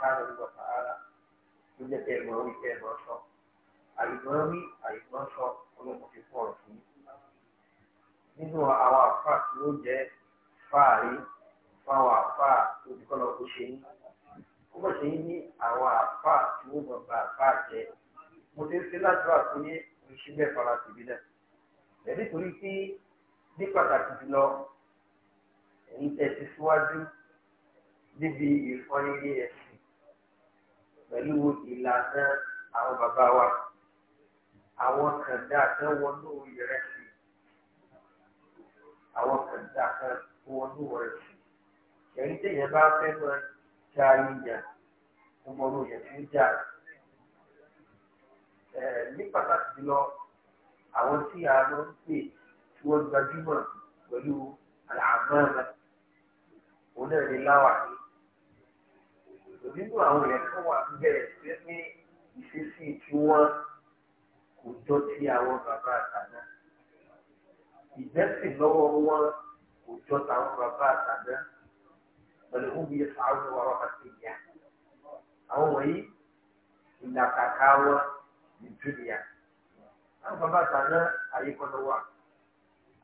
سبحانه وتعالى nígbà tẹ ẹ máa wí tẹ ẹ máa sọ àyùmọ́ wí àyùmọ́ sọ ọlọ́mọ fi pọ̀ sí i nínú àwọn àfa tí ó jẹ́ fáàrí fáwọn àfa olùkọ́lọ́ kó ṣe yín ó bọ̀ ṣe yín ní àwọn àfa tí ó mọ̀ bá àfa jẹ́ mo ti ń ṣe ládùúrà tó yẹ oṣù bẹ́ẹ̀ fara tìbí náà lẹ́bí torí pé ní pàtàkì jùlọ ẹ̀yin tẹ̀ ti síwájú níbi pẹ̀lú ìlànà àwọn bàbá wa àwọn kàndá kan wọnú ìrẹsì àwọn kàndá kan wọnú ìrẹsì ẹ̀yìn téèyàn bá fẹ́ máa ja ìyà gbogbo ọdún yẹn ti ń jà ní pàtàkì jùlọ àwọn tí a máa ń pè tí wọ́n gbajúmọ̀ pẹ̀lú àlàáfáà náà òun náà ní nínú àwọn èèyàn tó wà bẹ́ẹ̀ pé ní ìṣesí tí wọ́n kò jọ ti àwọn bàbá àtàná ìgbẹ́sìn lọ́wọ́ wọn kò jọ táwọn bàbá àtàná pẹ̀lú bí àwọn ọ̀rọ̀ àti ìyá àwọn wọ̀nyí ìlàkàkà wọn nìjúlìyà àwọn bàbá àtàná àyíkọ́nà wa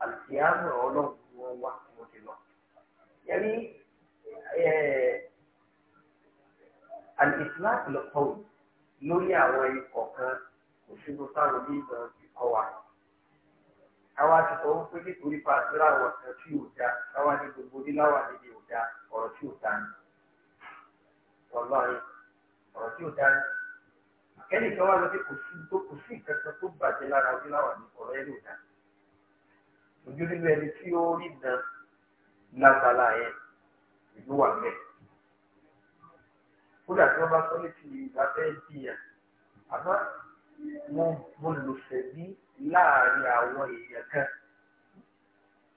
àti àmọ̀ ọlọ́run wọn wá wọn ti lọ. yẹ́nì ẹ̀ẹ́. الإطلاق للقول lórí àwọn ikọ̀ kan kò síbu táwọn onígbọ̀n ti kọ́ wa. Àwa ti sọ wípé nítorí pàṣírí àwọn kan tí ò dáa káwa ní gbogbo níláwà níbi ò dáa ọ̀rọ̀ tí ò dáa ni. Ọlọ́run ọ̀rọ̀ tí ò dáa ni. Akẹ́ni kan wá lọ pé kò sí tó kò sí ìkẹ́kọ̀ọ́ tó bàjẹ́ lára oníláwà ní ọ̀rọ̀ ẹni ò dáa. Ojú nínú ẹni tí ó rí na lágbàlá yẹn ìlú wà mẹ́ẹ̀ kódà tí wọ́n bá sọ ní ti yorùbá fẹ́ẹ́ jìyà àmọ́ mo lò sẹ́bí láàrin àwọn èèyàn kan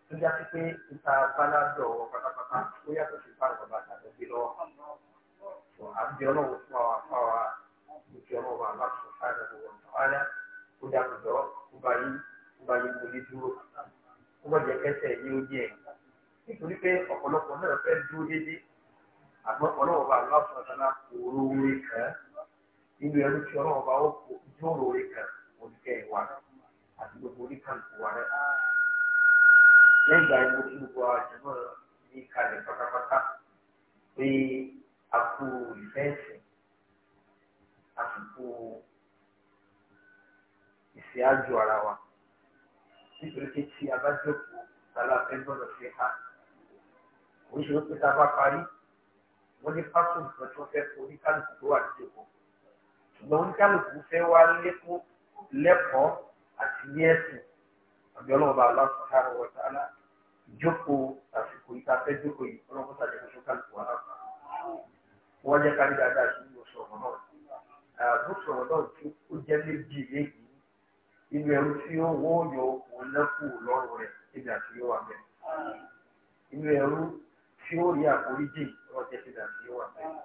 tó já sí pé níta báládọ̀ wọn pátápátá ó yàtọ̀ sí bá àwọn bàtà tó gbé lọ́wọ́ àbí ọlọ́run fún àwọn afáwa ìjọ ọlọ́run àbá fún sáré wọn tọ́wárá ó dàgbọ́dọ̀ ó bá yí ó bá yí kò dúró ó bá jẹ kẹsẹ̀ yóò jẹ nítorí pé ọ̀pọ̀lọpọ̀ náà fẹ́ dúró déédéé àmọ́ ọlọ́wọ́ bá aláṣọ àtàlà òru orí kan nínú ẹrú tí ọlọ́wọ́ bá jọ̀rọ̀ orí kan oníkẹ́ ìwà àti gbogbo orí kan ìwà rẹ̀. lẹ́yìn ìgbà yẹn mo ti gbogbo àjọmọ́ ní kalẹ̀ pátápátá pé a kú ìfẹ́ǹsì àsìkò ìṣíájú ara wa nítorí pé tí a bá jókòó tálá fẹ́ gbọ́dọ̀ fi hàn oríṣiríṣi tá a bá parí wọ́n ní pásítọ̀ nǹkan tí wọ́n fẹ́ fún oníkálukú tó wà nídìí òkú ṣùgbọ́n oníkálukú fẹ́ wá lékún lẹ́kọ̀ọ́ àti ní ẹ̀sìn àbí ọlọ́run bá aláwọ̀ sọ̀rọ̀ wọ̀ sáálá ìjókòó àsìkò yìí ká fẹ́ jókòó yìí ọlọ́run sàjẹ́ kó sókàlùkù wà láwọ̀ wọ́n jẹ́ ká ní dáadáa sí oṣù ọ̀nà náà oṣù ọ̀nà tí ó rí àforíjì ọjọ́ ìṣẹ̀dá tí ó wà sẹ́yìn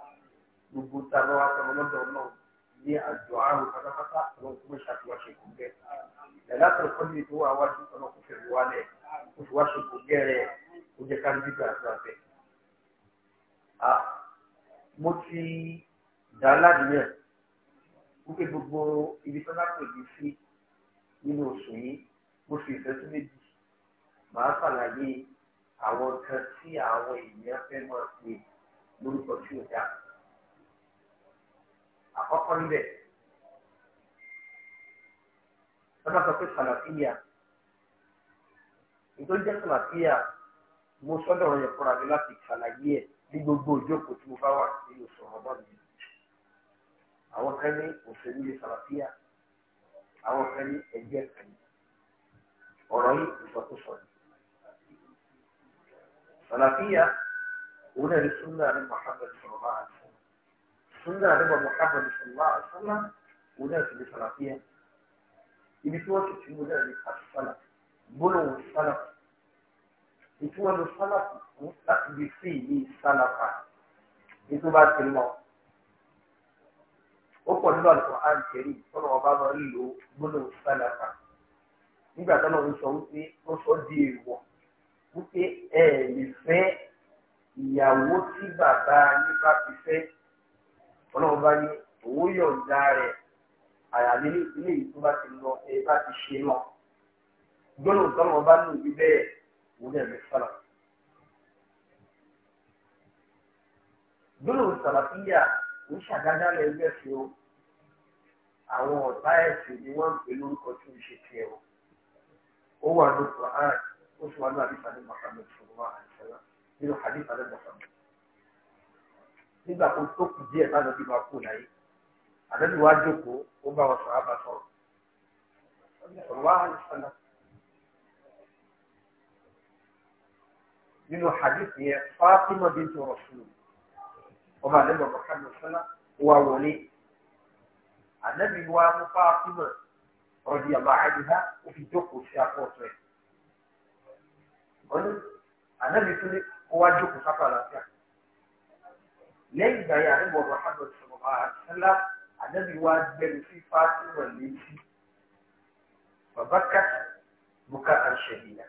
gbogbo ta lọ wá sọmọ lọ́dọ̀ náà ní àjọ àrùn pátápátá àwọn tó ń ṣàtúwáṣe kò gẹ́ ẹ̀dá tó kọ́ níbi tó wà wájú ọ̀nà kò fẹ̀rù wálẹ̀ kò fi wáṣe kò gẹ́ rẹ̀ kò jẹ́ ká níbi gbàgbà bẹ̀. mo ti dá aládìyẹ wípé gbogbo ibi tó lápò ìdí sí nínú oṣù yìí mo fi ìfẹ́ tó méjì màá ṣàlàyé àwọn kan tí àwọn èèyàn fẹ́ máa ṣe lórúkọ tí ò dáa. Àkọ́kọ́ níbẹ̀, wọ́n sọ pé kàlàfíà, nítorí jẹ́ kàlàfíà, mo sọ́dọ̀ ọ̀rọ̀ yẹn fúnra mi láti ṣàlàyé ẹ̀ ní gbogbo ìjókòó tí mo bá wà nínú sọ̀rọ̀ náà mi. Àwọn kan ní òṣèlú lè kàlàfíà, àwọn kan ní ẹgbẹ́ kan. Ọ̀rọ̀ yìí ìsọkúsọ ni. salafiyya una da sunna na Muhammad sallallahu alaihi wasallam sunna na Muhammad sallallahu alaihi wasallam una da ibi tí wọ́n ti ti múlẹ̀ ní àṣìṣàlà gbólóhùn sálàpù ó pọ̀ nínú àlùkò ọba sálàpà nígbà ń sọ wípé ó sọ di èèwọ̀ wípé ẹ lè fẹ́ ìyàwó tí bàbá yín bá ti fẹ́ ọlọ́run bá ní owó yọ̀ǹda rẹ̀ àyàlé ilé yìí tó bá ti lọ ẹ bá ti ṣe lọ gbọ́dọ̀ nǹkan ọba ní òbí bẹ́ẹ̀ wọ́n dẹ̀ lè sọ̀rọ̀. gbọ́dọ̀ sàlàfíà ń ṣàdájá lẹ́gbẹ́ sí o àwọn ọ̀tá ẹ̀sìn ni wọ́n ń pè lórúkọ tí ń ṣe tiẹ̀ o ó wà ní Quran oṣù wa ní àdìsá ní Muhammad ṣùgbọ́n àdìsá nínú àdìsá ní Muhammad nígbà tó tó kù díẹ̀ bá lọ́bí máa kú láyé àdẹ́bí wa jókòó ó bá wọn sọ̀rọ̀ àbá sọ̀rọ̀ sọ̀rọ̀ wá nínú hadith yẹn Fatima bintu Rasul ọmọ àdẹ́bí Muhammad sọ́lá wa wọlé àdẹ́bí wa mú Fatima rọ̀dìyàmọ́ àdìsá ó fi jókòó sí akọ́tọ̀ ẹ̀ wọ́n ní ànábì tún ní kó wá jókòó sápá àlàáfíà lẹ́yìn ìgbà yẹn ànábì ọ̀rọ̀ àbọ̀ sọ̀rọ̀ àtẹ́lá ànábì wá gbẹnu sí Fátímà létí bàbá kàtà bùkà àṣẹyìnà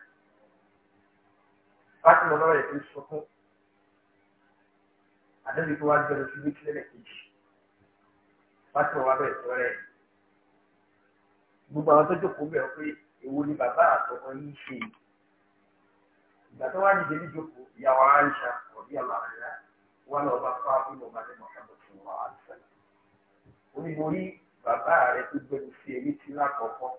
Fátímà náà yẹ kó sọkún ànábì tó wá gbẹnu sí létí lẹ́lẹ̀ kejì Fátímà wá bẹ̀rẹ̀ sọ̀rọ̀ gbogbo àwọn tó jókòó bẹ̀rẹ̀ pé èwo ni bàbá àtọ̀kọ yìí ṣe yìí ìgbà tó wá dìde ní ìjókòó ìyàwó Aisha ọ̀bí àlàyé wọn lọ bá fáwọn bí mo bá dé Muhammad sọ̀rọ̀ àdìsẹ́lẹ̀ onímọ̀rí bàbá rẹ̀ tó gbẹ̀rù sí ẹbí tí lákọ̀ọ́kọ́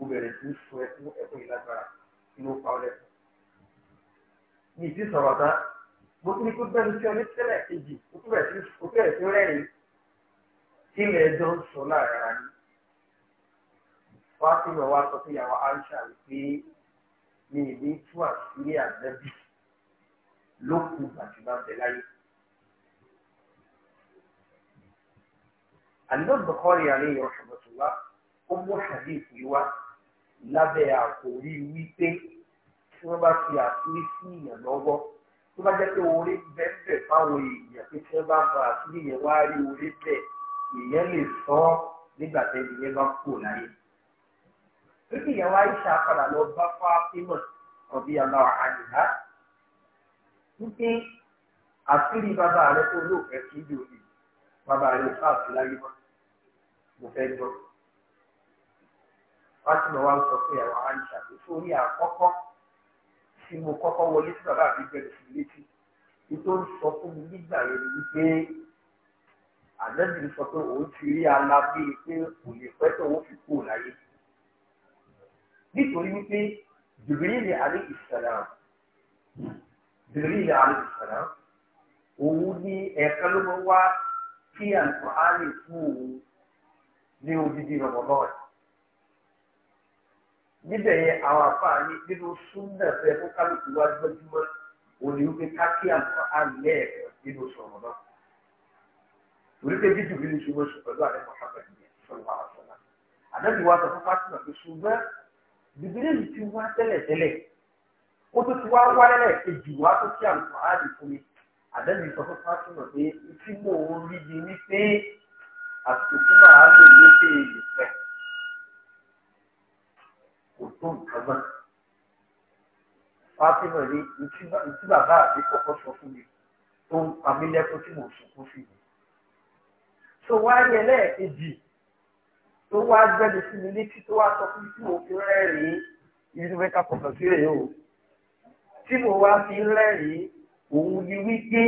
ó bẹ̀rẹ̀ sí sọ ẹkún ẹkún ìlágbára kí ló pa ọlẹ́kùn ní ìdí sọ̀rọ̀ tán mo tún ní kó gbẹ́nu sí ọdún tẹ́lẹ̀ kejì ó tún bẹ̀rẹ̀ sí ó bẹ̀rẹ̀ rẹ́rìn kí ilẹ̀ ẹjọ́ sọ láàárín ara wá sí ní ìdí tú àṣírí ànábì ló kù bàtìmá bẹ láyé. Àlọ́ Bọ̀kọ́rì àríyàn ṣọ̀bọ̀tùwá ó mú hadith yìí wá lábẹ́ àkòrí wípé tí wọ́n bá fi àṣírí sí ìyàn lọ́wọ́ tó bá jẹ́ pé orí bẹ́ẹ̀ fáwọn èèyàn pé tí wọ́n bá fa àṣírí yẹn wá rí orí bẹ́ẹ̀ èèyàn lè sọ ọ́ nígbà tẹ́lẹ̀ yẹn bá kú láyé níbi ìyàwó àìsà padà lọ bá fáfímọ̀ ọ̀bí aláwọ̀ àyìnlá wípé àṣírí bàbá rẹ tó lóòfẹ́ kí ní òní bàbá rẹ fáàfin láyé mọ́ mo fẹ́ gbọ́. fásimọ̀ wa ń sọ fún ìyàwó àìsà pé sórí àkọ́kọ́ tí mo kọ́kọ́ wọlé sí bàbá mi bẹ̀rẹ̀ sí létí ètò ń sọ fún mi nígbà yẹn ni wípé àdẹ́bìrì sọ pé òun ti rí alábí pé kò lè pẹ́ tó òun fi kú láyé nítorí wípé Jibril alayhi salam Jibril alayhi salam òun ní ẹ̀ka ló máa wá kí Al-Qur'ani fún òun ní odidi Ramadan níbẹ̀ yẹn àwọn afáàní nínú súnà fẹ́ kó kálukú wá gbajúmọ́ òní wípé ká kí Al-Qur'ani lẹ́ẹ̀kan nínú sọ̀rọ̀ náà torí pé bí Jibril ṣe wọ́n pẹ̀lú àdé Muhammad ní sọ̀rọ̀ àwọn sọ̀rọ̀ àdájọ́ bìbélì ti wá tẹ́lẹ̀tẹ́lẹ̀ ó tó ti wá wá lẹ́lẹ̀ kejì wá tó kí àlùkò áàdì fún mi àdẹ́bí sọ fún fásitì pé tí mò ń rí di ní pé àsìkò tí màá lò ló ṣe èlò pẹ̀ kò tó nǹkan mọ́ fásitì ní ìtí bàbá àti kọ́kọ́ sọ fún mi tó ń pa mí lẹ́kọ́ tí mò ń sunkún sí mi. sọ wáyé lẹ́ẹ̀kejì tó wá gbẹ́dẹ̀ sí mi létí tó wá sọ fún tí mo fi rẹ́rìn-ín ibi tó fẹ́ ká kọ̀ọ̀kan sí rèé o tí mo wá fi rẹ́rìn-ín òun ni wípé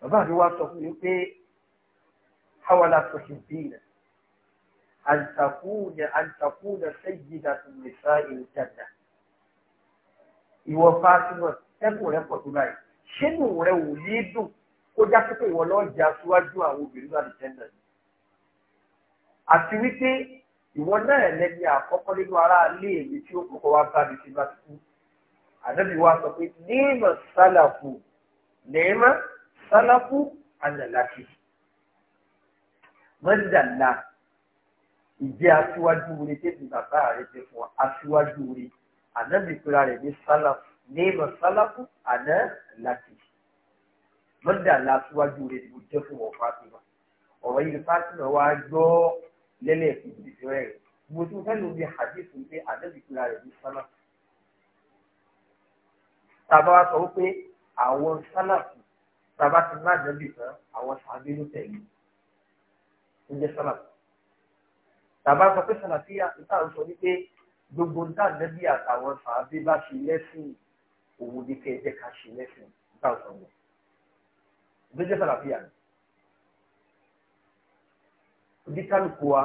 bàbá mi wá sọ fún mi pé hawala tuhibbina an takuna an takuna sayyidatun nisa'il janna ìwọ Fátímà ẹkùn rẹ pọ̀ tó báyìí ṣé nù rẹ ò ní dùn kó já pípé ìwọ lọ́ọ́ jà síwájú àwọn obìnrin láti tẹ́lẹ̀ àti wípé ìwọ náà lẹni àkọ́kọ́ nínú ará ilé èmi tí ó kọ́kọ́ wá bá mi ti bá ti kú ànábì wa sọ pé níìmọ̀ sálàkù níìmọ̀ sálàkù ànàlákì mọ́ndàlá ìjẹ́ aṣíwájú orí tẹ́lẹ̀ bàbá rẹ̀ ti fún aṣíwájú orí ànábì pera rẹ̀ ní sálàkù níìmọ̀ sálàkù ànàlákì mọ́ndàlá aṣíwájú orí ni mo jẹ́ fún wọn fásitì ọ̀rọ̀ yìí fásitì náà wá gbọ́ lẹ́lẹ̀ ìpínlẹ̀ ìṣẹ́rẹ́ rẹ̀ mo tún fẹ́ lóbi hadith pé àdébìkúra rẹ̀ ní sálà. tàbá wa sọ wípé àwọn sálà tàbá ti má dẹ́bì kan àwọn sàbí ló tẹ̀lé ń jẹ́ sálà. tàbá sọ pé sálà tí àtúntà ń sọ wípé gbogbo ń tà àtàwọn sàbí bá ṣe lẹ́sìn òun ní kẹ́ ẹ jẹ́ ká ṣe lẹ́sìn ń tà sọ wọn. ló jẹ́ sálà fíyà ni bí kálukú wa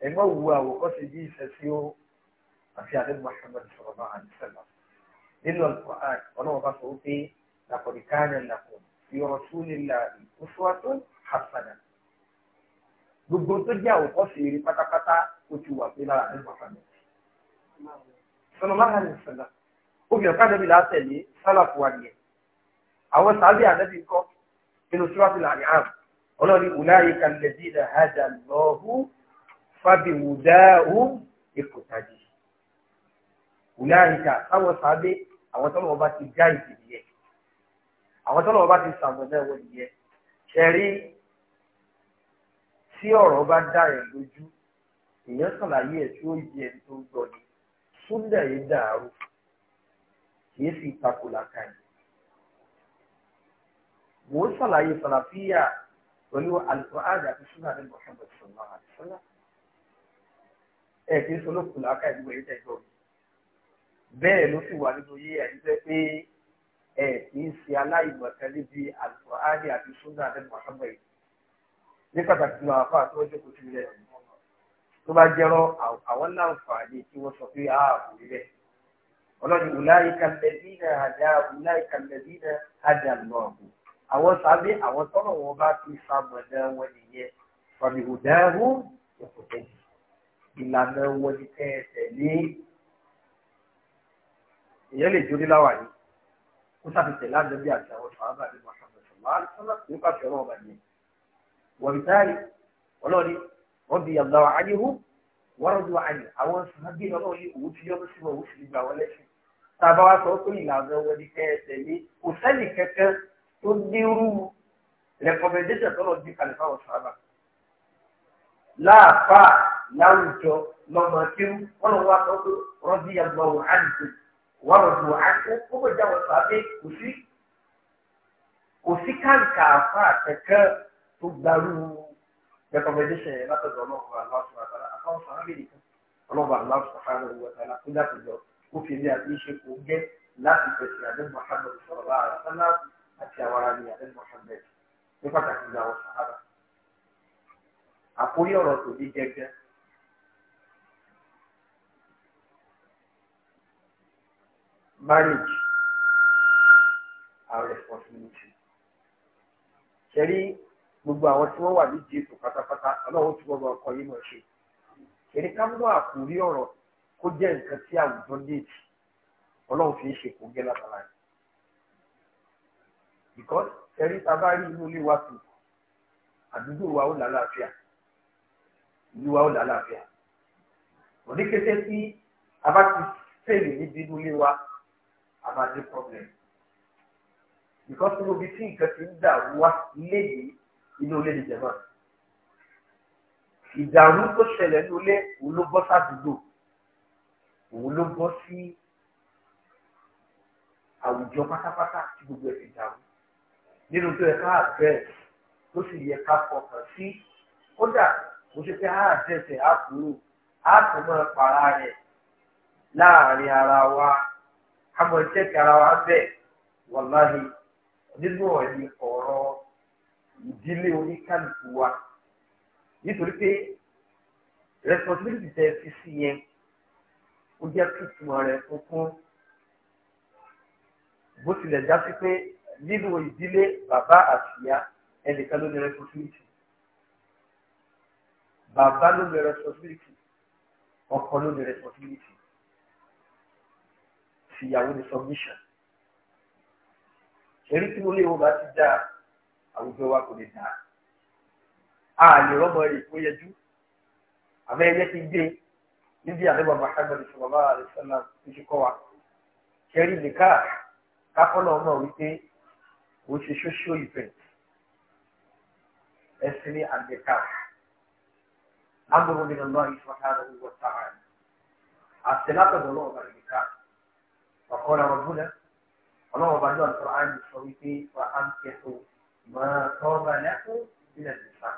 ẹ má wu àwòkọ́ṣe bí ìṣẹ̀sí ó àti àdébù Muhammad sallallahu alaihi wasallam nínú Al-Qur'an ọlọ́wọ́ bá sọ wípé laqad kana lakum fi rasulillahi uswatun hasanah gbogbo tó jẹ́ àwòkọ́ṣe eré pátápátá ó ti wà pé lára àdébù Muhammad sallallahu alaihi wasallam obìnrin kádẹ́bí látẹ̀lé sálàfù wa nìyẹn àwọn sàbí àdẹ́bí nínú sùràtì ọlọ́ni ulaika alladhina hada Allahu fabihudahu iqtadi ulaika táwọn sábẹ́ àwọn tọ́lọ̀ ọba ti já ìdè nìyẹn àwọn tọ́lọ̀ ọba ti sàmọ̀nà ẹ̀wọ̀ nìyẹn ṣẹ̀rí tí ọ̀rọ̀ bá dá ẹ̀ lójú èèyàn sàlàyé ẹ̀ tí ó yẹ ẹni tó ń gbọ́ ni súndà yìí dàrú kìí sì takò làkàyè mò sàlàyé sàlàfíà pẹ̀lú alùpàdé àti súnà ní Muhammad sallallahu alaihi wasallam ẹ̀ kì í sọ lókùn láàkà ìdúgbò yìí tẹ̀gbọ́ bẹ́ẹ̀ ló sì wà nínú yé ẹ̀yìn tẹ́ pé ẹ̀ kì í ṣe aláìmọ̀kan níbi alùpàdé àti súnà ní Muhammad ní pàtàkì lọ àfa àti wọ́n jókòó sílẹ̀ tó bá jẹ́rọ àwọn láǹfààní tí wọ́n sọ pé a kò rí bẹ́ẹ̀ ọlọ́run ìwúláyìí kan lẹ́bí náà àdá ìwúláyìí kan lẹ́bí náà àdá lọ́ọ̀bù àwọn sábẹ́ àwọn tọ́nà wọn bá ti sàmọ̀nà wọn nìyẹn fàmì òdáhùn ìkòtẹ́ ìlànà wọn ni tẹ́ ẹ tẹ̀lé èèyàn lè jórí láwà yìí kó sáfi tẹ̀lé àjọbí àti àwọn sàábà ní Muhammad sọlá sọlá nípa fẹ́ràn ọba yẹn wọ́n bí táyì ọlọ́ọ̀ni wọ́n bí yàgbáwa ayéhu wọ́n rọ́jò àyè àwọn sàábì ọlọ́ọ̀ni òun ti yọ́nu tó dírú recommendation tó lọ di kàlífà wọn sábà láàfà láwùjọ lọmọ kírú wọn lọ wá sọ pé rọbì àgbà wọn á nìkú wọn lọ dùn á kó kó bẹ jáwọ sábẹ kò sí kò sí káńkà àfà kẹkẹ tó gbarú recommendation yẹn látọ̀dọ̀ ọlọ́run aláṣọ àtàlà àtàwọn sábẹ nìkan ọlọ́run aláṣọ àtàlà òwò àtàlà kó dàtọ̀ kó fi ní àbí ṣe kò gẹ́ láti pèsè àdéhùn àhábọ̀ ìṣọ̀rọ̀ àti àwọn ará ní àlẹ́ Mohammed ní pàtàkì ní àwọn sàhábà. àkórí ọ̀rọ̀ tó ní gẹ́gẹ́. marriage our responsibility. ṣẹ́rí gbogbo àwọn tí wọ́n wà ní jésù pátápátá ọlọ́run tí wọ́n bá ọkọ yìí mọ̀ ṣe. ṣẹ́rí kámúlò àkórí ọ̀rọ̀ kó jẹ́ nǹkan tí àwùjọ déètì ọlọ́run fi ń ṣe kó gẹ́ lábàlá because ẹ̀rí ta bá rí inú ilé wa tù àdúgbò wa ó lálàáfíà ìlú wa ó lálàáfíà òní kété tí a bá ti fèlè níbi inú ilé wa a máa ní problem because inú ibi tí nǹkan ti ń dà wá ilé yìí inú ilé ni jẹ̀mọ́ ìdààmú tó ṣẹlẹ̀ ní ilé òun ló bọ́ sádùúgbò òun ló bọ́ sí àwùjọ pátápátá tí gbogbo ẹ̀ ti dàrú. nínú tó yẹ ká tó sì yẹ ká fọkàn sí kódà kò ṣe pé àdírẹ́sì àkúrò àtún máa rẹ̀ láàrin ara wa ká mọ iṣẹ́ ara wa bẹ̀ wàláhì nínú ẹ̀yìn ọ̀rọ̀ ìdílé wa nítorí pé tẹ fi sí yẹn ó tuntun bó tilẹ̀ já sí nínú ìdílé bàbá àtìyá ẹnìkan ló ní responsibility bàbá ló ní responsibility ọkọ ló ní responsibility ìyàwó ní submission èrí tí mo lé wọn bá ti dáa àwùjọ wa kò lè dáa a lè rọmọ rè kó yẹjú àmọ́ ẹyẹ ti gbé níbi àdébà mahamadu sọlá àdìsọlá ti kọ wa kẹrí nìkan kákọ́ náà mọ̀ wípé kò ṣe social event ẹsìn ní àgbẹ̀ká agbóhùn nínú lọ́wọ́ ìfọ̀hánà owó sáà àti látọ̀dọ̀ lọ́wọ́ bá àgbẹ̀ká ọ̀kọ́ ra wọn búlẹ̀ ọlọ́wọ́ bá lọ́wọ́ sọ̀rọ̀ àyè sọ wípé wà á ń kẹ́tọ̀ máa tọ́ lẹ́kọ̀ọ́ sílẹ̀ nìfà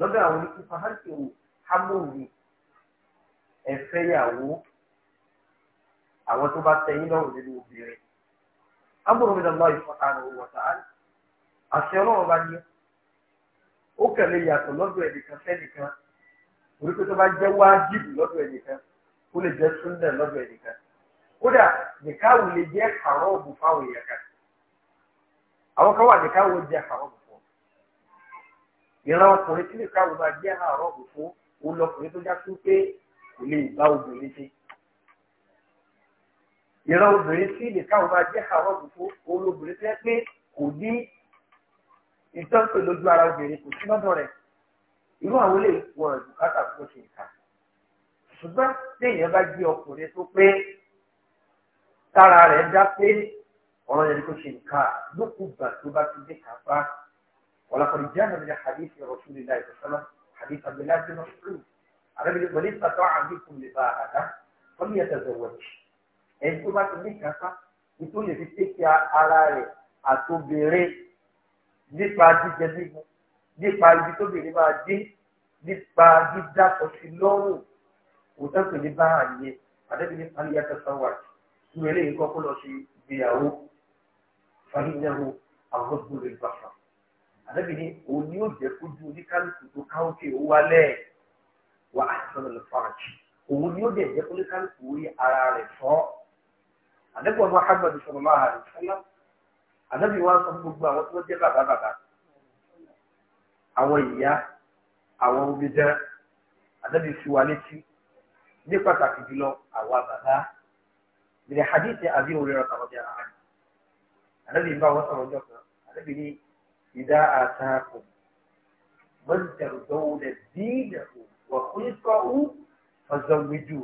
lọ́dọ̀ àwọn ìfọ̀hánkì wò hámóhùn ẹ̀fẹ́ yàwó àwọn tó bá tẹ̀yìn lọ́wọ́ nínú obìnrin amúrò mi lọ́wọ́ ìfọ̀tàrà owó wọ̀tàrà àṣẹ ọlọ́run bá ní ó kẹ̀lé yàtọ̀ lọ́dọ̀ ẹnìkan sẹ́nìkan orí pé tó bá jẹ́ wájìbù lọ́dọ̀ ẹnìkan ó lè jẹ́ súndẹ̀ lọ́dọ̀ ẹnìkan kódà nìkáwù lè jẹ́ àrọ́ọ̀bù fáwọn èèyàn kan àwọn kan wà nìkáwù jẹ́ àrọ́ọ̀bù fún ìran ọkùnrin tí nìkáwù máa jẹ́ àrọ́ọ̀bù fún òun tó já sí pé kò lè bá obìnrin ṣe ìran obìnrin tí nìkan máa jẹ́ àwọn òkùnkùn òun obìnrin tẹ́ pé kò ní ìtọ́pẹ̀ lójú ara obìnrin kò sí lọ́dọ̀ rẹ̀ irú àwọn ilé wọn bùkátà fún ṣe ìka ṣùgbọ́n téèyàn bá jí ọkùnrin tó pé tára rẹ̀ dá pé ọ̀rọ̀ yẹn kò ṣe ìka lókùgbà tó bá ti dé kápá ọ̀làkọ̀dé jẹ́ àmì hadith Rasulillah ìfọ̀sọ́lá hadith abdullahi bin mas'ud àrẹ́bìnrin pẹ̀lú ìfàtọ́ àbíkùn lè bá àdá wọ́n ní ẹ̀tẹ̀ zọ̀wọ́jì ẹni tó bá ti ní kankan nítorí lè fi tẹ́kì ara rẹ̀ àtòbìnrin nípa jíjẹ mímu nípa ibi tóbìnrin máa dé nípa dídàpọ̀ sí lọ́rùn òtẹ́kùn ní bá àyè àdébìnrin aliyah tẹ̀sán wà ìwé lè kọ́ kó lọ sí ìgbéyàwó fàyínnáwó àwọn gbòòrò ìbàfà àdébìnrin òun ni ó jẹ́ kójú oníkálukú tó káwọ́kì ó wálẹ̀ wà á sọ̀rọ̀ lọ́fàájì òun ni ó dẹ̀ jẹ́ orí ara rẹ̀ fọ́ ànábì wa Muhammad sallallahu alaihi wasallam ànábì wa sọ gbogbo àwọn tí wọ́n jẹ́ bàbá bàbá àwọn ìyá àwọn obìnrin ànábì fi wa létí ní pàtàkì jùlọ àwa bàbá bìrì hadithi àbí òrìrà tàwọn jẹ́ àwọn ànábì bá wọn sọ̀rọ̀ ọjọ́ kan ànábì ní ìdá àtàkùn mọ́tẹ̀rùdọ́wọ́ lẹ̀ dídẹ̀kù wọ̀kúnìkọ́ ú fọ̀zọ̀gbẹ́jù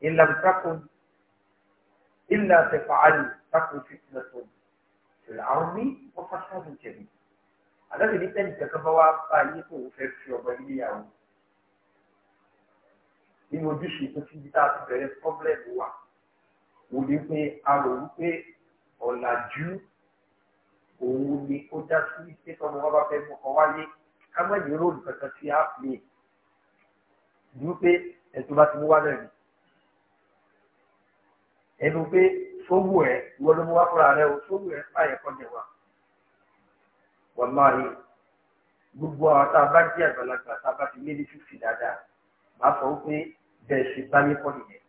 ìlànà إلا تفعل تكن فتنة في العرض وفساد كبير alábìrì tẹ́lẹ̀ kankan bá wá bá yín kó o fẹ́ fi ọ̀bọ ilé yàwó nínú ojúṣe tó ti di táà ti bẹ̀rẹ̀ pọ́blẹ́mù wa wò ní pé a rò wípé ọ̀làjú òun ni ó já sí pé tọ́mọ wa bá fẹ́ mú ọ wáyé ká má yẹ róòlù kankan sí àpè ju pé ẹ̀tọ́ bá ti mú wá náà ni ẹnu pé sóbù ẹ ìwọ ló mú wá fúnra rẹ o sóbù ẹ fàyè kọjá wa wàláhì gbogbo àwọn tá a bá jẹ àgbàlagbà tá a bá fi méjì fífi dáadáa màá sọ pé bẹ́ẹ̀ ṣe báyé kọ nìyẹn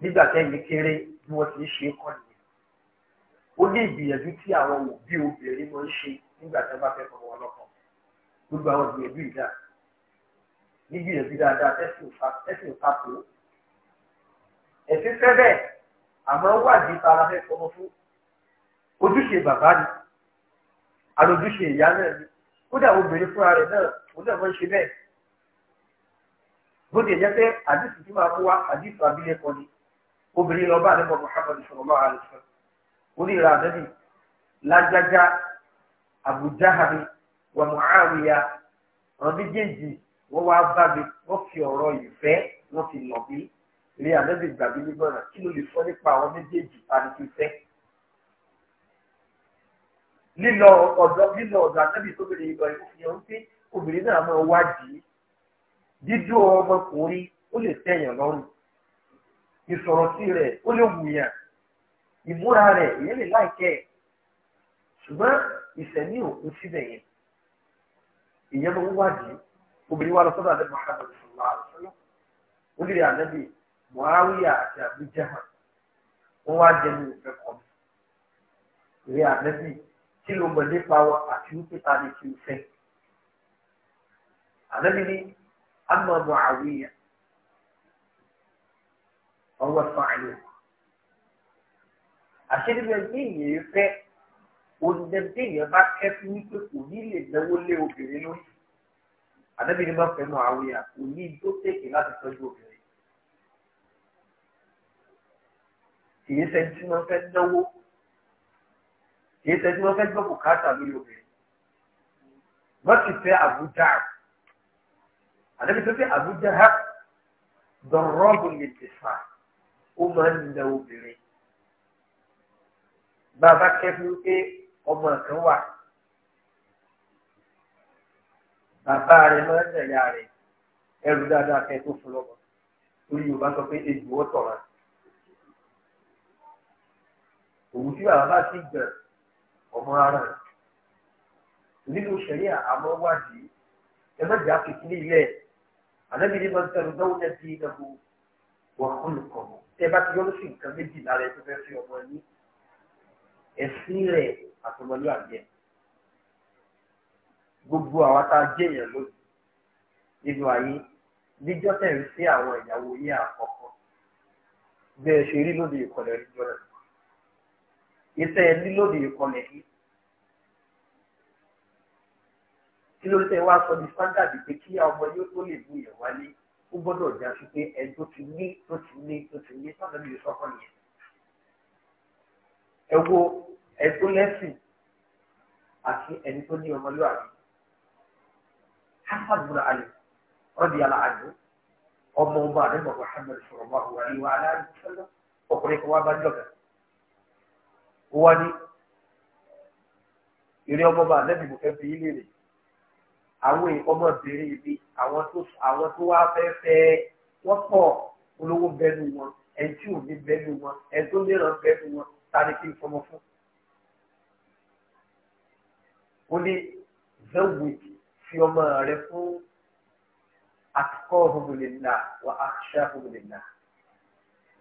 nígbà tẹ́yìn kéré bí wọ́n ti ṣe é kọ nìyẹn ó ní ìgbìyànjú tí àwọn òbí obìnrin máa ń ṣe nígbà tí wọ́n bá fẹ́ fọwọ́ wọn lọ́kàn gbogbo àwọn ìgbìyànjú ìdá nígbìyànjú dáadáa tẹ́sí òfàpò ẹ̀sìn fẹ́ bẹ́ẹ̀ àmọ́ wádìí tara fẹ́ fọmọ fún ojúṣe bàbá ni àlójúṣe ìyá náà ni kódà obìnrin fúnra rẹ̀ náà òun náà máa ń ṣe bẹ́ẹ̀ bó ti ẹ̀jẹ̀ pé àdìsí tí máa mú wa àdìsí abilékọ ni obìnrin lọ bá àdébọ̀ Muhammadu sallallahu alaihi oníra àdébì lájájá Abu Jahabi wa Muawiya àwọn méjèèjì wọ́n wá bá mi wọ́n fi ọ̀rọ̀ ìfẹ́ wọ́n fi lọ̀ mí ilé ànábì gbàgbé nígbọ̀nà kí ló lè sọ nípa àwọn méjèèjì tani tó fẹ́. lílọ ọ̀dọ̀ lílọ ọ̀dọ̀ ànábì tó bèrè ìgbà ìfihàn ń pé obìnrin náà máa wádìí dídú ọmọkùnrin ó lè tẹ̀yàn lọ́rùn ìsọ̀rọ̀ sí rẹ̀ ó lè wùyàn ìmúra rẹ̀ èyí lè láìkẹ́ ẹ̀ ṣùgbọ́n ìsẹ̀mí òkú síbẹ̀ yẹn ìyẹn máa wádìí obìnrin wa lọ sọ́dọ̀ àdébọ̀ àdébọ̀ sọ̀rọ̀ àlùfọ́lọ́ ó lè rí ànábì muawiya àti abuja hàn wọn wá jẹnu ìfẹ́ kọ mi ìwé àbẹbí kí ló mọ̀ nípa wọn àti wípé ta ni kí n fẹ́ àbẹbí ni ama muawiya ọwọ fàáyé àṣírí bẹ́ẹ̀ ní ìyẹn fẹ́ onídẹ́gbẹ́ yẹn bá kẹ́kọ̀ọ́ wípé kò ní lè náwó lé obìnrin lórí àbẹbí ni wọn fẹ́ muawiya kò ní tó láti tọ́jú obìnrin. kìí ṣe tí wọ́n fẹ́ náwó kìí ṣe tí wọ́n fẹ́ gbọ́ bùkátà lórí obìnrin wọ́n ti fẹ́ àbújá àdébí tó fẹ́ àbújá dọ̀rọ́bù lè tẹ̀fà ó máa ń na obìnrin bàbá kẹ́fí pé ọmọ kan wà bàbá rẹ̀ máa ń nà rẹ̀ ẹrù dáadáa kẹ́ fún lọ́wọ́ torí Yorùbá sọ pé èjì wọ́tọ̀ rẹ̀. òwú tí bàbá bá ti gbẹ ọmọ ara rẹ nínú sẹríà àmọ́ wádìí ẹ má jà kékeré ilẹ̀ ànábi ní máa ń tẹnu náwó náà di ìdàgbò wọn kọ lùkọ tẹ bá ti yọnu sí nǹkan méjì lára ẹ tó fẹ́ fi ọmọ ní ẹ̀sìn rẹ àtọmọlú àgbẹ̀ gbogbo àwọn tá a jẹyàn lónìí nínú ayé níjọ́ tẹ̀ ń sí àwọn ìyàwó yẹn àkọ́kọ́ bẹ́ẹ̀ ṣe rí lóde ìkọlẹ̀ ìjọ náà iṣẹ́ lílòdì ìkọlẹ̀ yìí. kí ló tẹ wá sọ ní standard pé kí ọmọ yóò tó lè bu ìyẹn wálé ó gbọ́dọ̀ já sí pé ẹni tó ti ní tó ti ní tó ti ní sọ́dọ̀ mi sọ́kọ̀ yẹn. ẹ wo ẹni tó lẹ́sìn àti ẹni tó ní ọmọlúwàbí. Hasan bin Ali rọ́bì aláàdó ọmọ ọba àdébọ̀ Muhammad sọ̀rọ̀ wà wà ní wàhálà ọkùnrin kan wá bá jọ̀gàn ó wá ní eré ọmọ bá nẹ́bí mo fẹ́ fi yín lè rè àwọn ọmọbìnrin ibi àwọn tó àwọn tó wá fẹ́ fẹ́ wọ́n pọ̀ olówó bẹ́nu wọn ẹni tí ò ní bẹ́nu wọn ẹni tó níran bẹ́nu wọn ta ni kí n fọmọ fún. ó ní zewik fi ọmọ rẹ fún akọ́ ọ̀húnmùlélá wà á ṣe àhúnmùlélá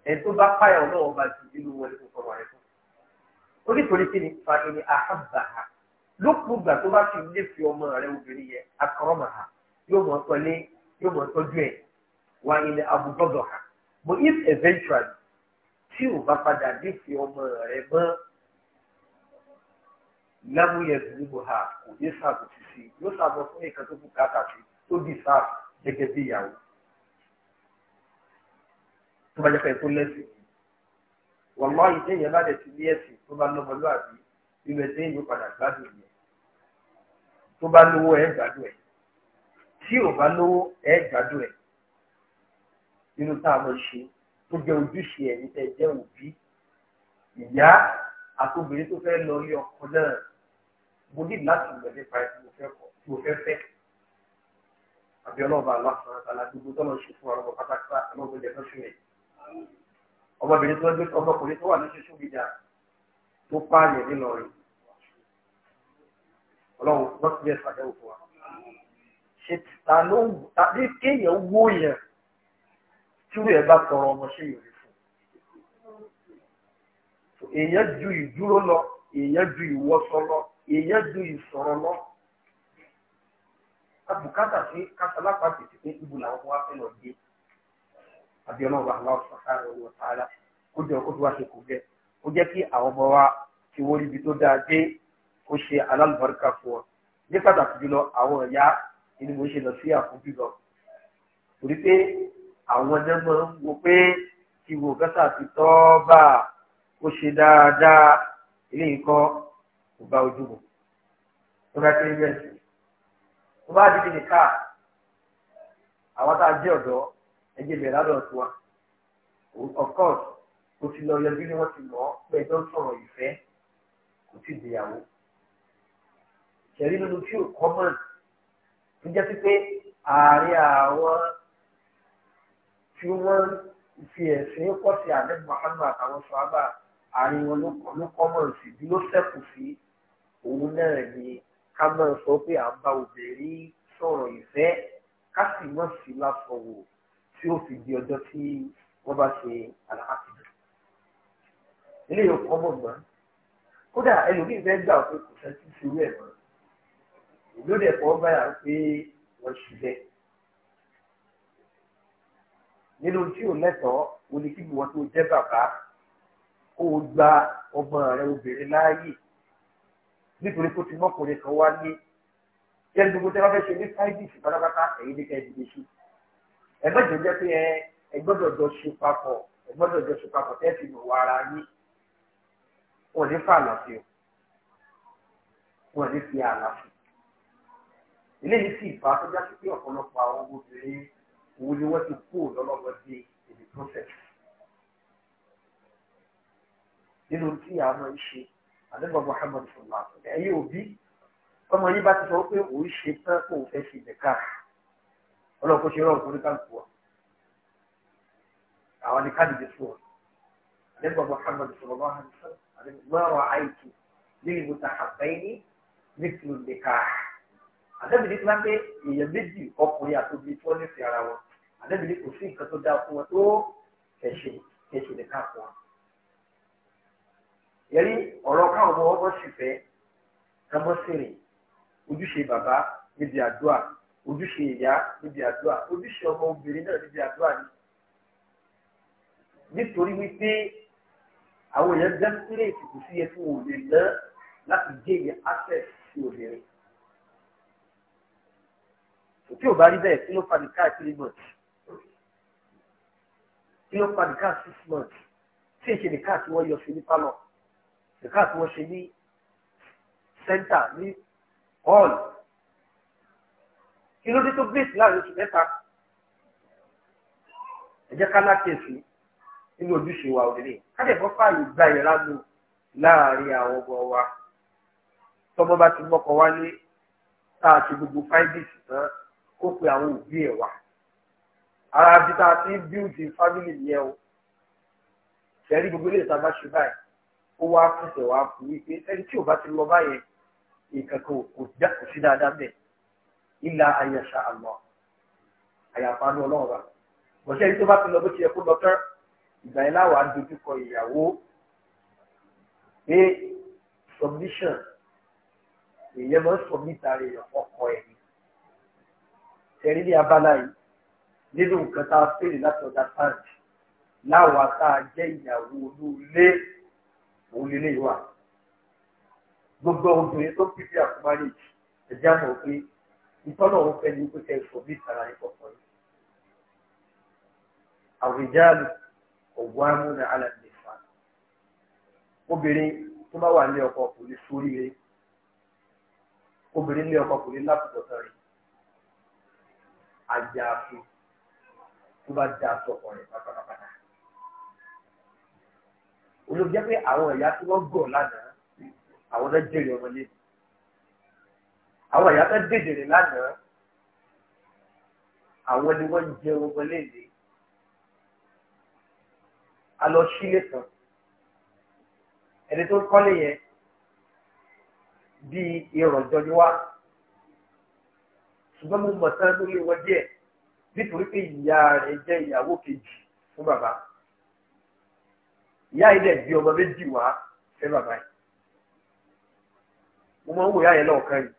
ẹni tó bá pààyàn náà wọ́n bá ti inú wọlé fún ọmọ rẹ fún onítorí kí ni fa ẹni àhábà ha lókùgbà tó bá ti lè fi ọmọ rẹ obìnrin yẹ akọrọmọ ha yóò mọ tọ́lé yóò mọ tọ́jú ẹ̀ wà ilẹ̀ àbúgbọ́dọ̀ ha but if eventually tí o bá padà lè fi ọmọ rẹ mọ́ lámúyẹ dùnúbù ha kò ní sàbò sísè yóò sàbò fún ìkan tó kù kàkàtì tó bí sáà gẹ́gẹ́ bí ìyàwó tó bá jẹ́ pé tó lẹ́sìn wọ́n mọ́ ìdí èèyàn bá dẹ̀ ti ní ẹ̀sìn tó bá lọ́mọ lóàbí ìwé tí èèyàn padà gbádùn yẹn tó bá lówó ẹ̀ gbádùn ẹ̀ tí ò bá lówó ẹ̀ gbádùn ẹ̀ nínú tá a mọ̀ ṣe tó jẹ́ ojúṣe ẹ̀yin tẹ́ jẹ́ òbí ìyá àtòbìnrin tó fẹ́ lọ ilé ọkọ náà mo ní láti mọ̀ nípa ẹ̀ tí mo fẹ́ kọ́ tí mo fẹ́ fẹ́ àbí ọlọ́ọ̀bà aláfọ̀ọ́ àtàlà gbogbo tọ́lọ́ ṣe fún ọlọ́ọ̀bà pátákó àtàlọ́ọ̀bà ìjẹ́fẹ́ fún ẹ̀ ọmọbìnrin tó ń gbé ọmọkùnrin tó wà ní ṣoṣo gíga tó pààyàn nílọrin ọlọ́run wọ́n ti yẹ ìpàdéwò fún wa ṣe ta ló ń tàbí kéèyàn wó yẹn tíwú ẹ̀ bá tọrọ ọmọ ṣé yòó fún èèyàn ju ìdúró lọ èèyàn ju ìwọṣọ lọ èèyàn ju ìsọ̀rọ̀ lọ abùkátà sí kásálápá tètè pé ibùdó àwọn ọmọ fẹ́ lọ gbé àbí ọlọ́run aláwọ̀ sàkárà owó sàárà ó jẹ́ ó ti wá ṣe kò gẹ́ ó jẹ́ kí àwọn ọmọ wa ti wọ́n ibi tó dáa dé ó ṣe alálùbáríkà fún ọ ní pàtàkì jùlọ àwọn ẹ̀yà ni mo ṣe lọ sí àkóbí lọ torí pé àwọn ẹ̀dá máa ń wo pé kí wo gátà ti tọ́ bá ó ṣe dáadáa eléyìí kọ́ kò bá ojú bò tó bá kéré bẹ́ẹ̀ sí tó bá dìde nìka àwọn tá a jẹ́ ọ̀dọ́ ẹ̀jẹ̀ bẹ̀rẹ̀ lọ́dọ̀ tó wa of course kò ti lọ yọjú ni wọ́n ti lọ pé ẹjọ́ sọ̀rọ̀ ìfẹ́ kò ti dìyàwó ṣẹ̀rí nínú tí ò common tó jẹ́ sí pé ààrẹ àwọn tí wọ́n fi ẹ̀sìn pọ̀ sí àdébù Muhammad àtàwọn sọ́ábà ààrẹ wọn ló common sí bí ló sẹ́kù sí òun náà ni ká máa sọ pé à ń bá obìnrin sọ̀rọ̀ ìfẹ́ ká sì mọ̀ sí lásọ̀wọ̀ tí ó fi di ọjọ́ tí wọ́n bá ṣe àlàkàtì dùn. ilé yóò kọ́ mọ̀ gbọ́n kódà ẹlòmíì fẹ́ gbà pé kò sẹ́ ti ṣerú ẹ̀ mọ́ ìlú dẹ̀ kọ́ báyà pé wọ́n ṣì bẹ́ẹ̀. nínú tí ò lẹ́tọ̀ọ́ o ní kíbi wọn tó jẹ́ bàbá kó o gba ọmọ rẹ obìnrin láàyè nítorí kó ti mọ́kùnrin kan wá ní kí gbogbo tí wọ́n fẹ́ ṣe ní fáìdì sí pátápátá ẹ̀yìn ní kẹ́ẹ̀dì ẹ má jẹ́ jẹ́ pé ẹ ẹ gbọ́dọ̀ jọ ṣe papọ̀ ẹ gbọ́dọ̀ jọ ṣe papọ̀ tẹ́ fi mọ̀ wá ara yín wọn ní fa àlàfo wọn ní fi àlàfo eléyìí sì bá tó já sí pé ọ̀pọ̀lọpọ̀ àwọn obìnrin wo ni wọ́n ti kú lọ́lọ́wọ́ sí èdè process nínú tí a máa ń ṣe àdébọ̀ Muhammad sọ̀rọ̀ àtúndẹ̀ ẹ̀yìn òbí ọmọ yín bá ti sọ pé òun ṣe tán kó o fẹ́ ṣe ìdẹ̀ka ọlọ́run kò ṣe rọrùn fún oníkàlùkù wa àwọn ni káàdì dé fún wa àdébọ̀ Muhammad sọlọ́wọ́ àdìsọ́ àdébọ̀ àìtù lẹ́yìn mọ́ta àbẹ́yìn nípìlú nìka àdébìlì tí wọ́n pé èèyàn méjì ọkùnrin àtòbí tí wọ́n nífẹ̀ẹ́ ara wọn àdébìlì kò sí nǹkan tó dáa fún wọn tó kẹ̀ṣẹ̀ kẹ̀ṣẹ̀ nìka fún wọn. yẹ́rí ọ̀rọ̀ káwọn ọmọ ọmọ sì fẹ́ kámọ́sìnrìn ojúṣe bàbá níbi àdúrà ojúṣe ìyá níbi àdúrà ojúṣe ọmọ obìnrin náà níbi àdúrà ni nítorí wípé àwọn èèyàn dẹ́kúrẹ́ẹ̀tì kò sí ẹtú òde náà láti gé ìyẹn access sí obìnrin tí ò bá rí bẹ́ẹ̀ kí ló fa nìka three months kí ló fa nìka six months tí èsì nìka tí wọ́n yọ sí ní pálọ̀ nìka tí wọ́n ṣe ní center ní hall. kí ló dé tó gbé ìsìlá oṣù mẹ́ta ẹ jẹ́ ká nínú ojúṣe wa òdìrí kádẹ̀bọ́ fààyè gba ìrẹ́lá lò láàárín àwọn ọmọ wa tọmọ bá ti mọ́kọ tá gbogbo fáìdìsì tán kó pe àwọn òbí ẹ̀ wá ara bí ti ń fámìlì o ṣẹ́rí gbogbo ilé ìta ṣe báyìí ó wá fẹsẹ̀ fún wípé ẹni tí ò bá ti lọ báyẹn ilà àyàṣà àlọ́ àyàfáàní ọlọ́run rà bọ́sẹ̀ yìí tó bá ti lọ bó ti yẹ kó lọ tán ìgbà yẹn láwàá dojúkọ ìyàwó pé submission èèyàn máa ń submit ara èèyàn ọkọ ẹ̀ ni tẹ̀rí ní abala yìí nínú nǹkan tá a fèrè láti ọ̀dà pàǹtì láwàá tá a jẹ́ ìyàwó olóòlé òun lè lè gbogbo obìnrin tó ń pèsè àkùnmáyé ẹ̀jẹ̀ àmọ̀ pé ìtọ́nà òun fẹ́ ní kó tẹ ìfọ̀ bí ìtara ìkọ̀kọ̀ yìí. àwùjáàlù ọ̀gbọ́n amúnà alàdé fa obìnrin tó bá wà ní ọkọ kò lè sórí rẹ̀ obìnrin ní ọkọ kò lè lápùtọ̀tà rẹ̀ àjàfin tó bá da sọ̀kọ̀ rẹ̀ pátápátá. olùjẹ́ pé àwọn ẹ̀yà tí wọ́n gọ̀ lánàá àwọn náà jẹ́rìí ọmọdé àwọn ìyá tó dèjèrè lánàá àwọn ni wọ́n jẹ ogun léde a lọ sílé kan ẹni tó ń kọ́lé yẹn bíi ìrànjọ ni wá ṣùgbọ́n mo mọ̀ sáré lórí wọn díẹ̀ nítorí pé ìyá rẹ̀ jẹ́ ìyàwó kejì fún bàbá ìyá yìí dẹ̀ bí ọmọ méjì wá fẹ́ bàbá yìí mo máa ń wò ìyá yẹn yìí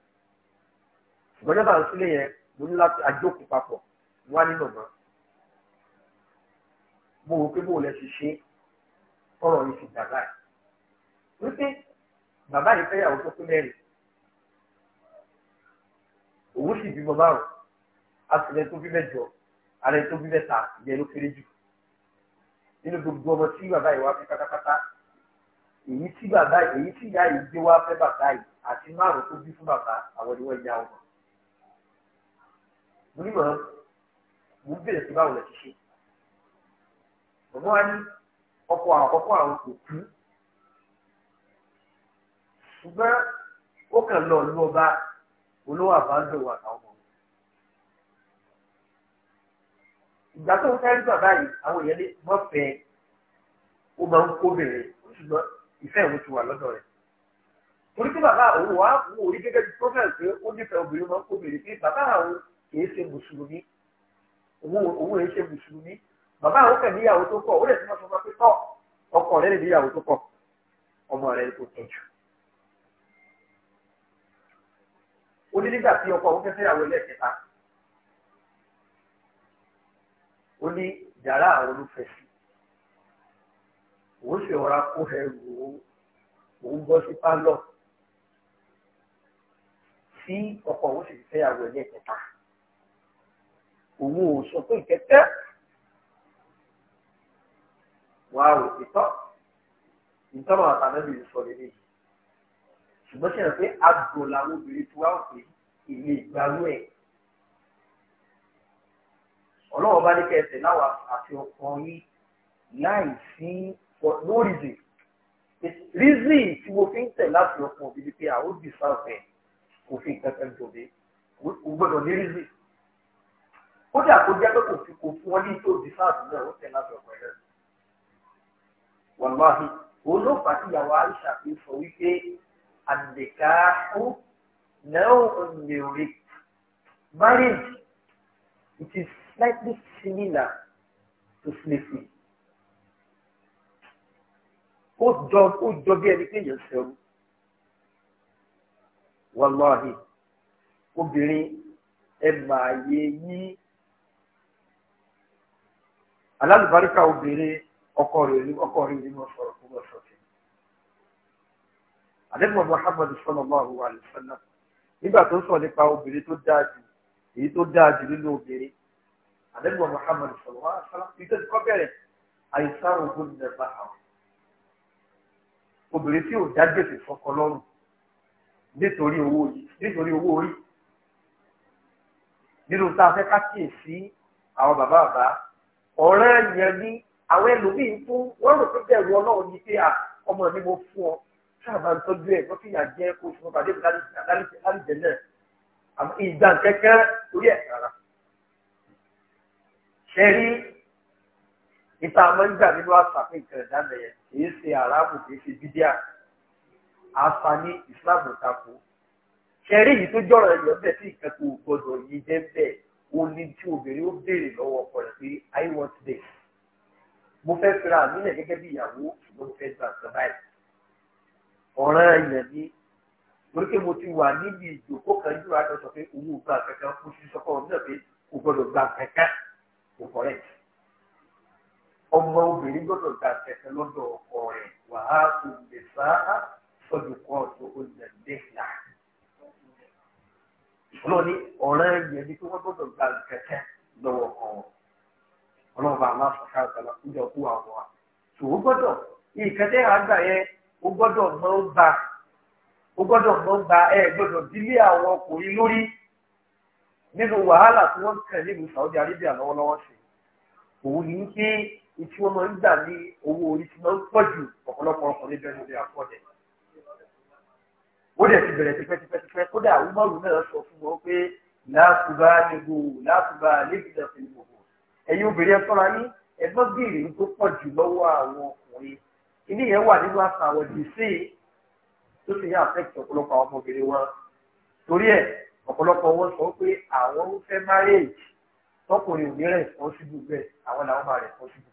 ṣùgbọ́n nígbà tó sílé yẹn mo ní láti àjókù papọ̀ wá nínú mọ́ mo rò pé bóun lẹ ṣe ṣe ọ̀rọ̀ yìí fi dàgbà yìí wípé bàbá yìí fẹ́yàwó tó pé mẹ́rin òun sì bímọ márùn àtìlẹ tó bí mẹ́jọ àrẹ tó bí mẹ́ta ìyẹn ló kéré jù nínú gbogbo ọmọ tí bàbá yìí wá fi pátápátá èyí tí bàbá èyí tí ìyá yìí gbé wá fẹ́ bàbá yìí àti márùn tó bí fún bàbá àwọn ni wọ́n ọmọ nímọ̀ mo ń bèrè sí báwo lè ṣiṣẹ́ ọmọ wa ní ọkọ̀ àkọ́kọ́ àwọn kò kú ṣùgbọ́n ó kàn lọ ní ọba olówó àbájọ wà táwọn ọmọ ìgbà tó ń fẹ́ rí bàbá àwọn èèyàn lè mọ́ fẹ́ ó máa ń kó bèrè ṣùgbọ́n ìfẹ́ ìwé ti wà lọ́dọ̀ rẹ̀ torí pé bàbá òun wà wò ó rí gẹ́gẹ́ bí prọfẹ̀sì ó nífẹ̀ẹ́ obìnrin máa ń kó bèrè pé bàbá àwọn kìí ṣe mùsùlùmí òun èyí ṣe mùsùlùmí bàbá àwọn kẹ̀ níyàwó tó kọ̀ ó lè tún ọ̀sán pé tọ̀ ọkọ rẹ̀ lè níyàwó tó kọ̀ ọmọ rẹ̀ kò tẹ̀jú. ó ní nígbà tí ọkọ òun fẹ́fẹ́ yàwó ẹlẹ́ẹ̀kẹta ó ní yàrá àwọn olùfẹ́ sí òun sì rọra kó ẹrù òun bọ́ sí pálọ̀ sí ọkọ òun sì fẹ́ ẹlẹ́ẹ̀kẹta òun ò sọ pé ìkẹtẹ wà á rò ìtọ́ ìtọ́nà àtàlẹ́bí sọ lè léyìí ṣùgbọ́n ṣe hàn pé àgbo làwọn obìnrin tí wàá pè ìlè ìgbàlú ẹ̀ ọlọ́wọ́ bá ní kẹsẹ̀ láwa àti ọkọ yín láì sí no reason reason tí mo fi ń tẹ̀ láti ọkọ òbí ni pé àwọn òbí sáfẹ̀ kò fi nǹkan kan jọ̀bẹ́ kò gbọ́dọ̀ ní reason kódà kó jẹ́ pé kò fi kò fún ọ ní tó di fáàbù náà ó tẹ̀lé àti ọ̀pọ̀ ẹ̀rọ. wàláhi òun ló fà síyàwó àìsà pé sọ wípé àdèkà ó náà ò marriage it is slightly similar to slavery. ó jọ ó jọ bí ẹni pé èèyàn ṣẹ̀rù. wàláhi obìnrin ẹ máa yẹ yí alálùbáríkà obìnrin ọkọ rẹ̀ ní ọkọ rẹ̀ ní wọ́n sọ̀rọ̀ fún wọ́n sọ̀tì. àdébọ̀ Muhammad sallallahu alaihi wasallam nígbà tó ń sọ nípa obìnrin tó dáa jù èyí tó dáa jù nínú obìnrin àdébọ̀ Muhammad sallallahu alaihi wasallam ìtọ́jú kọ́ bẹ̀rẹ̀ àìsàn ògùn nẹ̀bà àwọn obìnrin tí ò dá gbèsè fọkọ lọ́rùn nítorí owó yìí nítorí owó orí nínú tá a ká kíyèsí àwọn bàbá bàbá ọ̀ràn yẹn ní àwọn ẹlòmíín tó wọ́n rò pé bẹ̀rù ọlọ́run yìí pé ọmọ mi mo fún ọ sábà ń tọ́jú ẹ̀ wọ́n fi yà jẹ́ kó fún ọ tàbí lálìjẹ náà ìgbà kẹ́kẹ́ orí ẹ̀ rárá. ṣẹ́rí ìta máa ń gbà nínú àṣà pé nǹkan ìdáná yẹn kì í ṣe aráàbù kì í ṣe bídíà àṣà ní ìsìláàmù tako ṣẹ́rí yìí tó jọ̀rọ̀ ẹ̀yọ́ bẹ́ẹ̀ sí ìkẹ́kọ̀ọ́ gbọ́dọ̀ yìí jẹ́ bẹ́ẹ̀ ó ní tí obìnrin ó béèrè lọ́wọ́ ọkọ rẹ̀ pé I want this mo fẹ́ fira mi lẹ̀ gẹ́gẹ́ bí ìyàwó ṣùgbọ́n mo fẹ́ gba nǹkan báyìí ọ̀ràn ilẹ̀ ni torí pé mo ti wà níbi ìjòkó kan ju àjọ sọ pé owó gba kankan mo ti sọ fún ọ náà pé kò gbọdọ̀ gba kankan kò kọ̀rẹ́tì ọmọ obìnrin gbọ́dọ̀ gba kẹ̀kẹ́ lọ́dọ̀ ọkọ rẹ̀ wàhálà tó lè fà á sọ́dún kan tó ó ọlọ́ọ̀ni ọ̀rẹ́ yẹn ni kí wọ́n gbọ́dọ̀ gba kẹ̀kẹ́ lọ́wọ́ kan wọn aláṣọká àgbàlá kújọ kú àwọn wa tó o gbọ́dọ̀ ìkẹtẹ́ àgbà yẹn o gbọ́dọ̀ mọ́ ń ba o gbọ́dọ̀ mọ́ ń ba ẹ gbọ́dọ̀ dílé àwọn ọkùnrin lórí nínú wàhálà tí wọ́n kàn nílùú Saudi Arabia lọ́wọ́lọ́wọ́ sí òun ní kí tí wọ́n máa ń gbà ní owó orí tí wọ́n ń pọ̀ ju ọ̀pọ̀lọpọ̀ ọkùnrin bẹ́ẹ̀ lórí àpọ̀jẹ̀ ó dẹ̀ ti bẹ̀rẹ̀ tipẹ́tipẹ́tipẹ́ kódà umaru náà sọ fún wọn pé láàtúbà níbo láàtúbà lẹ́gbẹ̀ẹ́ fún ìgbòho ẹ̀yin obìnrin ẹ fọ́ra ní ẹgbọ́n gbèrè tó pọ̀ jù lọ́wọ́ àwọn ọkùnrin ilé yẹn wà nínú àṣà àwọn dìísí tó ti yá àfẹ́kì ọ̀pọ̀lọpọ̀ àwọn ọmọbìnrin wọn torí ẹ̀ ọ̀pọ̀lọpọ̀ wọn sọ pé àwọn ń fẹ́ márèèjì tọkùnrin ò ní rẹ̀ responsible bẹ́ẹ̀ àwọn làwọn máa responsible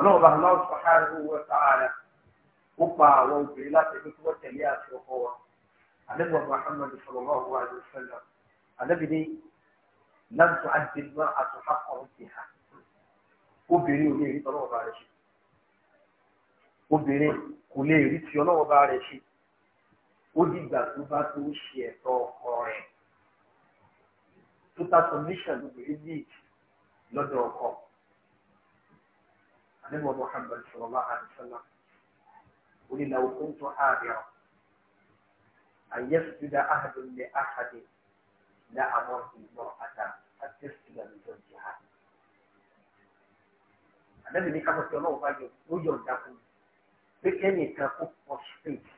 ọlọ́run bá lọ́wọ́ subhanahu wa ta'ala ó pa àwọn obìnrin láti ẹgbẹ́ tí wọ́n tẹ̀lé àti ọkọ wa ànábì wa Muhammad sallallahu alaihi wasallam ànábì ní lam tu'addi al-mar'atu haqqa rabbiha obìnrin ò lè rí tọ́lọ́wọ́ rẹ̀ ṣe obìnrin kò lè rí tí rẹ̀ ṣe ó tó bá tó ṣe ẹ̀tọ́ ọkọ rẹ̀ total submission obìnrin ní lọ́dọ̀ نبوة محمد صلى الله عليه وسلم قل لو كنت حاضرا أن يسجد أحد لأحد لأمرت المرأة أن تسجد لزوجها النبي ní kápẹ́ tí ọlọ́run bá yọ ó yọ̀ǹda fún mi pé kẹ́nìkan kó pọ̀ space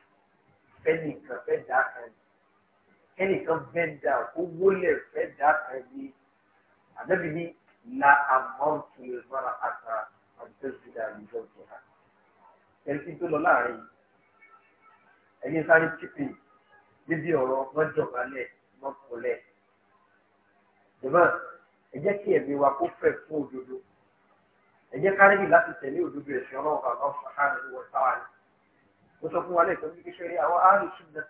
fẹ́nìkan fẹ́ dà kan kẹ́nìkan fẹ́ dà kó wólẹ̀ fẹ́ dà kan ní ànábì ní la amount to your brother at tẹ́sítà àdìjọ ìjọba ẹni tó lọ láàrin ẹ̀yin sáré kíkì níbi ọ̀rọ̀ wọn jọ̀kalẹ̀ wọn kọlẹ̀ jọba ẹ jẹ́ kí ẹ̀mí wa kó fẹ̀ fún òdodo ẹ jẹ́ kárẹ́bì láti tẹ̀lé òdodo ẹ̀sìn ọlọ́run bàbá ọ̀sán àdìwọ̀ táwa ni ó sọ fún wa lẹ́ẹ̀kan bí kí sẹ́rí àwọn àrùn ṣùgbọ́n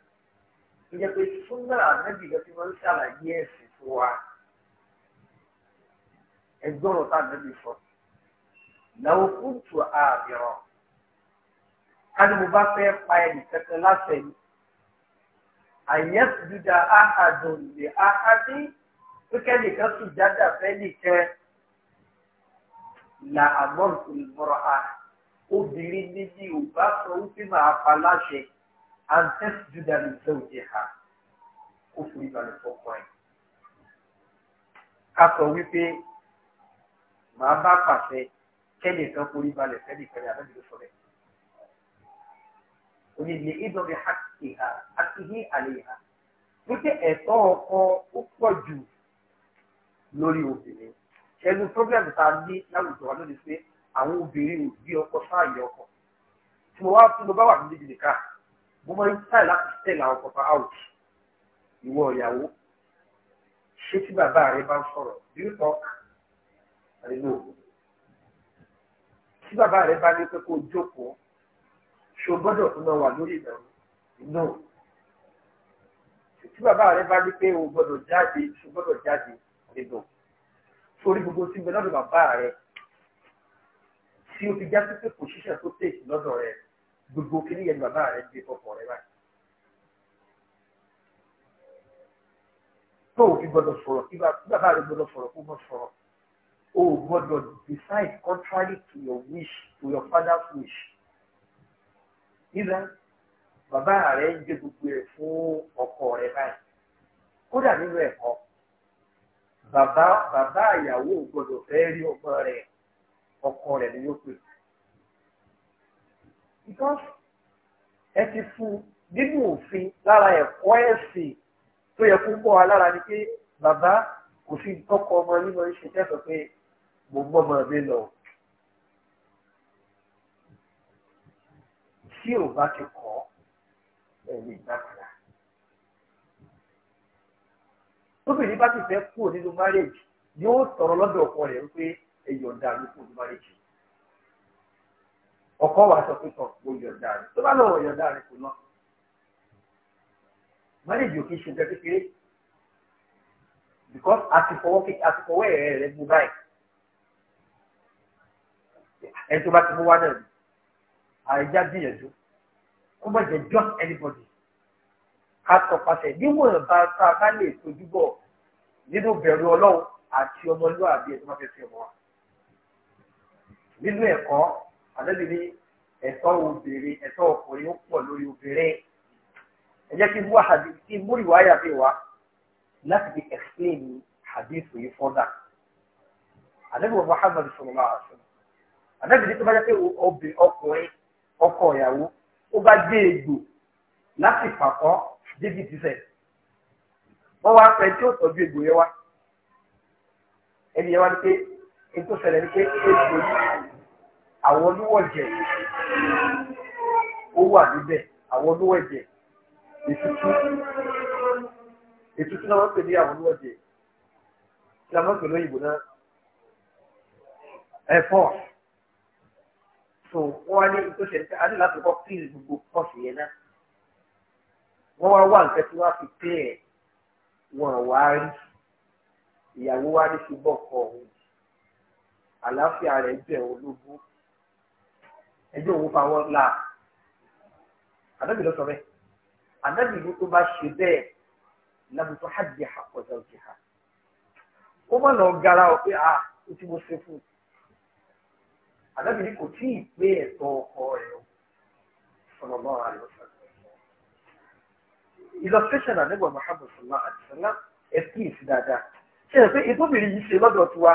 tó jẹ́ pé súnmọ́ ànábì lọ sí wọn ń ṣàlàyé ẹ̀sìn fún wa ẹgbọ́rọ̀ tá ànábì sọ̀rọ̀ làwọn kúntù àbẹ̀rọ̀ kálí mo bá fẹ́ pa ẹnì kẹkẹ láṣẹ yìí àyẹ̀ dúdà áhàdùn lè áhàdí pípẹ́ nìkan sùn jáde àfẹ́ nìkẹ́ la àmọ́rùkù ìmọ̀ràn à obìnrin níbi ò bá sọ wípé màá pa láṣẹ àǹtẹ́sì dúdà nìkan ò jẹ ha ó fi ìbàlẹ̀ fọkọ ẹ̀ ká sọ wípé màá bá pàṣẹ kẹ́lẹ̀ kan forí balẹ̀ kẹ́lẹ̀ kẹ́lẹ̀ abẹ́ni ló sọ bẹ́ẹ̀. òní lè ìdọ̀ bí àkìhà àkìhí àlèyà wípé ẹ̀tọ́ ọkọ ó pọ̀ jù lórí obìnrin ṣẹ́gun problem tá a ní láwùjọ wa lónìí pé àwọn obìnrin ò bí ọkọ sáàyè ọkọ tí mo wá tí mo bá wà ní méjì mo máa ń sáì láti tẹ̀lé àwọn ọkọ̀ out ìwọ ìyàwó ṣé tí bàbá rẹ bá ń sọ̀rọ̀ bí ó tọ́ tí bàbá rẹ bá ní pé kó jókòó ṣo gbọ́dọ̀ tó máa wà lórí ìdánwò no tí bàbá rẹ bá ní pé o gbọ́dọ̀ jáde ṣo gbọ́dọ̀ jáde nínú sórí gbogbo tí ń bẹ lọ́dọ̀ bàbá rẹ tí o fi já sí pé kò ṣiṣẹ́ tó tèèkì lọ́dọ̀ rẹ gbogbo kiri yẹn bàbá rẹ gbé ọkọ̀ rẹ báyìí. tó o fi gbọ́dọ̀ sọ̀rọ̀ kí bàbá rẹ gbọ́dọ̀ sọ̀rọ̀ kó mọ̀ sọ̀rọ̀. Oh God, God! decide contrary to your wish to your father's wish either bàbá rẹ ń jẹ gbogbo ẹ fún ọkọ rẹ báyìí kódà nínú ẹ̀kọ́ bàbá bàbá ìyàwó gbọ́dọ̀ fẹ́ rí ọmọ rẹ ọkọ rẹ ni yóò pè because ẹ ti fún nínú òfin lára ẹ̀kọ́ ẹ̀sìn tó yẹ kó ń bọ̀ wá lára ni pé bàbá kò fi tọkọ ọmọ yìí lọ ṣe tẹ́sán pé mo mọ́ máa mi lọ. tí ò bá ti kọ́ ẹ̀yìn ìgbàkúrà. tóbìnrin bá ti fẹ́ kúrò nínú márèèjì yóò tọrọ lọ́dọ̀ ọkọ rẹ̀ wípé ẹ̀yọ̀ǹda mi kúrò nínú márèèjì. ọkọ wa sọ pé kàn mo yọ̀ǹda rẹ̀ tó bá lọ́wọ́ yọ̀ǹda rẹ̀ kò lọ. márèèjì ò kì í ṣe nǹkan kékeré because àtìfọwọ́ ẹ̀rẹ́ mú báyìí ẹni tó bá ti mú wá náà àìjá gbìyànjú kó má jẹ just anybody ká tọpasẹ̀ níwọ̀n bá tá a bá lè tójú bọ̀ nínú bẹ̀rù ọlọ́run àti ọmọlúwàbí ẹ̀ tó bá fẹ́ fi ọmọ wa nínú ẹ̀kọ́ àdébí ní ẹ̀tọ́ obìnrin ẹ̀tọ́ ọkùnrin ó pọ̀ lórí obìnrin ẹ jẹ́ kí n wá hadith kí n múrì wáyà bí wa láti fi explain hadith yìí fọ́dà àdébí wa Muhammad sallallahu alaihi wasallam àbẹ́bìdì tó bá jẹ́ pé obìnrin ọkùnrin ọkọ ìyàwó ó bá gbé egbò láti pàkọ́ débi tìfẹ́ wọ́n wá pẹ́ tí ó tọ́jú egbò yẹn wá ẹni yẹn wá ní pé ní tó ṣẹlẹ̀ ní pé egbò àwọn olúwọ̀jẹ̀ ó wà níbẹ̀ àwọn olúwọ̀jẹ̀ ètùtù ètùtù náà wọ́n pè ní àwọn olúwọ̀jẹ̀ kí la máa ń pè lóyìnbó náà ẹ̀fọ́ so wọ́n wá ní tó ṣe ṣe adé láti kọ́ fíìlì gbogbo pọ́ọ̀sì yẹn náà wọ́n wá wá nǹkan tí wọ́n fi pé ẹ̀ wọ́n wá rí ìyàwó wá ní fi bọ̀ kọ́ òun àlàáfíà rẹ̀ jẹ́ ológun ẹjọ́ òun fa wọ́n là àdábì lọ sọ bẹ́ẹ̀ àdábì ló tó bá ṣe bẹ́ẹ̀ lábùtọ́ hajj àkọ́jọ́ òjì ha ó má lọ gara ọ pé a ah, ó ti mo ṣe fún un àdábìlì kò tí ì pé ẹ̀tọ́ ọkọ rẹ̀ o sallallahu alaihi wasallam. illustration àdẹ́gbà Muhammad sallallahu alaihi wasallam ẹ̀ kí ìsì dáadáa ṣe é pé ìbóbìnrin yìí ṣe lọ́dọ̀ tiwa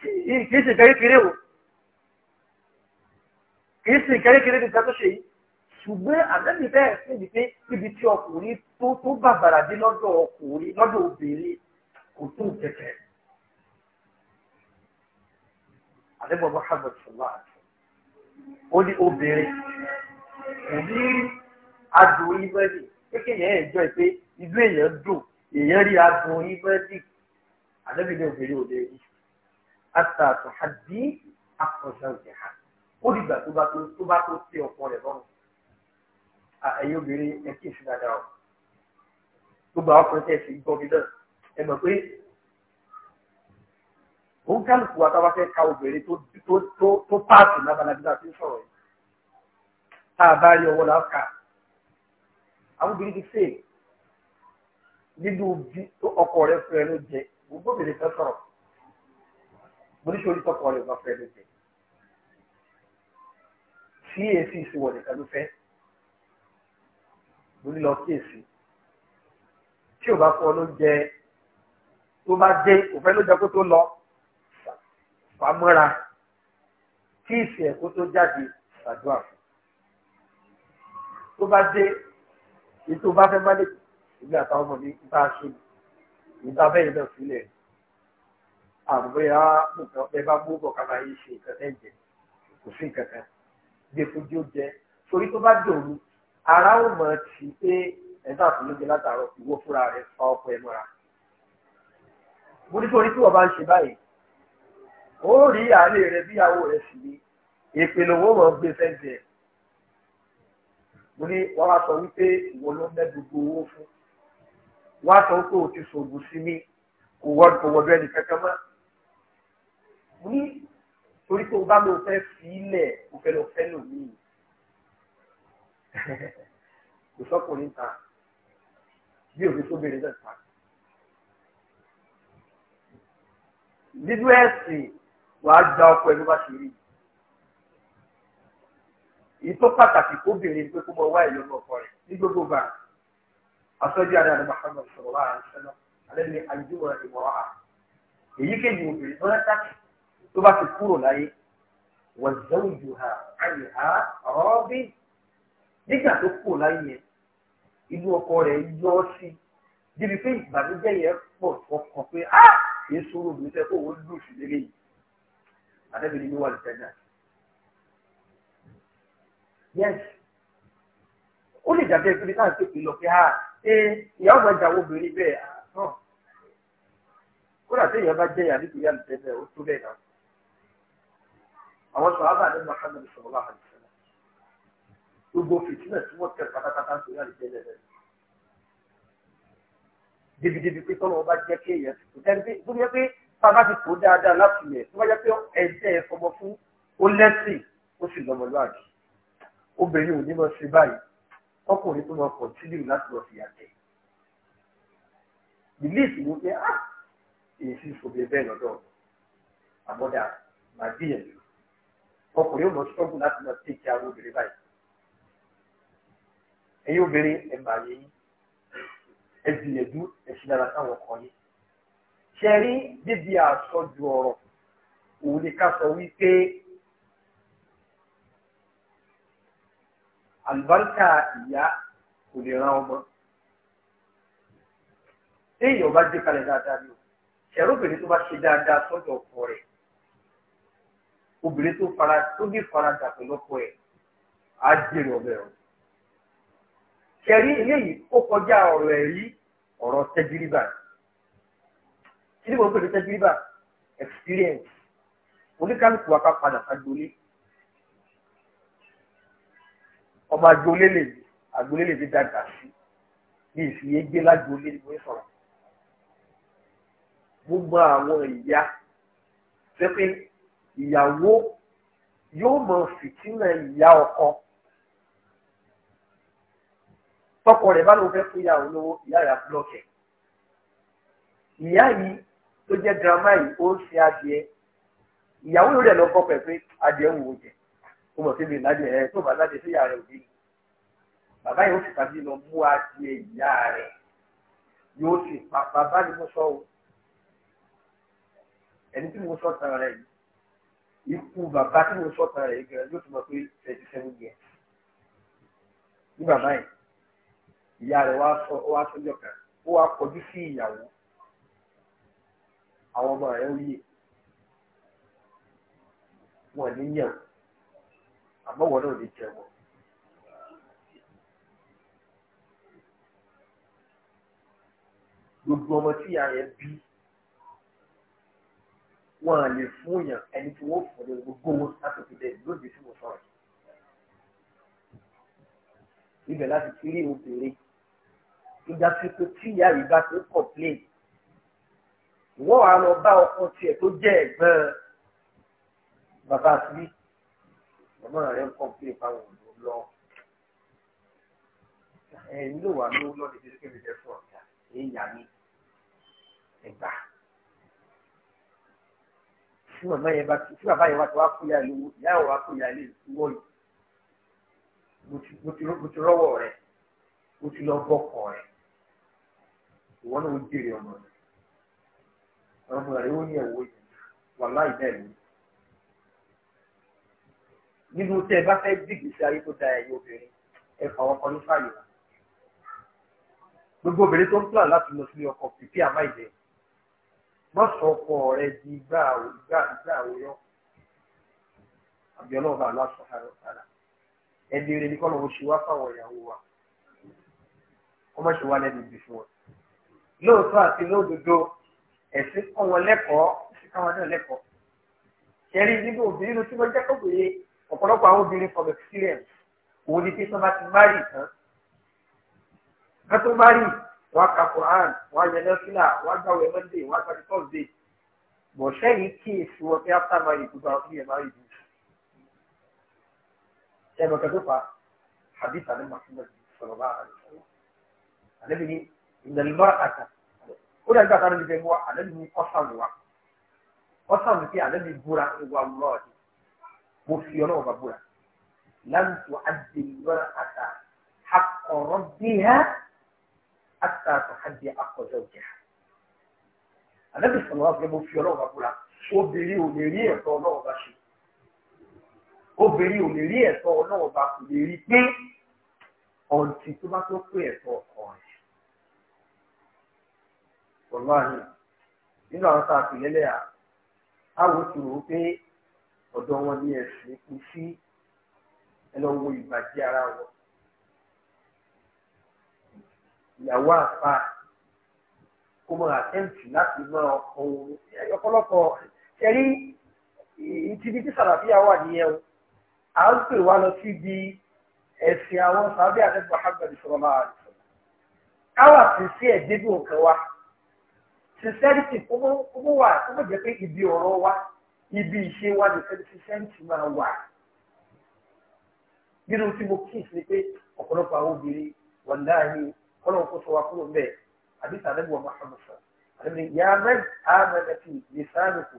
kì í ṣe kékeré o kì í ṣe kékeré nìkan tó ṣe yìí ṣùgbọ́n àdẹ́bì bẹ́ẹ̀ síbi pé ibi tí ọkùnrin tó tó bàbàrà lọ́dọ̀ ọkùnrin lọ́dọ̀ obìnrin kò tó kẹ̀kẹ́ àdébọ̀ Muhammad sallallahu alaihi wasallam ó ní obìnrin kò ní adùn ìmọ̀lì pé kéèyàn ẹ̀ jọ pé inú èèyàn dùn èèyàn rí adùn ìmọ̀lì àdébì ní obìnrin ò lè rí àtà àtàdí àkọsà òjìká ó dìgbà tó bá tó tó bá tó sí ọkọ rẹ̀ lọ́rùn ẹ̀yin obìnrin ẹ kí ìsìn dáadáa o gbogbo àwọn ọkùnrin tẹ̀ sí gbọ́ mi náà ẹ mọ̀ pé ó ń kálukú wa táwa fẹ́ ka obìnrin tó tó tó tó páàkì lábalábílà tó ń sọ̀rọ̀ yìí tá a bá rí ọwọ́ la kà àwọn obìnrin ti fèè nínú ọkọ rẹ fún ẹ ló jẹ gbogbo obìnrin fẹ́ sọ̀rọ̀ mo ní sori tọkọ rẹ fún ẹ ló jẹ cac ìsìnwọ̀ nìkan ló fẹ́ mo ní lọ kíyèsí tí o bá fún ló jẹ tó bá dé òfẹ́ ló jẹ kó tó lọ pamọ́ra kí ìsìn ẹ̀kọ́ tó jáde ṣàdúrà fún tó bá dé ètò bá fẹ́ má lè ìgbé àtàwọn ọmọ mi bá a ṣe ìgbà bẹ́ẹ̀ náà sílẹ̀ àbúrò yà á mú kan ẹ bá mú bọ̀ kára yìí ṣe nǹkan ẹ̀ jẹ kò sí nǹkan kan gbé fojú jẹ torí tó bá dòru ara ò mọ̀ sí pé ẹ̀dá àtúnlójẹ látàárọ̀ ìwọ fúnra rẹ̀ fa ọkọ̀ ẹ̀ mọ́ra mo ní torí tí wọ́n bá ń ṣe báyìí ó rí àárẹ̀ rẹ bíyàwó rẹ sì ni ìpele owó mọ̀ ń gbé fẹ́ǹsì ẹ̀ mo ní wọ́n wá sọ wípé ìwọ ló ń ná gbogbo owó fún wọ́n á sọ wípé o ti sògùn sí mi kò wọ́dọ̀ ẹnì kankan mọ́ mo ní torí pé o bá lọ fẹ́ fi ilẹ̀ o fẹ́ lọ fẹ́ lòmíì kò sọkùnrin ta bí òfin tó bèrè náà ta nínú ẹ̀sìn. wàá gba ọkọ ẹ ló bá ṣe rí èyí tó pàtàkì kó bèrè pé kó mọ wá ìlú ọkọ rẹ ní gbogbo bá asọ́jú adáàdá Muhammad sọ̀rọ̀ alẹ́ ní àjùmọ̀ ìmọ̀ràn obìnrin tó tó bá ti kúrò láyé wọ́n jù ha ha ọ̀rọ̀ bí nígbà tó kúrò láyé yẹn ọkọ rẹ̀ yọ sí débi pé ìbànújẹ́ yẹn pọ̀ fọkàn pé ah! kó wọ́n àtẹ́bìnrin ní wàlú tẹ́jà. yes ó lè dàbẹ́ pé káà tètè lọ pé ha ah, ṣé ìyá ọgbà ìjà obìnrin bẹ́ẹ̀ ah, náà kódà tí ìyá bá jẹ́ ìyá nítorí àlùtẹ́jà ó tó bẹ́ẹ̀ náà. àwọn sọ̀rọ̀ àbí Muhammad sọ̀rọ̀ láhàlì sọ̀rọ̀ gbogbo fìtínà tí wọ́n tẹ̀ pátápátá nítorí àlùtẹ́jà bẹ́ẹ̀ dèbìdèbì pé tọ́lọ́ ọba jẹ́ kéèyàn kò tẹ́lẹ̀ pé bàbá ti kó dáadáa láti ilẹ̀ tó bá jẹ́ pé ẹ̀jẹ̀ ọmọ fún ó lẹ́sìn ó sì lọ́mọlúwàbí obìnrin ò ní lọ ṣe báyìí ọkùnrin tó lọ pọ̀ sílẹ̀ láti lọ fìyà jẹ bìlíìsì ló pé á ah, èyí sì fòbi bẹ́ẹ̀ lọ́dọ̀ àbọ̀dà màá gbìyànjú ọkùnrin ò lọ ṣọ́ọ̀bù láti lọ tẹ̀kí àwọn obìnrin báyìí ẹ̀yin obìnrin ẹ̀ máa yẹ yín ẹ̀ gbìyànjú ẹ̀ ṣe dára sáwọn ọkọ yín ṣẹ̀rí bíbi àsọjù ọ̀rọ̀ òun ni ká sọ wípé àlùbáríkà ìyá kò lè ran ọmọ téèyàn bá gbé kalẹ̀ dáadáa ni o ṣẹ̀rí obìnrin tó bá ṣe dáadáa sọ́dọ̀ ọkọ rẹ̀ obìnrin tó fara tó ní faradà pẹ̀lú ọkọ ẹ̀ á jèrè ọbẹ̀ rẹ̀ ṣẹ̀rí eléyìí ó kọjá ọ̀rọ̀ ẹ̀rí ọ̀rọ̀ tẹ́jírí báyìí kí ni mo ń experience oníkálukú wa ká padà agbolé ọmọ agbolé lè agbolé lè fi dàgbà sí bí ìfìyé gbé lágbolé ni mo ń sọ̀rọ̀ gbogbo àwọn ìyá pẹ́pẹ́ ìyàwó yóò mọ fìtínà ìyá ọkọ tọkọ rẹ̀ bá ló fẹ́ fún ìyàwó lówó ìyá rẹ̀ àbúlọ̀kẹ̀ ìyá yìí tó jẹ́ girama yìí ó ń sin adìẹ ìyàwó yóò dẹ̀ lọ kọ́ pẹ̀ pé adìẹ ń wò jẹ ó mọ̀ sí mi ládìẹ ẹ tó bá ládìẹ sí ìyá rẹ òbí bàbá yìí ó sì tàbí lọ mú adìẹ ìyá rẹ yóò sì pa bàbá ni mo sọ o ẹni tí mo sọ tán rẹ yìí ikú bàbá tí mo sọ tán rẹ yìí gẹ̀rẹ́ yóò ti mọ̀ pé thirty seven years ní bàbá yìí ìyá rẹ wá sọ ọ wá sọjọ kan ó wá kọjú sí ìyàwó àwọn ọmọ rẹ̀ ó yè wọn ní yẹ̀wò àmọ́ wọn náà ní jẹ̀wọ́. gbogbo ọmọ tí ìyá rẹ̀ bí wọn à lè fún yàn ẹni tí wọ́n fún ní gbogbo wọn lásìkò dẹ̀ lóde tí mo sọ̀rọ̀ ibẹ̀ láti kiri obìnrin ìgbà tí tí ìyá yìí bá ti ń kọ̀pléètì wọ́n wàá lọ bá ọkọ tiẹ̀ tó jẹ́ ẹ̀gbọ́n bàbá sílí màmá rẹ̀ ń kọ́ pé báwọn ò lọ ẹ̀yìn ló wà ló lọ́ọ́ lè fi ṣe fún ọ̀gá èèyàn mi ẹ̀gbà tí màmá yẹn bá tí bàbá yẹn wá ti wá kó ya ìlú ìyá ẹ̀ wá kó ya ilé ìwọ yìí mo ti rọ́wọ́ rẹ̀ mo ti lọ bọ́kọ̀ rẹ̀ ìwọ náà ó jèrè ọmọ rẹ̀ ọmọ rẹ̀ ó ní ẹ̀wọ́ yìí wà láì bẹ́ẹ̀ ni. nínú tẹ́ ẹ bá fẹ́ dìgbì sí ayé tó da ẹ̀yìn obìnrin ẹ fà ọkọ ní fàyè wa. gbogbo obìnrin tó ń plan láti lọ sílé ọkọ pípé àmáìjẹ má sọ ọkọ rẹ di ìgbà ìgbà ìgbà òyọ àbí ọlọ́ọ̀bà aláṣọ àrọ̀ sára ẹbí rẹ ní kọ́ lọ́wọ́ ṣe wá fáwọn ìyàwó wa ọmọ ṣe wá lẹ́nu ìgbì fún wọn lóòótọ́ àti lóòdodo ẹ̀sìn kọ́ wọn lẹ́kọ̀ọ́ ẹ̀sìn kọ́ wọn náà lẹ́kọ̀ọ́ ṣẹ́rí nínú obìnrin ló tí wọ́n jẹ́ kọ́kùnrin ọ̀pọ̀lọpọ̀ àwọn obìnrin from experience òun ni pé sọ́ba ti márì tán wọ́n tó márì wọ́n ka Quran wọ́n yẹ nọ́sílà wọ́n gbàwé Monday wọ́n gbàdé Thursday bọ̀ sẹ́yìn kíyèsí wọn pé after marriage gbogbo àwọn fúnyẹ̀ márì dùn ẹ̀rọ kẹtọ́ fa hadith alẹ́ màfúnmẹ́ sọ̀rọ̀ bá àlẹ́ sọ̀rọ̀ àlẹ́ bí àtàkùn ó dàgbà kan níbi ẹgbẹ́ wa àlẹ́bí mi ọ̀sán wa ọ̀sán mi pé àlẹ́bí búra ìwà lọ́ọ̀dì mo fi ọlọ́wọ́ bá búra láǹtò àdìmọ́ra àtà akọ̀rọ̀ bí ha àtà àtàkàdì akọ̀jọ́ jẹ́ àlẹ́bí sọ̀rọ̀ wá pé mo fi ọlọ́wọ́ bá búra obìnrin ò lè rí ẹ̀tọ́ ọlọ́wọ́ bá ṣe obìnrin ò lè rí ẹ̀tọ́ ọlọ́wọ́ bá kò lè rí pé ọ̀ǹtì tó bá tó pé ẹ̀tọ́ ọkọ wọláhì nínú àwọn tá a fi lélẹ̀ à àwọn ti rò ó pé ọ̀dọ̀ wọn ní ẹ̀sìn kú sí ẹlọ́wọ́ ìbàjẹ́ ara wọn. ìyàwó àpá kó mọ àtẹ́ǹtì láti mọ ọ̀hún ọ̀pọ̀lọpọ̀ ẹ̀rí ìtìbí tí sàlàfíà wà nìyẹn o à ń pè wá lọ síbi ẹ̀sìn àwọn sàbí àtẹ́gbọ̀ àgbàdì sọ̀rọ̀ máa rẹ̀ sọ̀rọ̀ káwà sí sí ẹ̀dẹ́gbẹ̀ òkè wa sincerity kó mọ̀ wà kó mọ̀ jẹ́ pé ibi ọ̀rọ̀ wa ibi ìṣe wa nìkan ní sincerity máa wà. nínú tí mo kí ìsinmi pé ọ̀pọ̀lọpọ̀ àwọn obìnrin wà láàyè kọ́lọ́wọ́ kó sọ wa kúrò bẹ́ẹ̀ àbí sàdébù ọmọ àmọ̀sán àdébìnrin yà á mẹ́rin àmẹ́rẹ́tì lè sáànù kù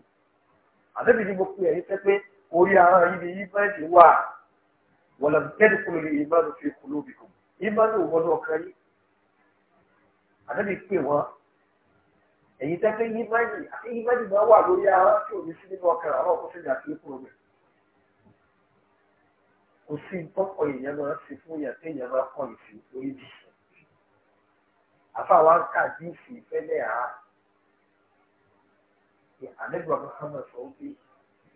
àdébìnrin mo pè é yín pé orí ara yìí ni yìí máa ń ti wà kúrò ní ìmánu fi kúlóbì kù ìmánu òwò náà kàn yín àdébìnrin ẹ̀yin tẹ́tẹ́ yí mẹ́rin àti yí mẹ́rin máa wà lórí ara tí ò ní sí nínú ọkàn àwọn ọkọ̀ sílẹ̀ àti ikú rẹ̀. kò sí tọ́kọ̀ èèyàn máa ń ṣe fún èèyàn tí èèyàn máa kọ̀ ìfì lórí bí. àfa wa ń kà bí ìfì ìfẹ́lẹ̀ à àlẹ́gbọ̀n Muhammad sọ pé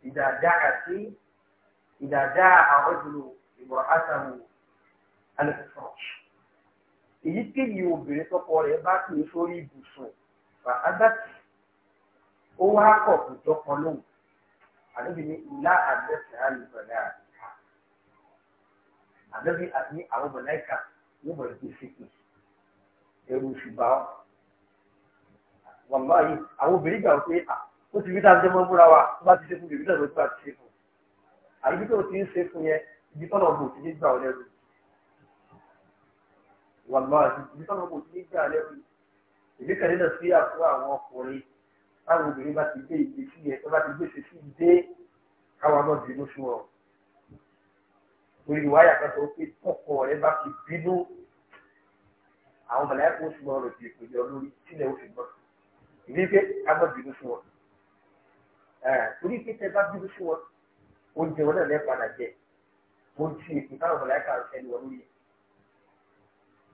ìdàdá àti ìdàdá àwọn ìdúró ìmọ̀ àtàwọn alẹ́ fún ọ̀ṣù. èyíkéyìí obìnrin tọkọ rẹ̀ bá pè é sórí ibùsùn fa agbáti ó wá kọ̀ kó jọpọ̀ lóhùn àdóbi ní ìlà àdẹ́sì àlùbọ̀lẹ́ àdìsá àdóbi àti àwọn mọ̀lẹ́kà wọ́n mọ̀ ní síkì ẹrù ṣùgbọ́n wàlá yìí àwọn obìnrin gbà pé ó ti rí tá a jẹ́ mọ́ múra wa tó bá ti ṣe fún bèbí náà ló ti bá ti ṣe fún àyíkí tó ti ń ṣe fún yẹn ibi tọ́nà ọmọ òtí ní gbà ọ lẹ́rù wàlá ibi tọ́nà ọmọ òtí ní gbà ọ lẹ́rù èmi kàn nínú sí àfọ àwọn ọkùnrin táwọn obìnrin bá ti gbé ìgbé sí yẹn tó bá ti gbèsè sí dé káwọn náà bínú sí wọn. olùwà yàtọ̀ sọ pé ọkọ rẹ bá ti bínú àwọn mọ̀lẹ́yà kò sùn ọ̀rọ̀ ti ìpèjọ lórí sílẹ̀ òfin náà ìdí pé ká má bínú sí wọn. torí pé tẹ bá bínú sí wọn oúnjẹ wọn náà lẹ́ẹ̀padà jẹ mo ti èpè táwọn mọ̀lẹ́yà kà sẹ́ni wọn lórí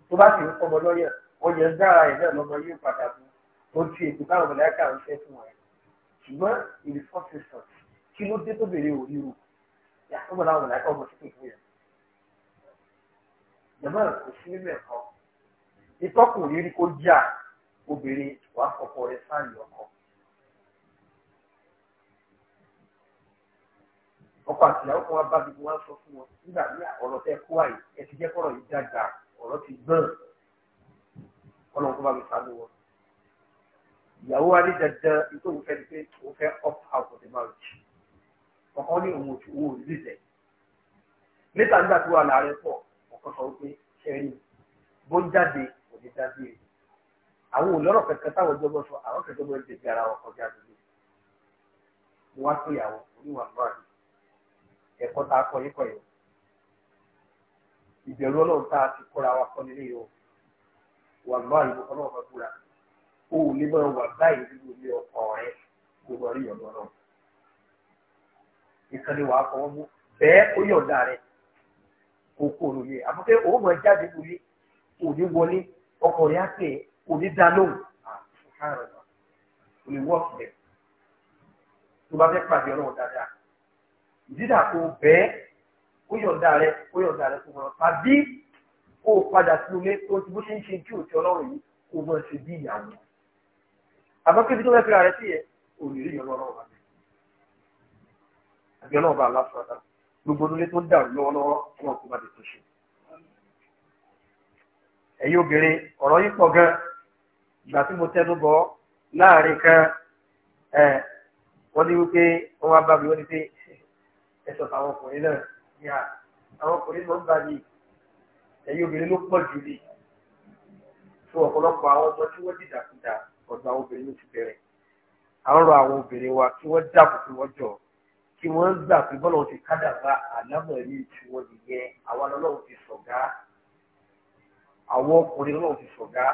tó bá sì ń kọ́ ọmọ lọ́yàn oyè dára ẹ̀dá lọ́mọ yóò padà bú ojú ètò káwọn mọ̀lẹ́kà ń fẹ́ fún wọn ṣùgbọ́n ìrìfọ́sẹ̀sọ̀ kí ló dé tó bèrè òní o yàtọ̀ mọ̀ láwọn mọ̀lẹ́kà ọmọ sí kékeré yẹn jẹ̀mọ́ kò sí nínú ẹ̀kọ́ ìtọ́kùnrin rí kó jà obìnrin wàá fọ̀pọ̀ rẹ̀ sáàyè ọkọ̀ ọkọ àtìyàwó kan wá bá gbogbo wa sọ fún wọn nígbà tí ọ̀rọ̀ tẹ kó àyè ẹ ti jẹ́ kọ́rọ̀ yìí dàgbà ọ̀rọ̀ ti gbọ́n kọ́lọ́n kó bá mi sàánú wọn. ìyàwó wa ní dandan nítorí òun fẹ́ ni pé òun fẹ́ up out of the marriage ọkọ ní òun òtún owó ìdílé níta nígbà tí wà láàrin pọ̀ ọkọ sọ pé ṣẹ́rí bó ń jáde kò ní dá bí àwọn olórọ̀ kankan táwọn ọjọ́ sọ àwọn kẹjọ bọ́ ń ara wọn kọjá lóde mo wá pé ìyàwó oníwà náà ni ẹ̀kọ́ tá a kọ́ yín kọ́ yẹn ìbẹ̀rù tá a ti kóra wa kọ́ nílé yìí o wà báyìí kọ́kọ́ náà máa búra o ò lè máa wà báyìí nínú ilé ọkọ rẹ kó máa rí ọ̀dọ́ náà ìkànnì wàá fọwọ́ mú bẹ́ẹ̀ ó yọ̀ǹda rẹ kó kó o lè àmọ́ pé òun máa jáde nílé òní wọlé ọkọ rẹ á tẹ̀ òní dá lóhùn ah, òní wọ́ọ̀kì rẹ tó bá fẹ́ pàdé ọlọ́run dáadáa ìdídà kó bẹ́ẹ̀ ó yọ̀ǹda rẹ ó yọ̀ǹda rẹ kó máa tàbí kó o padà sí ilé kó o ti bó ṣe ń ṣe kí òtí ọlọ́run yìí kó o mọ̀ ṣe bí ìyàwó àmọ́ kébi tó fẹ́ fira rẹ sí yẹ ò lè rí ìyọ̀nà ọlọ́run bá mi àbí ọlọ́run bá aláṣọ àdá gbogbo onílé tó ń dàrú lọ́wọ́lọ́wọ́ fún ọkùnrin bá ti tó ṣe ẹ̀yin obìnrin ọ̀rọ̀ yìí pọ̀ gan ìgbà tí mo tẹnu bọ̀ láàrin kan ẹ̀ wọ́n ní wípé wọ́n wá bá mi wọ́n ní pé ẹ̀sọ̀ ẹ̀yin obìnrin ló pọ̀ jù lè tó ọ̀pọ̀lọpọ̀ àwọn ọmọ tí wọ́n dìdàkudà ọ̀dọ̀ àwọn obìnrin ló ti bẹ̀rẹ̀ à ń rọ àwọn obìnrin wa kí wọ́n dàbò kí wọ́n jọ kí wọ́n gbà pé bọ́lá wọn ti kádàgbà àlámọ̀ ní ìtúwọ́ nìyẹn àwọn ọlọ́run ti sọ̀gá àwọn ọkùnrin ọlọ́run ti sọ̀gá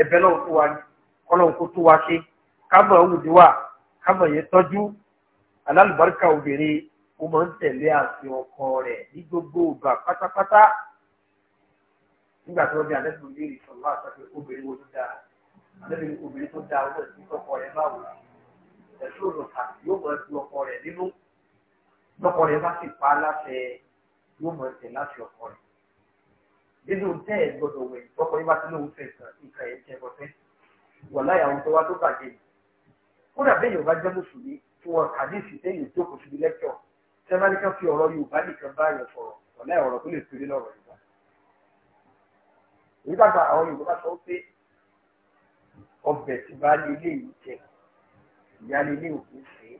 ẹbẹ náà tó wa ọlọ́run kó tó wa ṣe kámọ̀ òwúdi wa kámọ̀ yẹn tọ́jú alálùbáríkà obìnrin ó máa ń tẹ̀lé àti ọkọ rẹ̀ ní gbogbo ìgbà pátápátá nígbà tí wọ́n bí alẹ́ tó lé ìṣọ̀lá àtàkì obìnrin wo ló dáa alẹ́bí obìnrin tó dáa wọ́n ti tọkọ rẹ̀ báwo ẹ̀sùn òrùka yóò mọ̀ ẹ̀sùn ọkọ rẹ̀ nínú lọ́kọ rẹ̀ bá sì pa láṣẹ yóò mọ̀ ẹ̀sẹ̀ láti ọkọ rẹ̀ nínú tẹ́ ẹ̀ gbọ́dọ̀ wẹ̀ lọ́kọ yẹn bá ti lóun fẹ́ nǹkan ẹ̀ jẹ́ bọ́tẹ́ wàlá ìyàwó tó wá tó bàjẹ́ yìí kódà bẹ́ẹ̀ yóò bá jẹ́ mùsùlùmí tí wọ́n kàdéèsì tẹ́yìn tó kò síbi lẹ́kọ̀ọ́ sẹ́mánìkan fi ọ̀rọ̀ Yorùbá nìkan bá yẹn sọ̀rọ̀ wàlá ọ̀rọ̀ tó lè péré lọ́rọ̀ yìí nígbàgbà àwọn yorùbá sọ pé ọbẹ̀ tí bá lè lè jẹ ìyá lè lè òkú ṣe é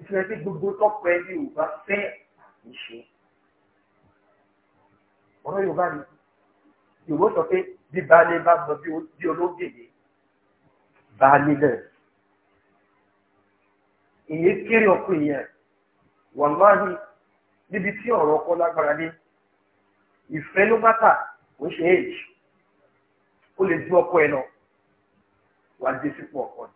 ìfẹ́ pé gbogbo tọ́pọ̀ ẹbí yorùbá fẹ́ àti ṣe ọ̀rọ̀ yorùbá ni yorùbá sọ pé bí baálé bá mọ bí olóògbèdè baálé náà èyí kéré ọkọ èèyàn wàláhì níbi tí ọ̀rọ̀ ọkọ lágbára dé ìfẹ́ ló bá tà ó ṣe é jù ó lè ju ọkọ ẹ lọ wà á dé sípò ọkọ ni.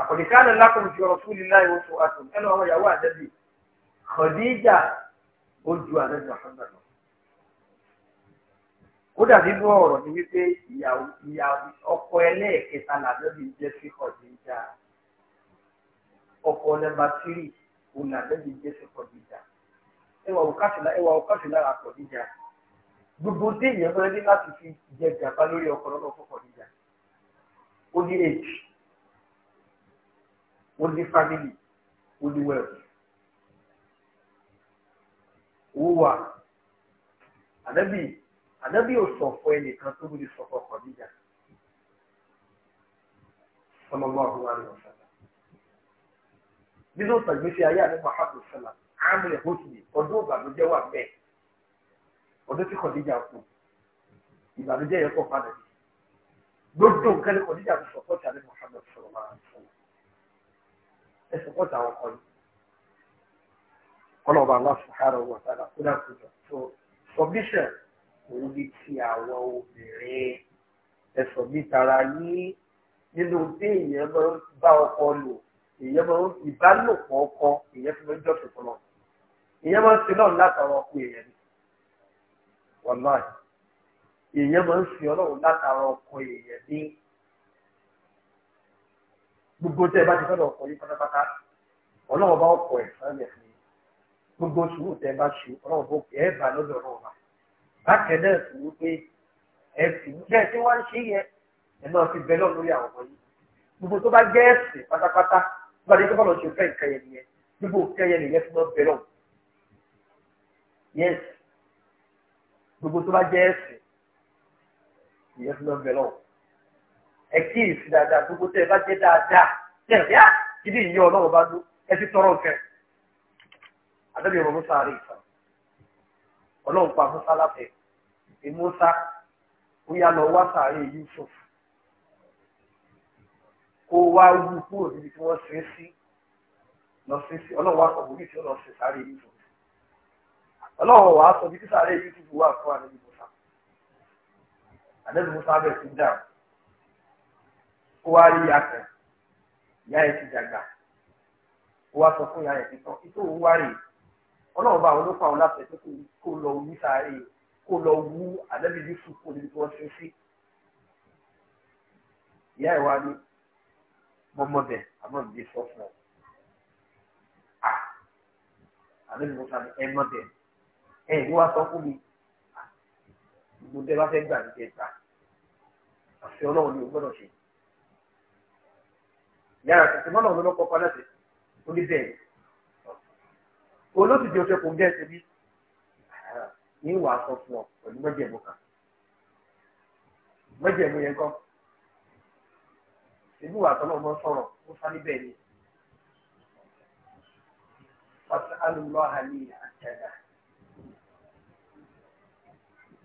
àkọ́dé káàdà lákòó ju rasulillahi oṣù àtùn ẹnu àwọn ìyàwó àdẹ́bí Khadija ó ju àdẹ́bí Muhammad lọ. kódà nínú ọ̀rọ̀ ni wípé ìyàwó ìyàwó ọkọ ẹlẹ́ẹ̀kẹta làdẹ́bí jẹ́ sí Khadija ọkọ nọ́mbà tírì òun làdẹ́bí jẹ́ sí Khadija ẹwà òkàṣìlá ẹwà òkàṣìlá àkọ́díjà gbogbo téèyàn máa ní láti fi jẹ gàba lórí ọkọ lọ́nà fún Khadija ó ní èjì ó ní fámìlì ó ní wẹ́ẹ̀lì owó wà ànábì ànábì ò sọ fún ẹnìkan tó gbúdí sọ fún Khadija sallallahu alaihi wasallam nínú ìtàgbésí ayé àdébà hàbùsọ̀lá àmì ẹ̀hóṣùlì ọdún ìbàdàn jẹ́ wà bẹ́ẹ̀ ọdún tí kọ̀díjà kù ìbànújẹ́ yẹn pọ̀ padà bí gbogbo nǹkan ní kọ̀díjà ti sọ̀pọ̀tì àlẹ́ Muhammad sọ̀rọ̀ máa ń fún ẹ sọ̀pọ̀tì àwọn kan ọlọ́ọ̀bà Allah subhanahu wa ta'ala kó dà kó jọ so submission òun ni ti àwọn obìnrin ẹ̀sọ̀ mi tara ní nínú bí èèyàn máa ń bá ọkọ lò èèyàn máa ń ìbálòpọ̀ ọkọ èèyàn fi máa ń jọ́sìn fún ọ èèyàn máa ń sin náà ọkọ èèyàn ni wàláì èèyàn máa ń fi ọlọ́run látara ọkọ èèyàn ní gbogbo tẹ́ ẹ bá ti fẹ́ lọ ọkọ yìí pátápátá ọlọ́run bá ọkọ ẹ̀ sáré fún yín gbogbo sùúrù tẹ́ ẹ bá ṣe ọlọ́run bó ẹ bá lọ́dọ̀ ọlọ́run bá bákẹ́ náà sì ní pé ẹ sì ń jẹ́ tí wọ́n ń ṣe yẹn ẹ máa fi bẹ́ lọ́ọ̀ lórí àwọn ọmọ yìí gbogbo tó bá jẹ́ ẹ̀sìn pátápátá tó bá tó bá lọ gbogbo tó bá jẹ́ ẹ̀sìn ìyẹn fi lọ bẹ̀ lọ. ẹ kíyèsí dáadáa gbogbo tẹ́ ẹ bá jẹ́ dáadáa tẹ́ ẹ bíá ibi ìyẹn ọlọ́run bá ló ẹ ti tọrọ nǹkan. àdébí ọmọ musa rí ìtàn ọlọ́run pa musa láfẹ̀ ẹ musa ó yá lọ wá sàárè yusuf kó wá wú kúrò níbi tí wọ́n sin sí lọ sin sí ọlọ́run wá sọ bòmí tí ó lọ sin sàárè yusuf ọlọ́run wàá sọ bí kí sáré yútùbù wà fún àlejò musa àlejò musa bẹ̀ sí dáhùn ó wá rí yàtọ̀ ìyá ẹ̀ ti dàgbà ó wá sọ fún ìyá ẹ̀ títàn ìtò òun wá rè ọlọ́run bá àwọn ló pa àwọn láti ẹ̀ kó lọ wú sáré kó lọ wú àlejò yusuf kó níbi wọ́n ṣe sí ìyá ẹ̀ wá mọ́mọ́bẹ̀ àmọ́ sọ fún ọ ah! àlejò musa ní ẹ̀ mọ́bẹ̀ẹ́. ẹ ní wá sọ fún mi gbogbo tẹ bá fẹ́ gbà ní tẹta àfi Ọlọ́run ni o gbọ́dọ̀ ṣe yàrá tètè mọnà kọkọ o bí ní wàá sọ fún ọ pẹ̀lú kan yẹn ìlú sọ̀rọ̀ ó sá ni. àtẹ̀dá.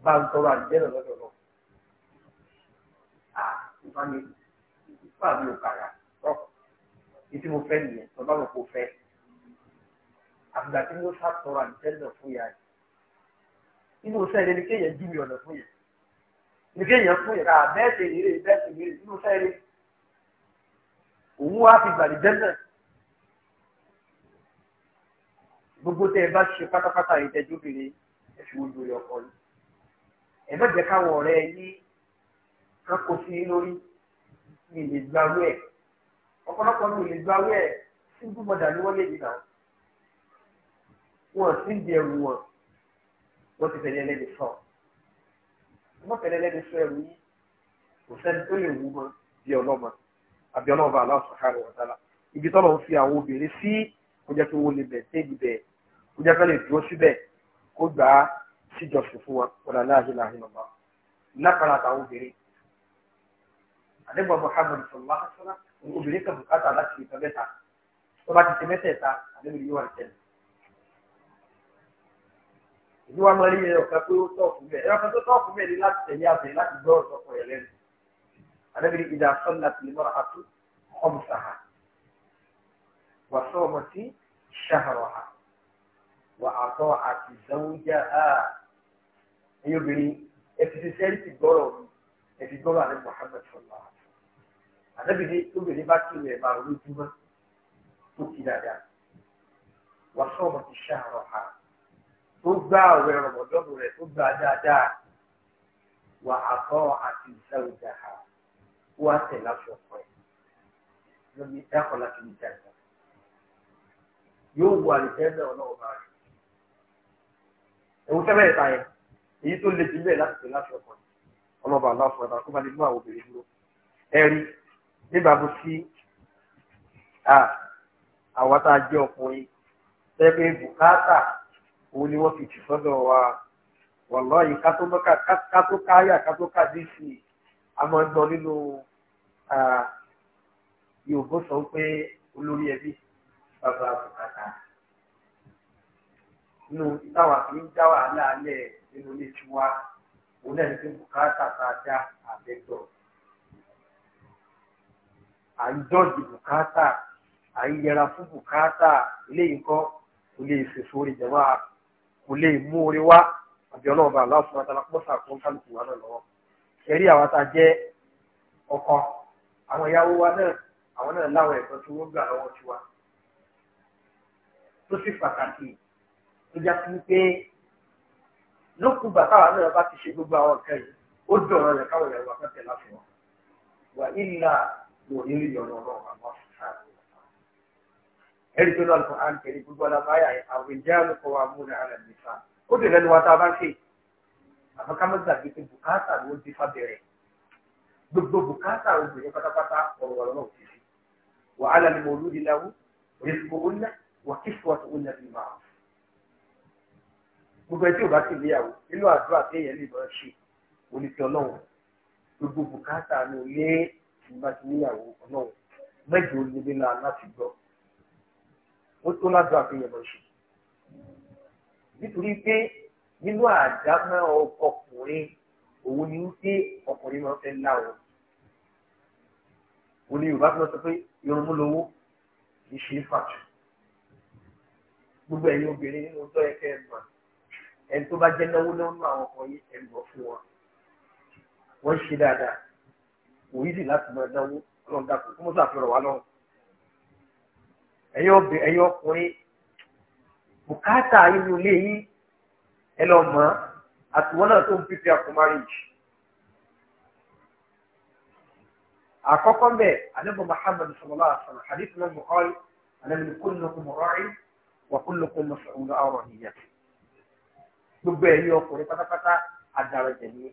bá ń tọrọ àjẹ́rẹ̀ lọ́dọ̀ lọ. Ìfani ìfà mi ò kàrà tọ́. Ìdí mo fẹ́ nìyẹn tọ́ bá mo kò fẹ́. Àgbà tí mo sá tọrọ àjẹ́rẹ̀ fún yàrá yìí. Inú sẹ́yìn ni kéèyàn jú mi ọ̀nà fún yẹn. Ni kéèyàn fún yẹn ká bẹ́ẹ̀ ṣe ìrè bẹ́ẹ̀ ṣe ìrè inú sẹ́yìn. Òun wá fi gbàdí jẹ́nà. Gbogbo tẹ́ ẹ bá ṣe pátápátá ìtẹ́jú bìnrin ẹ fi wo lórí ọkọ yìí ẹ má jẹ́ káwọn ọ̀rẹ́ yín kan kó sí lórí mi lè gbàwé ẹ̀ ọ̀pọ̀lọpọ̀ mi lè gbàwé ẹ̀ síbú mọ̀dà ni wọ́n lè yìí náà wọn sì ń di ẹrù wọn wọ́n ti fẹ̀lẹ́ lẹ́nu sọ wọ́n fẹ̀lẹ́ lẹ́nu sọ ẹrù yìí kò sẹ́ni tó lè wú mọ́ bí ọlọ́mọ àbí ọlọ́mọ Allah subhanahu wa ibi tọ́lọ̀ ń fi àwọn obìnrin sí kó jẹ́ pé wọ́n bẹ̀ tẹ́ ibibẹ̀ kó jẹ́ pé lè dúró síbẹ̀ kó gbà síjọsìn fún wa wọlé aláàjìláàjì lọ́ba lákàrà àtàwọn obìnrin àdébọ̀ Muhammad sọlá sọlá obìnrin kan bùkátà láti ìtọ́ mẹ́ta tó bá ti ṣe mẹ́tẹ̀ẹ̀ta àdébìnrin yóò wà tẹ́lẹ̀. ìlú wa máa rí ẹyọ kan pé ó tọ̀ fún bẹ́ẹ̀ ẹyọ kan tó tọ̀ fún bẹ́ẹ̀ ni láti tẹ̀lé àbẹ̀ láti gbọ́ ọ̀sọ̀kọ̀ ẹ̀ lẹ́nu àdébìnrin ìdá sọ́nà tìlímọ́ra àtú ọ̀mùsàhà wà sọ́ọ̀mọ̀tì ṣàhàrọ̀hà wà àtọ́ àti zàwújà áà ẹ̀yin obìnrin ẹ fi sincerity gbọ́rọ̀ ẹ fi gbọ́rọ̀ àrẹ Muhammad sọ̀rọ̀ àdébìnrin obìnrin bá kí rẹ̀ máa lójúmọ́ tó kí dáadáa wà sọ̀rọ̀ ti ṣàárọ̀ ha tó gbá ọ̀rẹ́ rọ̀mọ̀dọ́nù rẹ̀ tó gbá dáadáa wà àtọ́ àti ìṣàwùjà ha wà tẹ̀lé aṣọ ọ̀pọ̀ ẹ̀ lómi ẹ̀kọ́ láti ní ìjà yóò wù àlùfẹ́ náà náà máa ẹ̀wù sẹ́fẹ̀ẹ́ ta yẹn èyí tó le jù bẹ́ẹ̀ láti tẹ̀lé aṣọ ọkàn ọlọ́ba aláfọ ẹ̀dá kó bá lè mú àwọn obìnrin dúró ẹ̀rí nígbà bó sí àwa tá a jẹ́ ọkùnrin tẹ́gbẹ́ bùkátà òun ni wọ́n fi tì sọ́dọ̀ wa wàlọ́ọ̀yì kátó káyà kátó kádìsì a máa ń gbọ́ nínú Yorùbá sọ pé olórí ẹbí bàbá bùkátà nínú táwa fi ń dá wàhálà alẹ́ ẹ̀ nínú ilé tiwa òun náà ní pé bùkátà tá a dá àbẹ̀dọ̀ à ń dọ́jú bùkátà à ń yẹra fún bùkátà eléyìí kọ́ kò lè fèsò orí jẹ̀wá kò lè mú orí wá àbí ọlọ́ọ̀bà aláṣọ àtàlà pọ́sà fún kálukú wa náà lọ́wọ́ ẹ̀rí àwọn tá a jẹ́ ọkọ àwọn ìyàwó wa náà àwọn náà láwọn ẹ̀kọ́ tí wọ́n gbà lọ́wọ́ tiwa tó sì pàtàkì tó já sí pé lókun bàtà wà náà bá ti ṣe gbogbo àwọn nǹkan yìí ó dọ̀rọ̀ rẹ̀ káwọn ìyàwó akẹ́kẹ́ láti wọn wà ìlà lò nílé ìyọ̀nà ọ̀rọ̀ àwọn ẹ̀rí tó náà fún àǹkẹ́rì gbogbo alábáyà àwọn ìjà lóko wa mú ní alẹ́ nìfà ó dè lẹ́nu wa tá a bá ṣe àmọ́ ká bùkátà ló ń dífá bẹ̀rẹ̀ gbogbo bùkátà obìnrin pátápátá ọ̀rọ̀ gbogbo ẹtí ò bá sì níyàwó nínú àdúrà téèyàn lè máa ṣe oníṣẹ Ọlọ́run gbogbo bùkátà ní ilé ìgbà tí níyàwó Ọlọ́run mẹ́jọ níbi náà láti gbọ́ ó tó ládùúgbà téèyàn máa ṣe nítorí pé nínú àdámọ́ ọkùnrin òun ni wípé ọkùnrin máa fẹ́ láwọn òun ni Yorùbá fún ọ sọ pé irun mú lówó kì í ṣe é fàtú gbogbo ẹ̀yin obìnrin nínú tó yẹ ẹ máa ẹni tó bá jẹ́ náwó náwó nínú àwọn ọkọ yìí ẹ̀ lọ fún wọn wọ́n ṣe dáadáa kò yí sì láti máa náwó ọlọ́run dàpọ̀ kó mọ́ sàfihàn wa lọ́rùn ẹ̀yin ọbẹ̀ ẹ̀yin ọkùnrin bùkátà inú ilé yín ẹ lọ mọ̀ àtiwọ́n náà tó ń pípẹ́ àpò márìjì. àkọ́kọ́ mbẹ́ anábọ̀ muhammad sallallahu alaihi wa sallam hadith náà mọ̀ọ́rì anábìlì kullukum ra'i wa kullukum mas'ulun ọ̀rọ̀ nìyẹn gbogbo ẹ̀yin ọkùnrin pátápátá adara jẹ̀mí.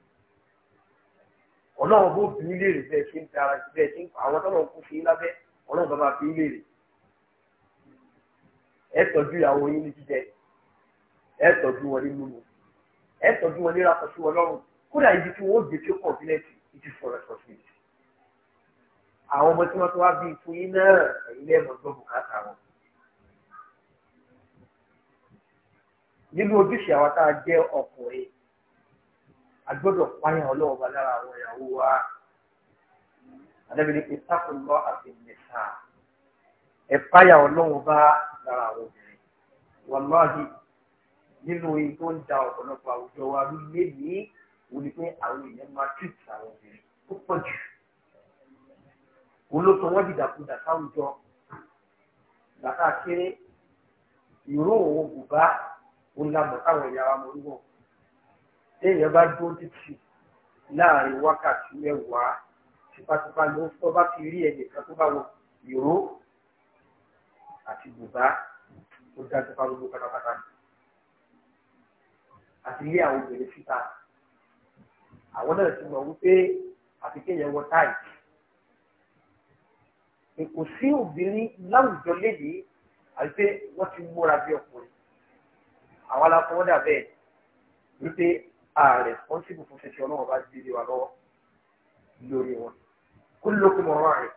ọlọ́run bó bí ilé rẹ̀ bẹ́ẹ̀ ṣe ń dara bẹ́ẹ̀ ṣe ń pa àwọn tọ́lọ̀ kó ṣe lábẹ́ ọlọ́run bá máa fi ilé rẹ̀. ẹ tọ́jú ìyàwó yín ní jíjẹ ẹ tọ́jú wọn ní mímu ẹ tọ́jú wọn ní rakọ̀ṣù ọlọ́run kódà ibi tí wọ́n gbé tí ó kàn sílẹ̀ tì í ti àwọn ọmọ tí wọ́n tó wá bí ìfún yín náà ẹ̀yin lẹ́ẹ̀mọ́ gbọ́ bùkátà wọn. nínú ojúṣe àwa tá a jẹ́ ọkùnrin a gbọ́dọ̀ pààyàn ọlọ́wọ́ bá lára àwọn ìyàwó wa àdàbí ni pé sáfù lọ àti nìsa ẹ pààyàn ọlọ́wọ́ bá lára àwọn obìnrin wàláhì nínú oyin tó ń da ọ̀pọ̀lọpọ̀ àwùjọ wa rí lémi wò ni pé àwọn èèyàn máa tìtì àwọn obìnrin tó pọ̀ jù òun ló sọ wọ́n dìdàkudà sáwùjọ bàtà kéré ìró òun bùbá ó lámọ̀ táwọn ẹ̀yà wa mọ̀ ń wọ̀ téèyàn bá dúró títì láàrin wákàtí mẹ́wàá tipátipá ló tó bá fi rí ẹnìkan tó bá wọ ìró àti bùbá tó dájú pa gbogbo pátápátá àti ilé àwọn obìnrin síta àwọn náà ti mọ̀ wípé àti kéèyàn wọ táì kò sí obìnrin láwùjọ lédè àti pé wọ́n ti múra bí ọkùnrin àwọn aláfọwọ́dà bẹ́ẹ̀ wípé ààrẹ wọ́n sì kò fòfin sí ọlọ́wọ́ bá ti di wa lọ́wọ́ lórí wọn kó ló kó mọ̀ ọ́n rẹ̀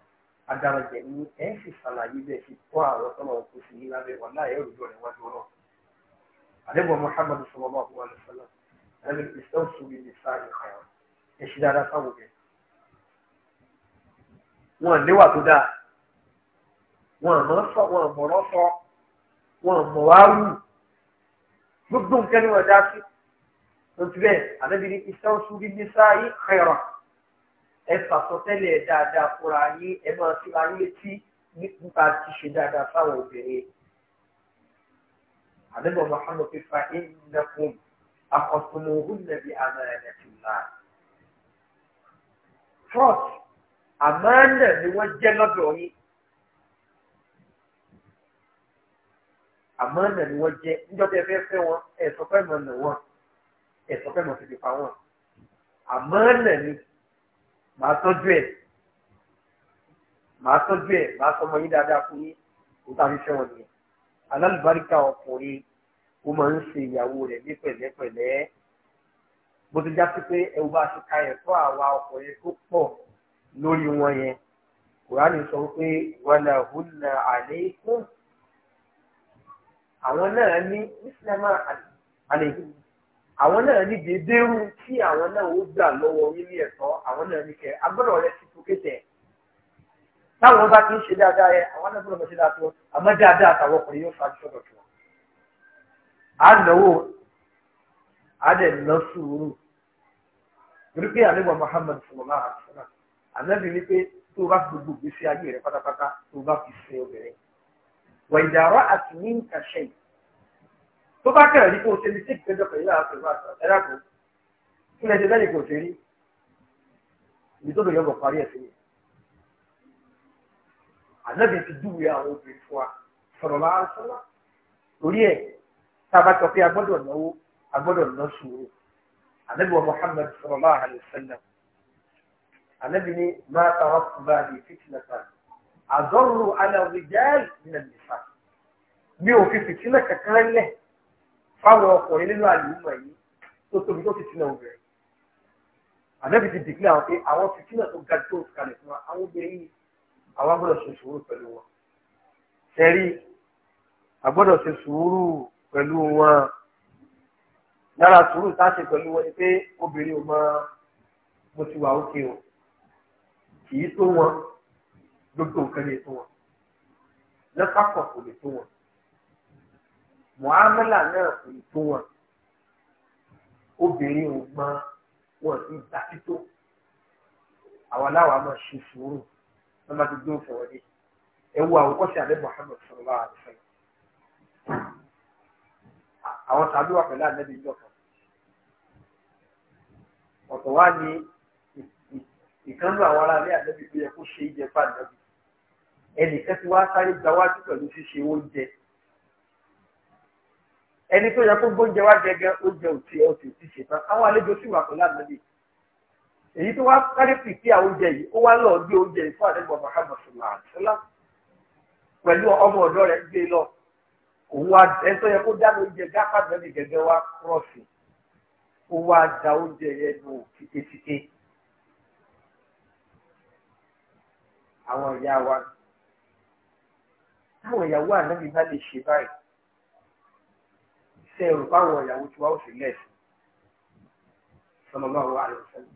adarajẹ ní ẹ̀ sì ṣàlàyé bẹ́ẹ̀ sì kó àwọn tọ́lọ̀ kó sì ní lábẹ́ wọn láàyè òjò rẹ̀ wájú ọlọ́wọ́ àdébọ̀ Muhammad sallallahu alaihi wasallam ẹni ìṣẹ́wọ̀n sóbi ní sáà ìkàyọ̀ ẹ̀ ṣì dáadáa sáwọ́ bẹ́ẹ̀ wọn níwà tó dáa wọn mọ sọ wọn mọ̀rọ̀ sọ wọn mọ̀ wá wù gbogbo nǹkan ni wọ́n dá sí lọ́tí bẹ́ẹ̀ ànábi ní iṣẹ́ oṣù bíi nísà yìí kẹrọ ẹ fàsọtẹ́lẹ̀ dáadáa fúnra yín ẹ máa fi ayé létí nípa ti ṣe dáadáa fáwọn obìnrin ànábi ọmọ hàn ló fi fa ẹnìyàn akọ̀tùnú húnnẹ̀bí àmàlẹ̀ ti là trọ́t àmàlẹ̀ ni wọ́n jẹ́ lọ́dọ̀ yìí. àmọ́ ẹ̀nà ni wọ́n jẹ́ níjọ́ tẹ́ fẹ́ fẹ́ wọn ẹ̀sọ́ fẹ́ mọ̀ nà wọn ẹ̀sọ́ fẹ́ mọ̀ fìdí pa wọn àmọ́ ẹ̀nà ni màá tọ́jú ẹ̀ màá tọ́jú ẹ̀ màá sọ ọmọ yín dáadáa fún yín kó tá a fi fẹ́ wọn nìyẹn alálùbáríkà ọkùnrin ó máa ń ṣe ìyàwó rẹ̀ ní pẹ̀lẹ́pẹ̀lẹ́ bó ti já sí pé ẹ̀wù bá ṣe ka ẹ̀fọ́ àwa ọkùnrin tó pọ̀ lórí wọn yẹn kùránì sọ pé wàlàhùnà àlékún àwọn náà ní ìsìlámà àlejò àwọn náà ní dédéru kí àwọn náà ó gbà lọ́wọ́ yín ẹ̀tọ́ àwọn náà ní kẹ agbọ́dọ̀ rẹ ti tó kéte ẹ̀ táwọn bá ti ń ṣe dáadáa yẹ àwọn náà gbọ́dọ̀ ṣe dáadáa tó àmọ́ dáadáa àtàwọn ọkùnrin yóò fa tó à ń náwó à dẹ̀ sùúrù wẹ̀dà rọ àti ní nǹkan ṣe tó bá kẹrẹ ní kó o ṣe ní tíì péjọ pẹ̀lú àwọn pẹ̀lú àṣà ẹ̀rá kan kí lẹ́sẹ̀ lẹ́yìn kò ṣe rí ìdókòwò yọ̀ bọ̀ parí ẹ̀sìn yìí ànábì ti dùwé àwọn obìnrin fún wa sọ̀rọ̀ bá sọ́lá lórí ẹ̀ tá a bá tọ́ pé a gbọ́dọ̀ náwó a gbọ́dọ̀ ná sùúrù ànábì wa Muhammad sallallahu alaihi wasallam ànábì ni máa tàwọn kùbá ní fìtìlẹ̀ tàbí àdọ́rù alàrìjáàlì nínú ìfà mi ò fi fìtínà kankan lẹ̀ fáwọn ọkùnrin nínú àlùmọ̀ yìí tó tóbi tó fìtínà obìnrin ànábì ti dìgbìn àwọn pé àwọn fìtínà tó ga tó kalẹ̀ fún wa àwọn obìnrin yìí àwọn agbọ́dọ̀ ṣe sùúrù pẹ̀lú wọn sẹ́rí agbọ́dọ̀ ṣe sùúrù pẹ̀lú wọn lára sùúrù tá a ṣe pẹ̀lú wọn ni pé obìnrin ò mọ mo ti wà ókè o kì í tó wọn gbogbo nǹkan lè tó wọn lọ́kàkọ̀ kò lè tó wọn mọ̀ámẹ́là náà kò lè tó wọn obìnrin ò gbọ́n wọn ti gbà títò àwọn aláwọ̀ máa ṣe sùúrù wọ́n máa ti gbé òfin wọlé ẹ wo àwòkọ́ṣe àlẹ́ Muhammad sallallahu alaihi wasallam àwọn tàbí wà pẹ̀lú àlẹ́ ìjọba ọ̀tọ̀ wá ní ìkànnì àwọn ará ilé àlẹ́ bíi ẹ kó ṣe é jẹ fún àlẹ́ ẹnìkan ti wá sáré gbáwájú pẹ̀lú ṣíṣe oúnjẹ ẹni tó yẹ kó gbóúnjẹ wá gẹ́gẹ́ oúnjẹ òtí ẹ òtí òtí ṣetán àwọn àlejò sì wà pẹ̀lú àgbẹ̀lẹ̀ èyí tó wá sáré pìpì àwọn oúnjẹ yìí ó wá lọ gbé oúnjẹ yìí fún àdébọ̀ Muhammad sọlá pẹ̀lú ọmọ ọ̀dọ́ rẹ̀ gbé lọ òun wá ẹni tó yẹ kó dáná oúnjẹ gáfà bẹ́ẹ̀ gẹ́gẹ́ wá rọ̀ọ̀sì ó wá da oúnjẹ yẹn nù kíkékíké àwọn ìyá wa táwọn ìyàwó ànábì bá lè ṣe báyìí ṣe rò fáwọn ìyàwó tí wàá ò sì lẹ́sìn sọlọ́lá àwọn àlùfẹ́lẹ́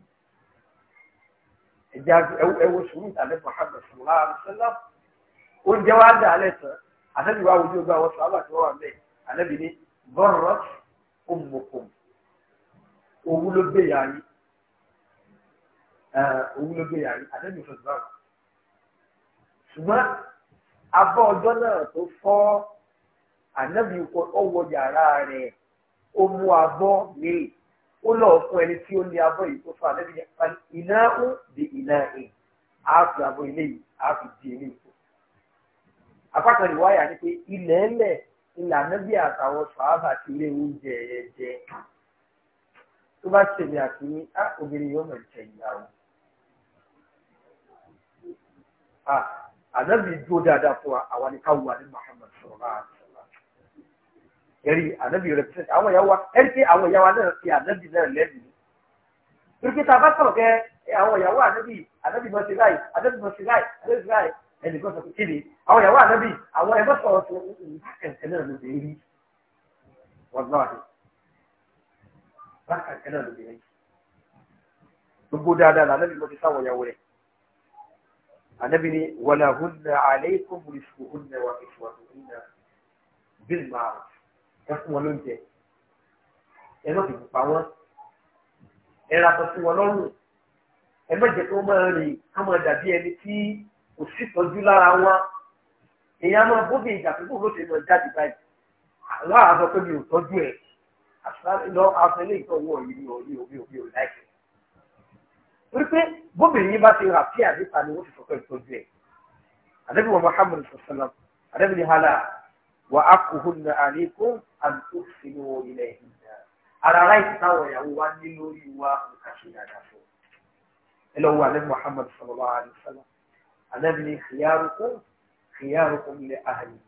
ẹ̀já ẹwọ sùúrù tàbí pàkàtà sọlọ́lá àlùfẹ́lẹ́ ó jẹ́ wá dà lẹ́sàn ànábì wàá wojú ọgbà wọn sọ́ọ́bà tí wọ́n wà bẹ́ẹ̀ ànábì ní bọ́rọ̀ ó owó ló gbé yàrá yìí owó ló gbé yàrá yìí abọ́ ọjọ́ náà tó fọ́ ànábì ọwọ́ yàrá rẹ̀ ó mú abọ́ lé ó lọ fún ẹni tí ó ní abọ́ yìí tó fọ́ ànábì iná ó di iná ẹ̀ á fi abọ́ ilé yìí á fi di ilé yìí apákan ìwáyà ni pé ilẹ̀ ẹlẹ̀ ìlànà bí àtàwọn sàábà ti lé oúnjẹ ẹ̀ jẹ tó bá tèmi àti á obìnrin yóò mọ̀ jẹ ìyàwó ànábì dúró dáadáa fún wa àwa ni ká wà ní Muhammad sallallahu alaihi wasallam ẹ̀rí ànábì rẹ̀ pẹ̀sẹ̀ àwọn ìyàwó ẹ̀rí pé àwọn ìyàwó náà fi ànábì náà lẹ́nu pípẹ́ tá a bá sọ̀rọ̀ kẹ́ àwọn ìyàwó ànábì ànábì mọ̀ sí láì ànábì mọ̀ sí láì ànábì láì ẹnìkan sọ pé kí ni àwọn ìyàwó ànábì àwọn ẹ̀fọ́ sọ̀rọ̀ tó ìbákẹ̀kẹ́ náà ló dé rí wọn náà dé ìbákẹ̀kẹ́ náà ló dé rí gbogbo dáadáa lànà bí mo ti sáwọn ìyàwó rẹ̀ ànábì ní wàlà húnna àlẹ́kùn mùsùlùmí húnna wà ìṣù àtúnhúnna bíl máa ẹ fún wọn lóúnjẹ ẹ má fi pa wọn ẹ ra aṣọ sí wọn lọ́rùn ẹ má jẹ́ kí wọ́n máa rìn ká máa dàbí ẹni tí kò sí tọ́jú lára wọn èèyàn máa bóbi ìjà pé bóun ló ṣe lọ jáde báyìí àwọn àṣọ pé mi ò tọ́jú ẹ̀ lọ aṣọ ilé ìtọ́wọ́ yìí ni òbí òbí ò láìpẹ́. bóbìnrin bá ti rà pí àdìsá ni wọ́n ti fọ́kọ́ ìtọ́jú ẹ̀ àdẹ́bí wọn Muhammad sọ̀sọ́nà àdẹ́bí ni hàlà wà á kò hún ní àlékún àti òṣèlú ilẹ̀ ìgbà ara láìsí táwọn ìyàwó wa ní lórí wa nǹkan ṣe dáadáa fún ẹ lọ́wọ́ àdẹ́bí Muhammad sallallahu alaihi wasallam àdẹ́bí ni khiyarukum khiyarukum li ahli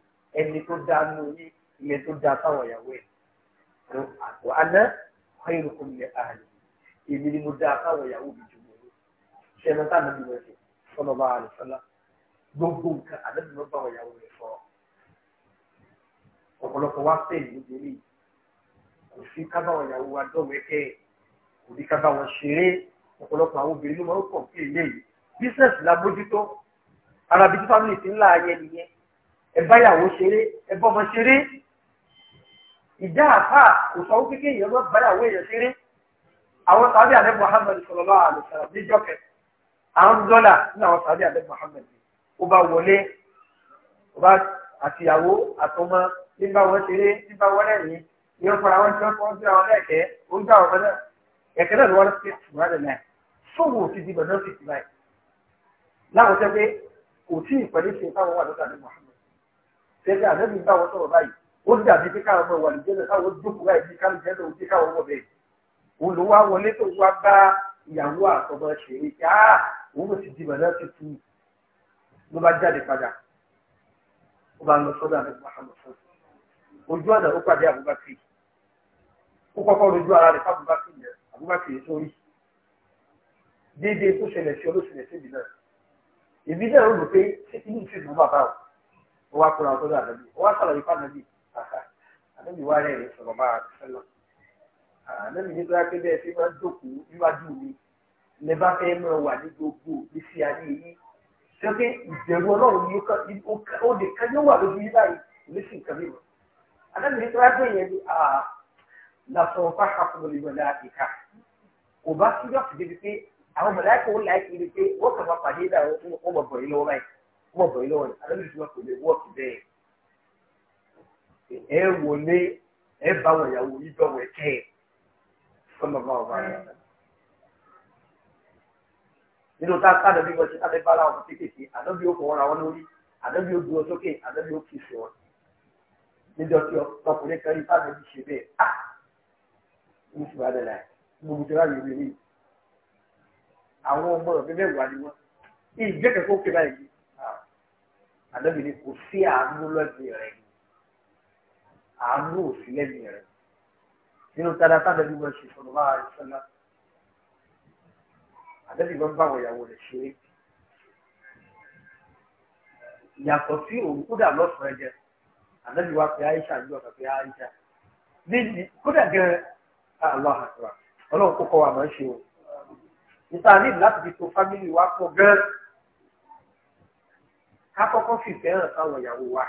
ẹni tó dáa nínú yín ilẹ̀ tó dáa táwọn ìyàwó ẹ̀ wà á ná khayrukum li ahli èmi ni mo dáa táwọn ìyàwó mi jù ṣẹlẹ̀ tá ànábì wẹ̀ sí sọlọ bá àlè sọlá gbogbo nǹkan ànábì ló bá wọn yàwó rẹ̀ fọ ọ̀pọ̀lọpọ̀ wá fẹ́ ìlú délé kò sí kábà wọn yàwó wa dọ̀wẹ́kẹ́ kò ní kábà wọn ṣeré ọ̀pọ̀lọpọ̀ àwọn obìnrin ló máa ń kàn kí ilé yìí bísẹ̀sì la mójútó ara bíi fámìlì ti ń la ayẹ nìyẹn ẹ báyàwó ṣeré ẹ bọ́mọ ṣeré ìjà àfà kò sọ wípé kéèyàn lọ báyàwó èèyàn ṣeré àwọn sábẹ́ àdẹ́bọ̀ Muhammad sallallahu alaihi wasallam àwọn dọ́là ní àwọn sàbí àbẹ́ Muhammad ó bá wọlé ó bá àtìyàwó àtọmọ nígbà wọn ṣeré nígbà wọn lẹ́yìn ní wọn fara wọn tí wọn fọwọ́ sí àwọn lẹ́ẹ̀kẹ́ ó ń gbà wọn náà ẹ̀kẹ́ náà ló wọ́n fi ṣùgbọ́n rẹ̀ náà fóònù ò ti di bọ̀ náà fi ti báyìí láwọn tẹ́ pé kò tí ì pẹ̀lú ṣe táwọn wà lọ́dọ̀ àbẹ́ tẹ́lẹ̀ àbẹ́bí bá wọn sọ̀rọ̀ báyìí ó dàbí pé káwọn ọmọ ìwàlú jẹ́lẹ̀ káwọn jókòó láì bí káwọn jẹ́lẹ̀ òun káwọn wọ̀ bẹ́ẹ̀ olùwà wọlé tó wá bá ìyàwó àtọmọ ṣèré kí á òun ló ti di bàdá ti tu ló bá jáde padà ó bá ń lọ sọ́dọ̀ àti Muhammad sọ ojú àná ó pàdé Abubakar ó kọ́kọ́ rojú ara rẹ̀ fábùbákì yẹn Abubakar yẹn sórí déédéé tó ṣẹlẹ̀ sí olóṣèlú síbi náà ìbí náà ó rò pé ṣé inú ìfẹ́ ìlú bàbá o ó wá kóra ọ̀tọ̀ àdàbí ó wá sàlàyé fánàbí àṣà àdàbí wá rẹ̀ sọ̀rọ̀ bá a sẹ́lọ̀ àdàbí nígbà pé bẹ́ẹ̀ ṣe máa ń dòkú níwájú mi lè bá fẹ́ máa wà ní gbogbo ìgbésí ayé yìí sẹ́kẹ́ ìbẹ̀rù ọlọ́run ni ó lè kájọ́ wà lójú yìí báyìí lẹ́sìn nǹkan mìíràn alábìrin tó rágbé yẹn ni làṣọ fáṣà fún mi wọlé àkíkà kò bá síjọ́ sí débi pé àwọn mọ̀láìkà ó láì kiri pé wọ́n kàn máa pàdé náà wọ́n mọ̀ bọ̀ yín lọ́wọ́ báyìí wọ́n mọ̀ bọ̀ yín lọ́wọ́ alábìrin tó kò lè wọ́ọ̀kì bẹ́ẹ̀ ẹ wọlé ẹ bá wọ̀nyàwó yíjọ́ wẹ̀ kẹ́ ẹ̀ fọ́nà bá wọ̀ bá yàrá nínú tá a ká àdàbí wọn ṣe tá a fẹ́ bá ara wọn kéékèèké àdàbí ó fọwọ́ra wọn lórí àdàbí ó dúró sókè àdàbí ó kì í ṣe wọn níjọ tí ọkùnrin kan rí fáwọn ẹbí ṣe bẹ́ẹ̀ á ní ṣùgbọ́n àdàlà gbogbo tí wọ́n rí rí àwọn ọmọ ọ̀gbẹ́ mẹ́wàá ni wọ́n ìgbẹ́kẹ̀kọ́ kí báyìí ah! àdàbí ni kò sí àánú lọ́gbìn rẹ̀ àánú òsì lẹ́gbìn rẹ̀ nínú tá a dá àtẹ́bí máa ń bá àwọn ìyàwó rẹ̀ ṣeré. Yàtọ̀ sí òun kódà lọ́sàn-án ẹ̀jẹ̀ àtẹ́bí wa pé Aisha ń lọ́sàn pé Aisha. Níbi kódà gan-an Allah àtúrà ọlọ́run kókó wa máa ń ṣe o. Níta ní láti fi to fámìlì wa pọ̀ gan-an. Ká kọ́kọ́ fìfẹ́ hàn sáwọn ìyàwó wa.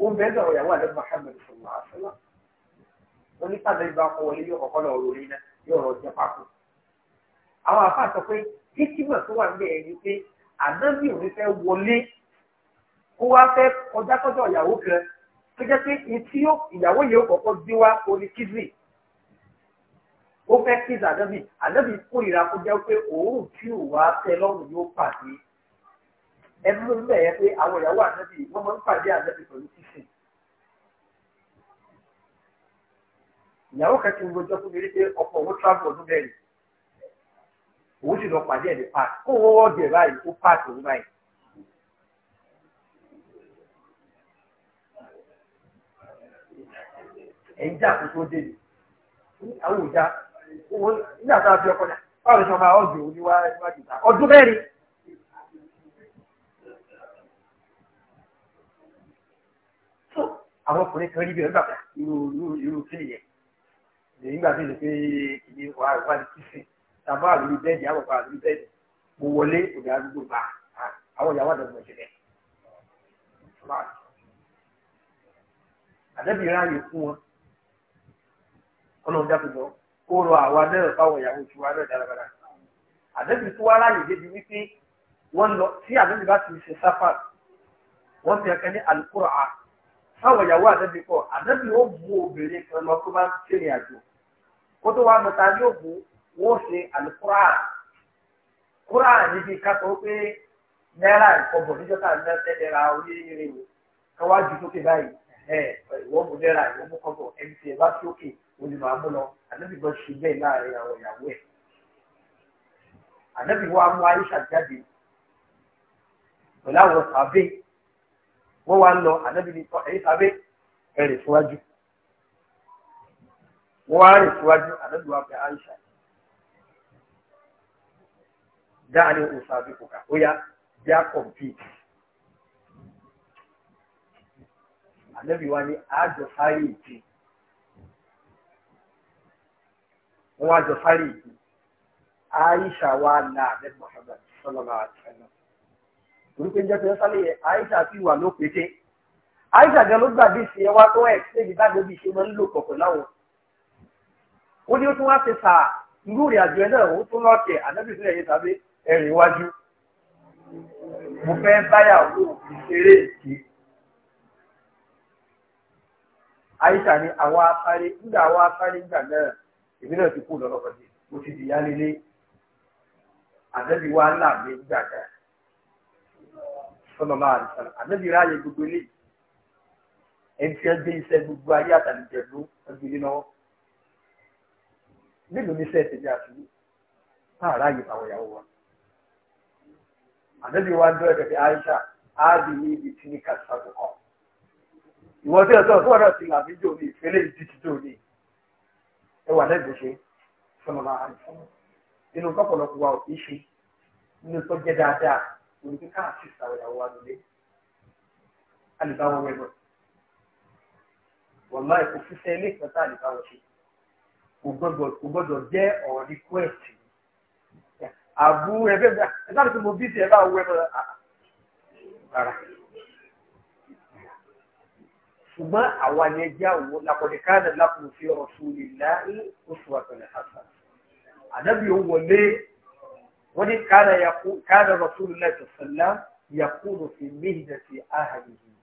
Òun bẹ́ẹ̀ sọ̀rọ̀ ìyàwó àlẹ́ Muhammad sallallahu alaihi wasallam. Onípàdé ìbá kọ wọlé yóò kọ́kọ́ lọ orí náà yóò rọ̀ jẹ́ pákó àwọn àfa sọ pé kíkímọ̀ tó wà níbẹ̀ ẹni pé ànábì òní fẹ́ wọlé ó wá fẹ́ kọjá kọjá ìyàwó kan tó jẹ́ pé etí ìyàwó yìí ó kọ́kọ́ gbé wá orí kidney ó fẹ́ kíz ànábì ànábì kórìíra kó jẹ́ pé òórùn tí ò wá tẹ lọ́rùn yóò pàdé ẹnu ló ń bẹ̀yẹ pé àwọn ìyàwó ànábì wọ́n máa ń pàdé ànábì pẹ̀lú kíṣìn. ìyàwó kan ti ń gbọ́jọ́ fún mi rí pé ọkọ òun travel ọdún mẹ́rin òun sì lọ pàdé ẹ̀ ní páàkì kó owó ọ̀gẹ̀ báyìí kó páàkì òun báyìí. ẹ̀yin jà kó tó dé àwọn òjà nígbà tá a fi ọkọ̀ dà báwo ni sọ ma òun níwájú ọdún mẹ́rin. àwọn ọkùnrin kan rí bí ọgbà irú irú tàbá àlùmí bẹ́ẹ̀dì àwọ̀pá àlùmí bẹ́ẹ̀dì mo wọlé òde àdúgbò bá àwọn ìyàwó àdàgbò ìṣẹ̀lẹ̀. àdẹ́bí ráàyè fún wọn ọlọ́run dákun lọ ó rọ àwa náà fáwọn ìyàwó ìṣúwá náà dáradára àdẹ́bí tó wá ráàyè débi wípé wọ́n lọ tí àdẹ́bí bá ti ṣe sáfà wọ́n fi ẹ̀kẹ́ ní alukóra a fáwọn ìyàwó àdẹ́bí kọ àdẹ́bí ó bu obìnrin kan lọ tó bá ń àjò kó tó wá mọ̀ta yóò bu wọ́n ṣe àlùkùrà kùrà níbi kátó pé náírà ìkọ̀bọ̀ níjọ́ tá à ń ná tẹ́lẹ̀ra oríire o káwájú sókè báyìí ìwọ́n mú náírà ìwọ́n mú kọ́bọ̀ ẹni tí ẹ bá fi òkè olùmọ̀ àmúlọ ànábì gbọ́ ṣe bẹ́ẹ̀ láàrin àwọn ìyàwó ẹ̀ ànábì wa mú Aisha jáde pẹ̀lú àwọn sàbẹ̀ wọ́n wá ń lọ ànábì ní ẹ̀yìn sàbẹ̀ ẹ̀rẹ̀ síwájú wọ́n wá rìn síwájú ànábì wa bẹ̀ Aisha dáàni òsàbí kò kà compete. wa ni àjọ sáré ìdí jọ sáré ìdí Aisha wa na ànábì Muhammad sallallahu alaihi wasallam orúkọ ìjọ tó yẹ Aisha sì wà ló Aisha gan ló tó ẹ bá máa ń lò láwọn ó ní ó tún wá sà ẹ náà ó tún ànábì Erinwaju, iwájú mo fẹ́ báyàwó mi èké àyíṣà ni àwọn afárí nígbà àwọn nígbà náà èmi náà ti kú lọ́lọ́kọ̀ mo ti dìyà nílé àtẹ́bí wa ńlá mi nígbà náà sọlọ máa rí sọlọ àtẹ́bí ráàyè gbogbo eléyìí ẹni tí wọ́n gbé iṣẹ́ gbogbo ayé àtàlùjẹ̀dó ẹgbẹ́ ilé náà nílùú ní sẹ́ẹ̀tì ànábì wa ń dọ́ Aisha áàbì ní ibi tí ní kàṣàtò kọ́ ìwọ́n tí ọ̀sán ọ̀sán ọ̀sán ìlàbí jò ní ìfẹ́lẹ́ ìdí ti jò ní ẹwà lẹ́gbẹ̀ẹ́ ṣe sọlọ́lá àìsàn nínú kọ́pọ̀lọpọ̀ wa ò kì í ṣe nínú tó jẹ́ dáadáa òun ti káàkiri sàwọn ìyàwó wa lulẹ̀ alìbáwọ̀ wẹ̀lọ̀ wọ̀lá ẹ̀kọ́ fífẹ́ ilé ìkẹta alìbáwọ̀ ṣe kò gbọ́dọ̀ jẹ́ ọ̀rọ̀ request àbú ẹgbẹ́ mi ẹ̀dá tó mo bí ti ẹ̀ bá wọ ẹ̀mọ́ rárá. ṣùgbọ́n àwa ni ẹjẹ́ àwọ̀ làkọ̀dẹ̀kánà lápò fi ọ̀rọ̀ sóòlì láàrin oṣù àtọ̀lẹ̀ hasan. ànábì ó wọlé wọ́n ní kánà rọ̀ṣúlù láti sọ̀lá yakúrò fi méjìdá sí ahàlì yìí.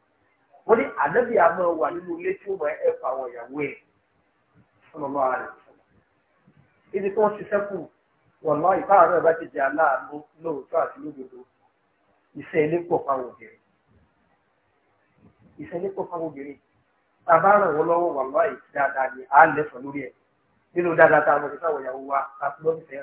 wọ́n ní ànábì àmọ́ wà nínú ilé tí ó máa ẹ̀ pa àwọn ìyàwó ẹ̀ sọ́nà máa rẹ̀ sọ̀rọ̀. ibi tí ṣiṣẹ́ kù wọ̀nà ìtàwọn náà bá ti jẹ aláàánú lóòótọ́ àti lódodo iṣẹ́ ilé fáwọn obìnrin fáwọn obìnrin ràn wọ́n lọ́wọ́ wọ̀nà ìtì dáadáa ni à ń lẹ́sọ̀ lórí ẹ̀ nínú dáadáa tá a mọ̀ sí táwọn ìyàwó wa láti lọ́ọ́ fẹ́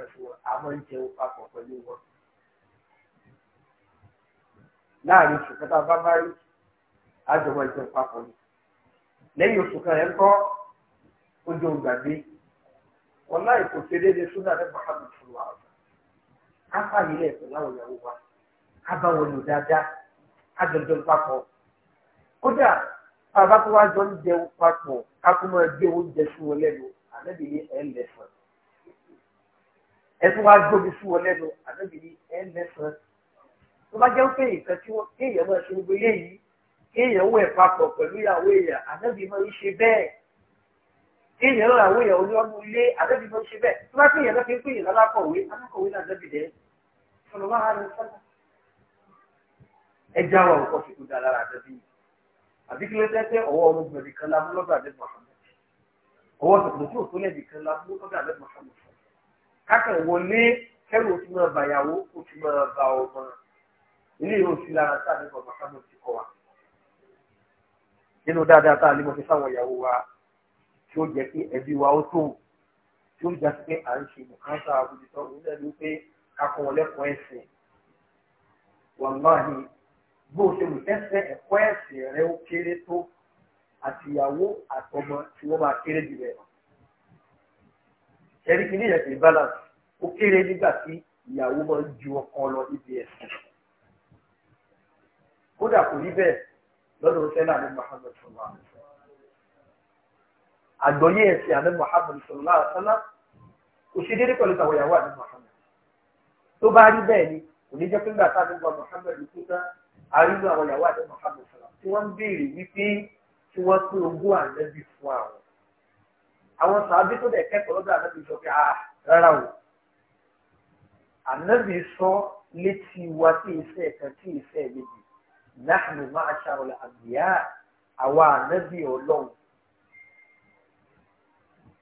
wọn wọn láì kò ṣe déédéé súnà ní Muhammad fúlùwà ọ̀sán á fààyè ilé ẹ̀sìn láwọn ìyàwó wa á bá wọn lò dáadáa á jọjọ papọ̀ kódà bàbá tó wá jọ ń jẹ papọ̀ ká kó máa gbé oúnjẹ sí wọn lẹ́nu ànábì ní ẹ̀ lẹ́sàn ẹ tó wá gbóbi sí wọn lẹ́nu ànábì ní ẹ̀ lẹ́sàn tó bá jẹ́ pé nǹkan tí wọ́n kéèyàn máa ṣe gbélé yìí kéèyàn wẹ̀ papọ̀ pẹ̀lú ìyàwó èèyàn ànábì máa ń ṣe bẹ́ẹ̀ èèyàn lọ́la àwọn èèyàn olóògùn ilé àdébì ló ń ṣe bẹ́ẹ̀ tó bá pè yẹn lọ́ fi ń pè yẹn lálákọ̀wé alákọ̀wé náà dẹ́bì dẹ́ ọlọ́wọ́ ara rẹ̀ sọ́dà. ẹ já wa nǹkan fi kúndà lára àdébì yìí àbí kí ló tẹ́ pé ọwọ́ ọmọbìnrin nìkan la mú lọ́dọ̀ àdébì Muhammad ọwọ́ tuntun tí òtún lẹ́bi kan la mú lọ́dọ̀ àdébì Muhammad kákẹ́ wọlé kẹ́rù òtún máa tí ó jẹ́ pé ẹbí wa ó tó tí ó jẹ́ pé à ń ṣe bùkátà àbójútó nílẹ̀ ló pé kakọ̀ wọn lẹ́kọ̀ọ́ ẹ̀sìn wàláhì bó o ṣe lè tẹ́sẹ̀ ẹ̀kọ́ ẹ̀sìn rẹ ó kéré tó àtìyàwó àtọmọ tí wọ́n máa kéré jù rẹ̀ ẹ̀rí kìíní yẹn kì balance ó kéré nígbà tí ìyàwó máa ń ju ọkọ lọ níbi ẹ̀sìn kódà kò rí bẹ́ẹ̀ lọ́dọ̀ sẹ́lá ní Muhammad sọ̀rọ̀ àlùfọ́ àgbọ́yé ẹ̀sìn àmì Muhammad sallallahu alaihi wasallam kò ṣe déédéé pẹ̀lú tàwọn ìyàwó àmì Muhammad tó bá rí bẹ́ẹ̀ ni kò ní jẹ́ pé nígbà táwọn ìgbà Muhammad kú tán àrínú àwọn ìyàwó àmì Muhammad sallam tí wọ́n ń béèrè wípé tí wọ́n pín ogún ànábì fún àwọn àwọn sàábí tó dẹ̀ kẹ́kọ̀ọ́ lọ́dọ̀ ànábì sọ pé rárá o ànábì sọ létí wa tí ìfẹ́ kan tí ìfẹ́ méjì náà ló máa ṣàròlẹ̀ àbíyá àwa ànábì ọlọ́run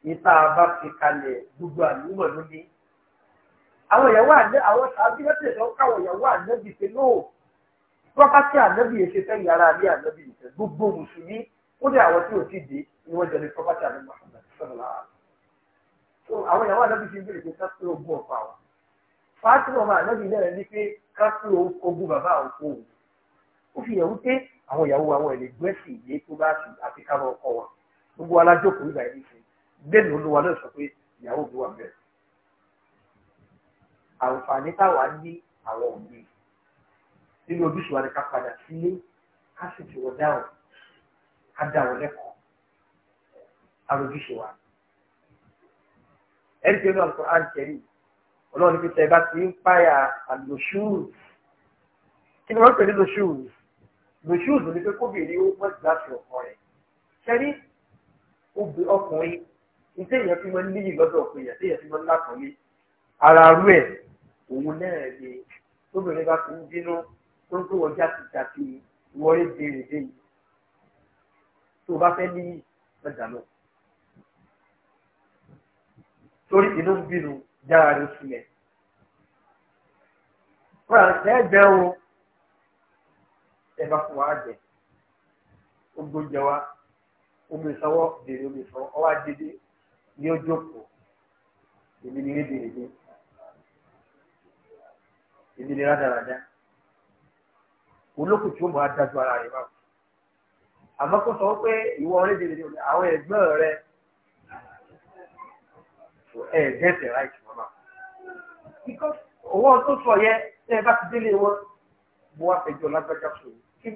ìta bá fi kalẹ̀ gbogbo àlùmọ̀ ló ní. àwọn ìyàwó àná àwọn tàbí mẹ́tẹ̀ẹ̀ tó káwọn ìyàwó ànábì ṣe lóò pọ́pátì ànábì yẹn ṣe fẹ́ yàrá ní ànábì yìí fẹ́ gbogbo mùsùlùmí ó dé àwọn tí ò ti dé ni wọ́n jẹ ní pọ́pátì ànábì sọ̀rọ̀ àwọn ìyàwó ànábì ṣe ń bèrè pé káfíń ogun ọ̀pá wa fàátìmọ̀ ọmọ ànábì náà ní pé káfíń ogun bàbá òkú òun ó fi hàn wípé àwọn ìyàwó àwọn bẹ́ẹ̀ ni olúwa náà sọ pé ìyàwó mi wà bẹ́ẹ̀. àǹfààní táwa ní àwọn òbí nínú ojúṣe wa ni ká padà sílé ká sì ti wọ́n dáhùn ká dá wọn lẹ́kọ̀ọ́ àròjúṣe wa. ẹni tí ó náà kọ́ àǹkẹ́rì ọlọ́run fi tẹ̀ bá ti ń páyà àlòṣùrù kí ni wọ́n pè ní lòṣùrù lòṣùrù ni pé kóbìnrin ó mọ̀ sí láti ọ̀kan rẹ̀ ṣẹ́ni ọkùnrin iṣẹ́ èèyàn fi máa ń níyì lọ́dọ̀ ọ̀pọ̀ èèyàn tí èèyàn fi máa ń lápọ̀lé ara rú ẹ̀ òun náà ni tóbìnrin bá ti ń bínú tó ń tó wọ́n jáde jáde wọlé béèrè béèrè tó o bá fẹ́ níyì ọjà lọ. torí inú ń bínú yára ló sílẹ̀. kọ́ra ẹ̀ẹ́dẹ́ o ẹ bá fún wa jẹ ó gbóúnjẹ wa omi ìsanwó béèrè omi ìsanwó ọwọ́ adédé yóò jókòó èmi ni rébèrèdè èmi ni rádaràdá olókùn tí ó máa dájú ara rẹ̀ báwọn àmọ́ kó sọ pé ìwọ rébèrèdè àwọn ẹ̀gbọ́n rẹ ẹ̀ gẹ́sẹ̀ láìsí wọn náà because owó tó sọ yẹ ẹ bá ti délé wọn mo wá fẹjọ́ lágbájá sọ̀rọ̀ kí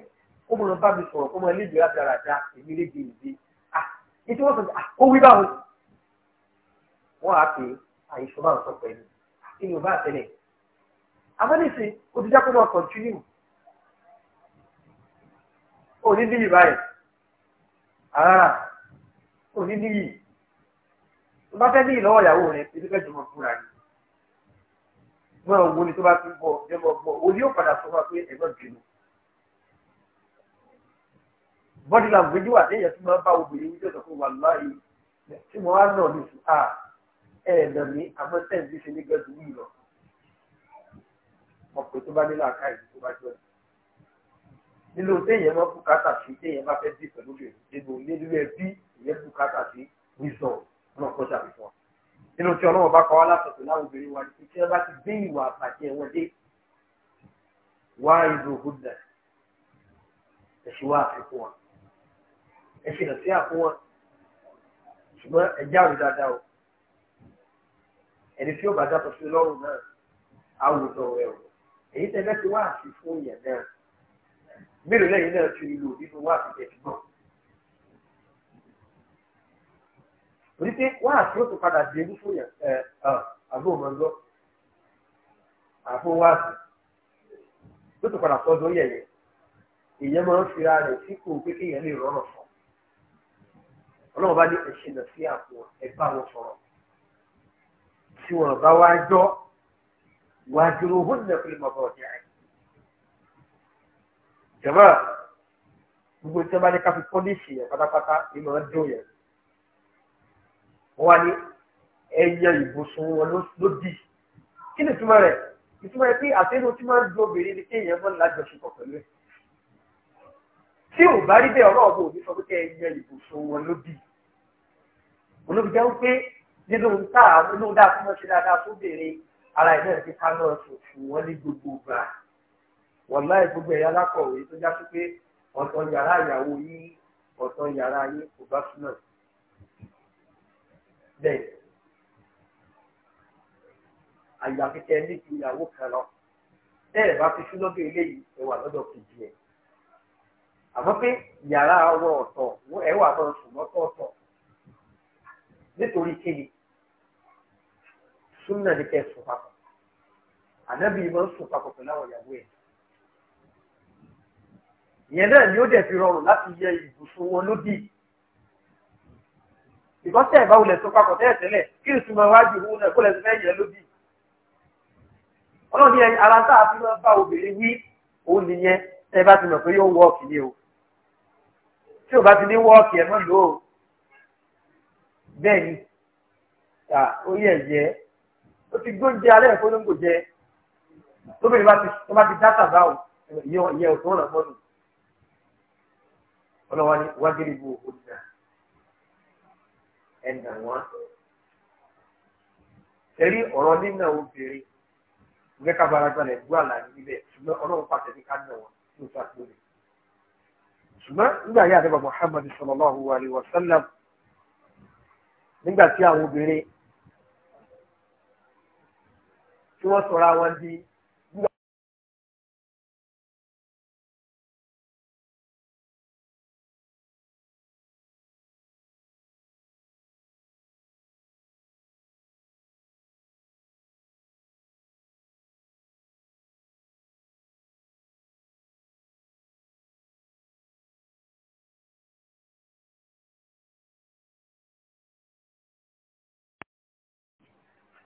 ó mọ̀ bá mi sọ̀rọ̀ kó mọ̀ ẹ lébi rádaràdá èmi rébèrèdè ah ètò wọn sọ pé ah ó wí báwọn wọ́n á pe àìsàn máa ń sọ pẹ̀lú inú bá tẹ̀lé amánìsí òdìjà kó máa kọ̀ntínú òní níyì báyìí àrà òní níyì tó bá fẹ́ níyì lọ́wọ́ ìyàwó rẹ̀ ibi fẹ́ jùmọ̀ fúnra rẹ̀ mọ́ owó ni tó bá fi bọ̀ ẹ bọ̀ bọ̀ òní yóò padà sọ wá pé ẹ̀gbọ́n jùlọ bọ́dí làǹgbẹ́jì wà lẹ́yìn tí wọ́n bá obìnrin wíjọ́ sọ pé wàláì tí wọ́n á nà ní sùn áà. Ah, ẹ̀ẹ̀nà mi àmọ́ tẹ̀sí ṣe ní gẹ̀ẹ́sì wí lọ ọkùnrin tó bá nílò àká ìlú tó bá jọ nínú téèyàn máa bùkátà sí téèyàn bá fẹ́ dì pẹ̀lú rẹ̀ nínú nínú ẹbí ìyẹn bùkátà sí wisdom náà kọjá mi fún wa nínú tí ọlọ́wọ́ bá kọ́ wá látọ̀tọ̀ láwọn obìnrin wa ní tí wọ́n bá ti gbé ìwà àbàjẹ́ wọn dé wá ìlú ògùnà ẹ̀sìn wá àfikún wa ẹ̀sìn náà sí àfún ṣùgbọ́n ẹ̀já ẹni tí ó bá dàpọ̀ sí lọ́rùn náà àwùjọ rẹ o èyí tẹ́lẹ̀ ti wá àfi fún yẹn náà mélòó lẹ́yìn náà ti lò nínú wá àfi tẹ̀sí náà. torí pé wá àfi ó tún padà dé ní fún yẹn ẹ àbúrò máa ń lọ àfún wá àfi ó tún padà sọ́dọ̀ yẹ̀yẹ̀ èèyàn máa ń fira rẹ̀ sípò pé kéèyàn lè rọrùn fún ọlọ́run bá ní ẹ̀ṣin náà sí àpò ẹ̀ bá wọn sọ̀rọ̀ tí wọ́n bá wá jọ́ wá dúró hún nà fi mọ̀bọ̀ ọ̀dẹ́ àyè. jọ̀mọ́ gbogbo tí wọ́n bá ní ká fi pọ́líṣì yẹn pátápátá ni màá dùn yẹn. wọ́n wá ní ẹyẹ ìbùsùn wọn lódì kí ni ìtumọ̀ rẹ̀ ìtumọ̀ rẹ̀ pé àtẹ́nu tí máa dùn obìnrin ni kéèyàn mọ́ lájọṣepọ̀ pẹ̀lú ẹ̀. tí ò bá rí bẹ́ẹ̀ ọlọ́ọ̀bù òní sọ pé ẹyẹ ìbùsùn wọn lódì olóbìjá ń pé nínú tá nínú dá fún wọn ṣe dáadáa tó béèrè ara ẹ̀ náà ti ká náà ṣòfò wọn ní gbogbo ìgbà wọn láì gbogbo ẹ̀yà alákọ̀wé tó já sí pé ọ̀tọ̀ yàrá ìyàwó yín ọ̀tọ̀ yàrá yín kò bá súnà bẹ́ẹ̀ àyà kíkẹ́ ní ìyàwó kan lọ bẹ́ẹ̀ bá fi súnlọ́gẹ̀ eléyìí ẹ wà lọ́dọ̀ kejì ẹ̀ àmọ́ pé yàrá ọwọ́ ọ̀tọ̀ ẹ wà lọ́dọ̀ sùn lọ́tọ̀ọ̀tọ̀ nítorí kíni súnà ní kẹ́ sùn papọ̀ ànábì máa ń sùn papọ̀ pẹ̀lú àwọn ìyàwó ni o dẹ̀ fi rọrùn láti yẹ ibùsùn wọn lódì ìbọ́sẹ̀ ìbáwo lẹ̀ sùn papọ̀ kí ni túmọ̀ wájú owó náà kó lẹ̀ sí yẹ yẹn ara a fi máa bá obìnrin wí òun o tí o ó ti gbóúnjẹ alẹ́ ẹ̀kọ́ ló ń kò jẹ tóbìnrin bá ti tó bá ti dáta bá o ìyẹ ò tó ràn mọ́nu ọlọ́wọ́ ni wágìrì bu òkúta ẹ̀dà wọn. Ẹ̀rí ọ̀rọ̀ nínà obìnrin ìgbẹ́ ká bára gbalẹ̀ gbọ́ àlàyé níbẹ̀ ṣùgbọ́n ọlọ́run pàṣẹ ní ká wọn ní oṣù àtúndì. Ṣùgbọ́n nígbà yá àdébà Muhammad sallallahu alaihi wa sallam nígbà tí àwọn obìnrin wọ́n sọra wọn di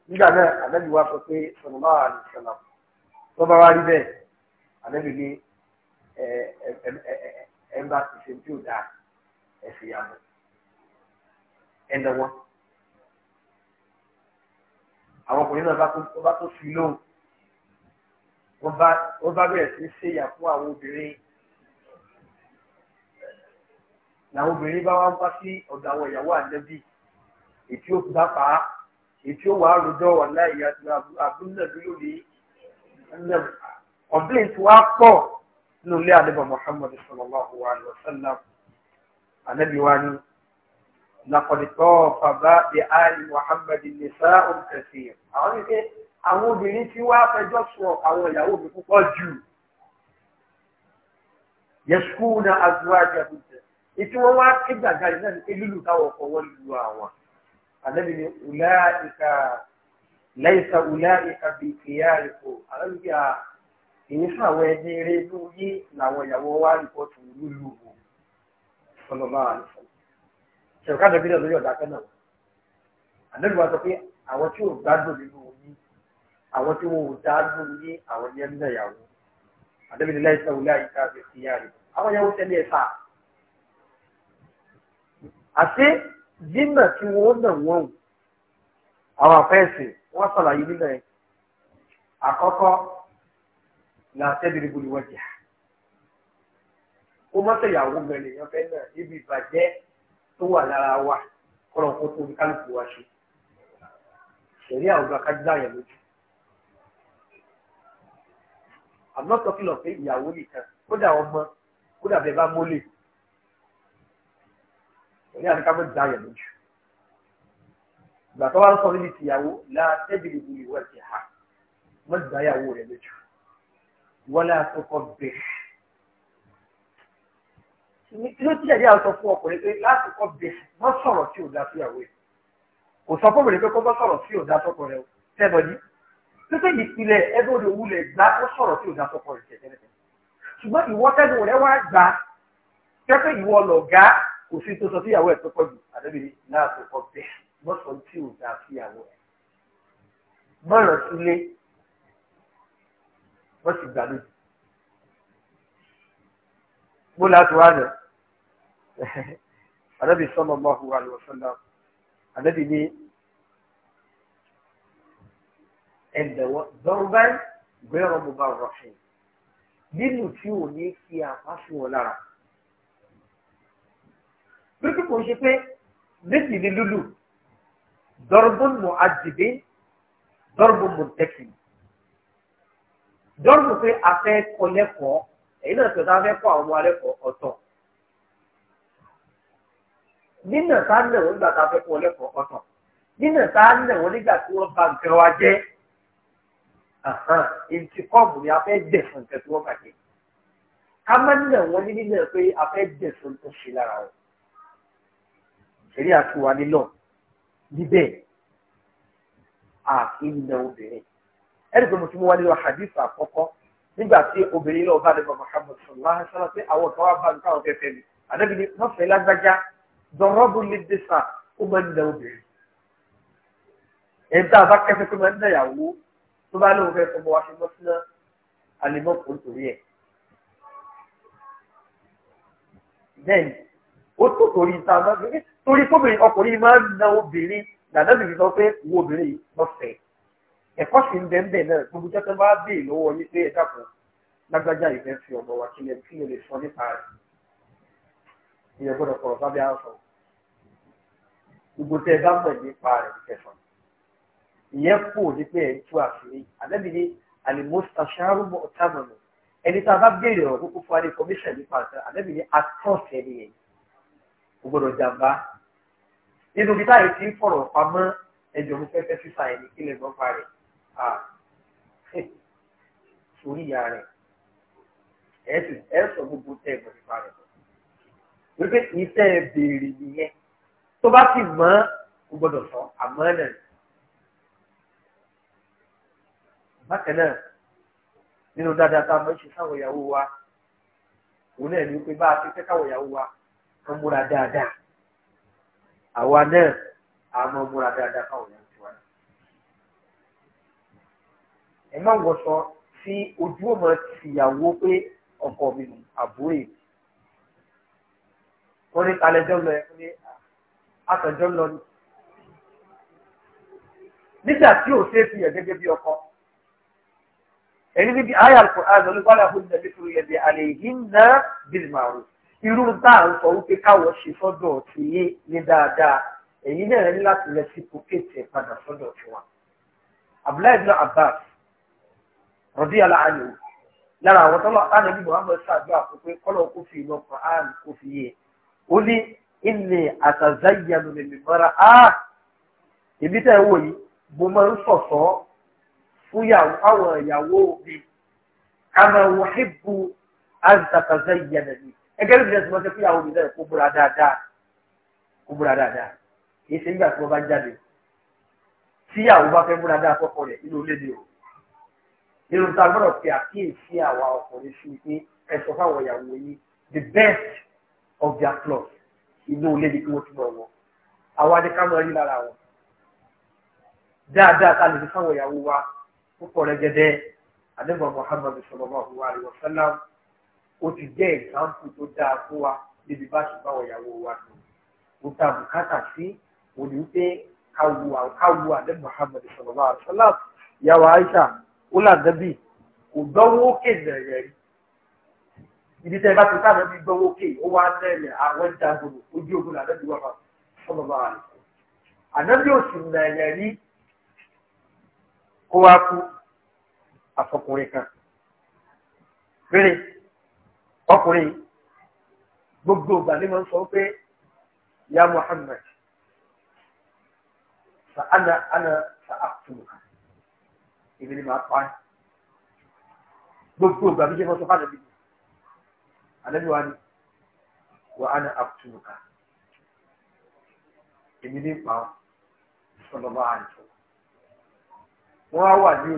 nígbà náà ànábì wa sọ pé sọlọ́mọ́ àlùsọ̀lá tó bá wá rí bẹ́ẹ̀ ànábì ní ẹ̀ẹ́mbà ìṣe tí ò dáa ẹ̀sìn yàgò ẹ̀ndà wọn. àwọn ọkùnrin náà bá tó fi lóhùn wọ́n bá bẹ̀rẹ̀ sí ṣèyà fún àwọn obìnrin làwọn obìnrin bá wá ń bá sí ọ̀dọ̀ àwọn ìyàwó ànábì ètí òkú bá pa á ètí ó wà á rojọ́ wà láì yá sí abúlé lórí ọ̀bílẹ̀ tí wàá pọ̀ nínú ilé àdébà muhammadu sallallahu alayhi wa sallam anabi wa ni lakọ̀dìtọ́ fàbá di ali muhammadu nisa olùkẹ́sì àwọn ní pé àwọn obìnrin tí wàá fẹjọ́ sọ àwọn ìyàwó mi púpọ̀ jù yẹsùkú na azuwájà ìtí wọn wá kí gbàgbà yìí náà ní pé lílù táwọn ọkọ wọn lù àwọn ànábì ní ulaika laysa ulaika bí kìíyà ipò ànábì ní à èyí fáwọn ẹni eré inú yí làwọn ìyàwó wa rìpọ́tù lulu o sọlọ́mọ àlùfọ́ ṣèwọ́ká ànábì náà lórí ọ̀dà kan náà wa sọ pé àwọn tí ò gbádùn nínú yí àwọn tí wọn ò dáadùn yí àwọn yẹn ń nàyàwó ànábì ní laysa ulaika bí kìíyà ipò àwọn yẹn ń tẹ́lẹ̀ àti dínà tí wọ́n nà wọ́n àwọn afẹ́ẹ̀sì wọ́n sàlàyé nínú ẹ̀ àkọ́kọ́ làtẹ́bìrì gbòlùwọ́jà ó má tẹ̀yàwó mẹ́rin yẹn fẹ́ náà níbi ìbàjẹ́ tó wà lára wa kọ́lọ́kọ́ tó ní kálukú wa ṣe ṣẹ̀rí àwùjọ akájúlá yẹn lójú àmọ́ sọ kìlọ̀ pé ìyàwó nìkan kódà ọmọ kódà bẹ́ẹ̀ bá mólè òní àti káfẹ́ dá yẹ̀ lójú ìgbà tó bá ń sọ níbi tìyàwó látẹ́bìlì wuli wọ́n ti hà wọ́n dá yàwó rẹ̀ lójú wọ́n lé àtọkọ bẹ̀. ló ti jẹ̀dí àtọ fún ọkùnrin pé látọkọ bẹ̀ wọ́n sọ̀rọ̀ tí ò dá síyàwó rẹ̀ kò sọ fún mi pé kó bá sọ̀rọ̀ tí ò dá sọ́kọ rẹ̀ o tẹ́bọ̀ yìí pípé ìpìlẹ̀ ẹgbẹ́ odò wulẹ̀ gbá ó sọ̀rọ̀ tí ò dá sọ́kọ rẹ̀ tẹ̀tẹ̀rẹ̀ ṣùgbọ́n ìwọ tẹ́gùn rẹ̀ wá gbà pẹ́pẹ́ ìwọ lọ̀gá kò sí tó sọ sí ìyàwó ẹ̀ tó pọ̀ jù àdébí náà tó pọ̀ bẹ́ẹ̀ mọ́sọ̀ tí ò dáa sí ìyàwó ẹ̀ mọ́ràn sílé wọ́n sì gbà lójú bó láti wá lọ àdébí sallallahu alaihi wasallam àdébí ní ẹ̀dẹ̀wọ́ dọ́rùbá gbẹ́rọ̀ mo bá rọ̀ fún un nínú tí ò ní fi àpá fún wọn lára pípé kò ṣe pé méjì ni lulu dọ́rọ̀bùn mọ̀ àjìbí dọ́rọ̀bùn mọ̀ tẹ́kì dọ́rọ̀bùn pé a fẹ́ kọ́ lẹ́kọ̀ọ́ èyí náà tẹ̀sán fẹ́ kọ́ àwọn ọmọ alẹ́kọ̀ọ́ ọ̀tọ̀ nínà tá ń lẹ̀wọ̀n nígbà tá a fẹ́ kọ́ lẹ́kọ̀ọ́ ọ̀tọ̀ nínà tá ń lẹ̀wọ̀n nígbà tí wọ́n bà nǹkan wa jẹ́ ìtìkọ́ọ̀mù ni a fẹ́ dẹ̀sùn nǹkan tí wọ́n bàjẹ́ ká má nínà wọ́n nínà pé a fẹ́ dẹ̀sùn tó ṣe lára wọn ṣẹ̀rí àtiwá lílọ̀ níbẹ̀ àti ilẹ̀ obìnrin. ẹ̀rí pé mo ti mú wá nílò hadith àkọ́kọ́ nígbà tí obìnrin náà bá lè bọ̀ Muhammad sallallahu alaihi wasallam pé àwọn kan wá bá mi káwọn fẹ́fẹ́ mi àdébí ni wọ́n fẹ́ lágbájá dọ̀rọ́bù lè dé sà ó máa ń nà obìnrin. ẹ̀dá bá kẹ́fẹ́ pé máa ń nàyàwó tó bá lóun fẹ́ fọmọ wa fi mọ́ síná àlèmọ́ kò nítorí ẹ̀. bẹ́ẹ̀ni ó tó torí ta ọmọ gbé torí kóbìnrin ọkùnrin máa ń na obìnrin lànàbì fi sọ pé wo obìnrin lọ́fẹ̀ẹ́ ẹ̀kọ́ sì ń bẹ́ẹ̀ náà gbogbo jẹ́ tó bá bèè lọ́wọ́ yín pé ẹ̀dá kan lágbájá ìfẹ́ fi ọmọ wa kílẹ̀ kí ló lè sọ nípa rẹ̀ ìyẹn gbọ́dọ̀ kọ̀rọ̀ sábẹ́ àṣọ gbogbo tẹ́ ẹ bá mọ̀ nípa rẹ̀ kẹsàn ìyẹn kù ní pé ẹ̀ ń tú àṣírí àlẹ́bí ni àlìmọ́sàṣárù ọ̀tàmọ̀nù ẹni tá a bá béèrè ọ̀rọ̀ kókó fún wa ní kọmíṣẹ̀ nípa àṣẹ àlẹ́bí ni atọ́ọ̀tẹ̀ ni yẹn gbọ́dọ̀ nínú bí táyì ti ń fọ̀rọ̀ pamọ́ ẹjọ́ mi fẹ́fẹ́ fífa ẹni kí lè gbọ́n pa rẹ̀ à sórí ìyá rẹ̀ ẹ sì ẹ sọ gbogbo tẹ́ ẹ gbọ́n nípa rẹ̀ wípé ìtẹ́ ẹ béèrè nìyẹn tó bá sì mọ́ o gbọ́dọ̀ sọ àmọ́ náà bákan náà nínú dáadáa tá a máa ń ṣe sáwọn ìyàwó wa òun náà ní pé bá a ti fẹ́ káwọn ìyàwó wa kan múra dáadáa àwa náà a mọ múra dáadáa fáwọn èèyàn tiwa náà. ẹ má wọ sọ sí ojú ọmọ tìyàwó pé ọkọ mi nù àbúrò yìí wọ́n ní kalẹ̀ jọ́ lọ ẹ̀ fún mi àtọ̀jọ́ lọ ni. nígbà tí ò ṣe fi yàn gẹ́gẹ́ bí ọkọ ẹni níbi ayé àlùkò àzọlùkọ́ àlàfo nígbà yẹ bí alẹ́ yìí ná bíi màrún irú bá à ń sọ wípé káwọ ṣe sọ́dọ̀ ọtí yé ní dáadáa èyí náà ní láti lọ sí pòkètì ẹ padà sọ́dọ̀ ọtí wa abdullahi bin abbas rọdí aláàánú lára àwọn tọ́lá ànábì muhammed ṣàdúrà fún pé kọ́lọ̀ kó fi ìmọ̀ quran kó fi yé ó ní inni àtàzáyanu lè mi á èmi tẹ́ ẹ wò yìí mo máa ń sọ̀sọ́ fún àwọn ìyàwó mi kàmá wàhíbù àtàzáyanu lè mi ẹgẹ́ ló fi ẹ̀sùn mọ́tẹ́ fúyàwó mi lẹ́yìn kó búra dáadáa kó búra dáadáa kì í ṣe nígbà tí wọ́n bá jáde tíyàwó bá fẹ́ búra dáa fọ́kọ rẹ̀ nínú ilé ni o nínú ta gbọ́dọ̀ fi àkíyèsí àwa ọkùnrin sí i pé ẹ̀sọ́ fáwọn ìyàwó yìí the best of their club inú ilé ni kí wọ́n ti mọ̀ wọn àwa ni ká mọ̀ rí lára wọn dáadáa ká lè fi fáwọn ìyàwó wa púpọ̀ rẹ̀ gẹ́gẹ́ adébọ̀ Muhammadu sallallahu alaihi wasallam ó ti jẹ́ ìsáǹpù tó dáa fún wa níbi bá ṣe báwọn ìyàwó wa lò ó ta bùkátà sí òní pé káwu àdé Muhammad sallallahu alaihi wasallam ìyàwó Aisha ó làdẹ́bì kò gbọ́wọ́ òkè bẹ̀rẹ̀ rí ibi tẹ́ bá ti ká lẹ́bí gbọ́wọ́ òkè ó wá nẹ́ẹ̀lẹ̀ àwọn jagun ojú ogun làdẹ́bì wà sallallahu alaihi wasallam ànábì òsì nàìyẹ̀ rí kó wá kú afọkùnrin kan. ọkùnrin gbogbo ìgbà ni sọ ya Muhammad sa ana ana sa àtúnká èmi ni màá pa á gbogbo ìgbà mi jẹ́ mọ́tò fáwọn ẹbí àlejò wa ni wà á na àtúnká èmi ni pa á sọ̀rọ̀ bá a nìkan wọ́n á wà ní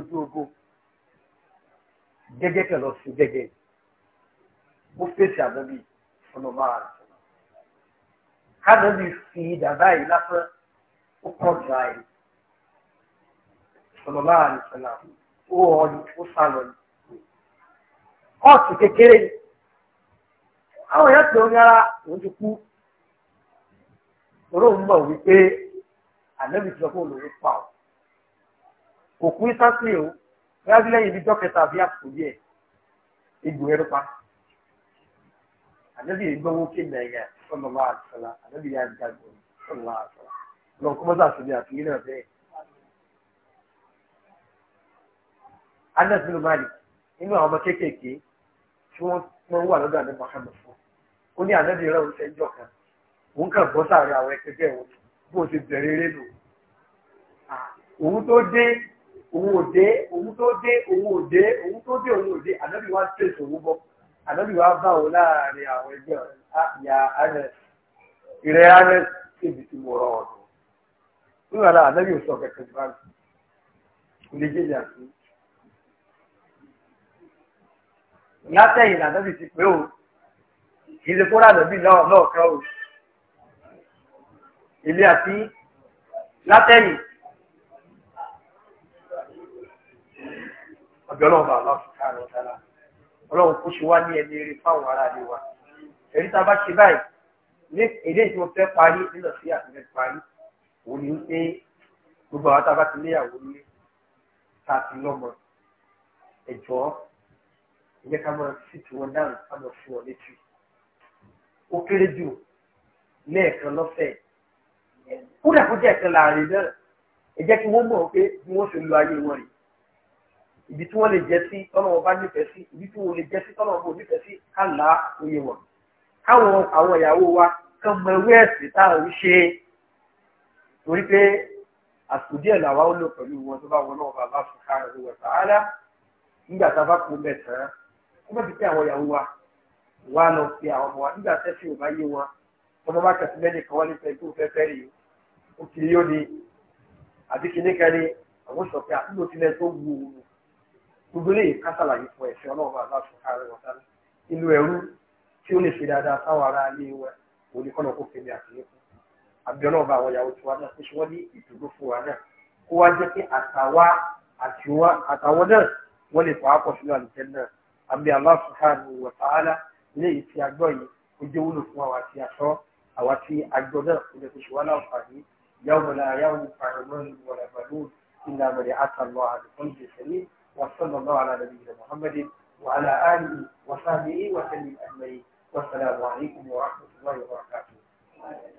ó fèsì ànábì ọlọ́mọ àrùn kánàbì fi dàbá yìí lásán ó kọ́ dùrà yìí ọlọ́mọ àrùn sọ̀lá ó hàn ó sá lọ ní kékeré àwọn èèyàn tó yára òun ti kú olóhùn mọ̀ wípé ti o bí wọ́n á lẹ́yìn ibi jọ́kẹta ànábì gbọ́wó kéde ẹ̀yà sọ́nà bá àṣọlá ànábì yà dàgbò sọ́nà bá àṣọlá lọ kọ́ mọ́tà sọ́bi àfihàn náà bẹ́ẹ̀. Anas bin Malik nínú àwọn ọmọ kéékèèké tí wọ́n wọ́n wà lọ́dọ̀ àdébà kan lọ́fọ́ ó ní ànábì rẹ̀ oúnjẹ jọ kan òun kàn bọ́ sàárẹ̀ àwọn ẹgbẹ́ òun bó ti bẹ̀rẹ̀ eré lò òun tó dé òun ò ànábì wa bá wo láàrin àwọn ẹgbẹ́ ya anes ìrẹ́ anes kébi tí mo rọ ọ̀dọ̀ nígbà náà ànábì ò sọ kẹ̀kẹ́ bá mi kò lè jẹ́ ìyá sí. látẹ̀yìn ànábì ti pé o kì í ṣe kó ràdọ̀bì náà náà kẹ́ o èmi àti látẹ̀yìn ọ̀dọ́ náà bá a lọ́sùn káàrọ̀ dára ọlọ́run kó ṣe wá ní ẹni eré fáwọn ará ilé wa èyí tá a bá ṣe báyìí ní èdè tí mo fẹ́ parí nílọ sí àtúnfẹ́ parí òun ni pé gbogbo àwọn tá a bá ti léyàwó ní tá a ti lọ́mọ ẹ̀jọ́ ẹ̀jẹ̀ ká máa sì tí wọ́n dáhùn ká máa fún ọ létí ó kéré jù lẹ́ẹ̀kan lọ́fẹ̀ẹ́ kódà kó jẹ́ ẹ̀kan láàrin náà ẹ jẹ́ kí wọ́n mọ̀ pé bí wọ́n ṣe lo ayé wọn rèé ibi tí wọ́n lè jẹ́ sí tọ́nà wọn bá nífẹ̀ẹ́ sí ibi tí wọ́n lè jẹ́ sí tọ́nà wọn bò nífẹ̀ẹ́ sí kálá oyè wọn. káwọn àwọn ìyàwó wa kàn mọ ewé ẹ̀sìn tá à ń ṣe torí pé àsìkò díẹ̀ làwa ó lò pẹ̀lú wọn tó bá wọn náà bàbá fún káàrin wọn sàárà nígbà tá a bá kú mẹ́sàn-án kó má fi pé àwọn ìyàwó wa wà lọ fi àwọn ọmọ wa nígbà tẹ́sí ò bá yé wọn ọmọ bá kẹsì lẹ́yìn kan wọ́n ní fẹ́ ikú fẹ́fẹ́ rèé ó kiri yóò ní àbí kíní kan ní àwọn sọ̀kẹ́ àtúntò tilẹ̀ tó wu òun gbogbo eléyìí kásàlàyé fún ẹ̀sìn ọlọ́run aláṣọ ààrẹ wọ̀tálá inú ẹrú tí ó lè ṣe dáadáa táwọn ará ayé wa òní kọ́nà kó fèmí àtìlẹ́kùn àbíọ́nà ọba àwọn ìyàwó tiwa náà pèsè wọ́n ní ìdúró fún wa náà kó wá jẹ́ pé àtàwa àti àtàwọn náà wọ́n lè fà á sínú àlùjẹ́ náà àbí Allah subhanahu wa ta'ala eléyìí tí a gbọ́ yìí ó jẹ́ wúlò fún àwa tí a sọ àwa tí a gbọ́ náà kó lè pèsè wá وصلى الله على نبينا محمد وعلى آله وصحبه وسلم أجمعين والسلام عليكم ورحمة الله وبركاته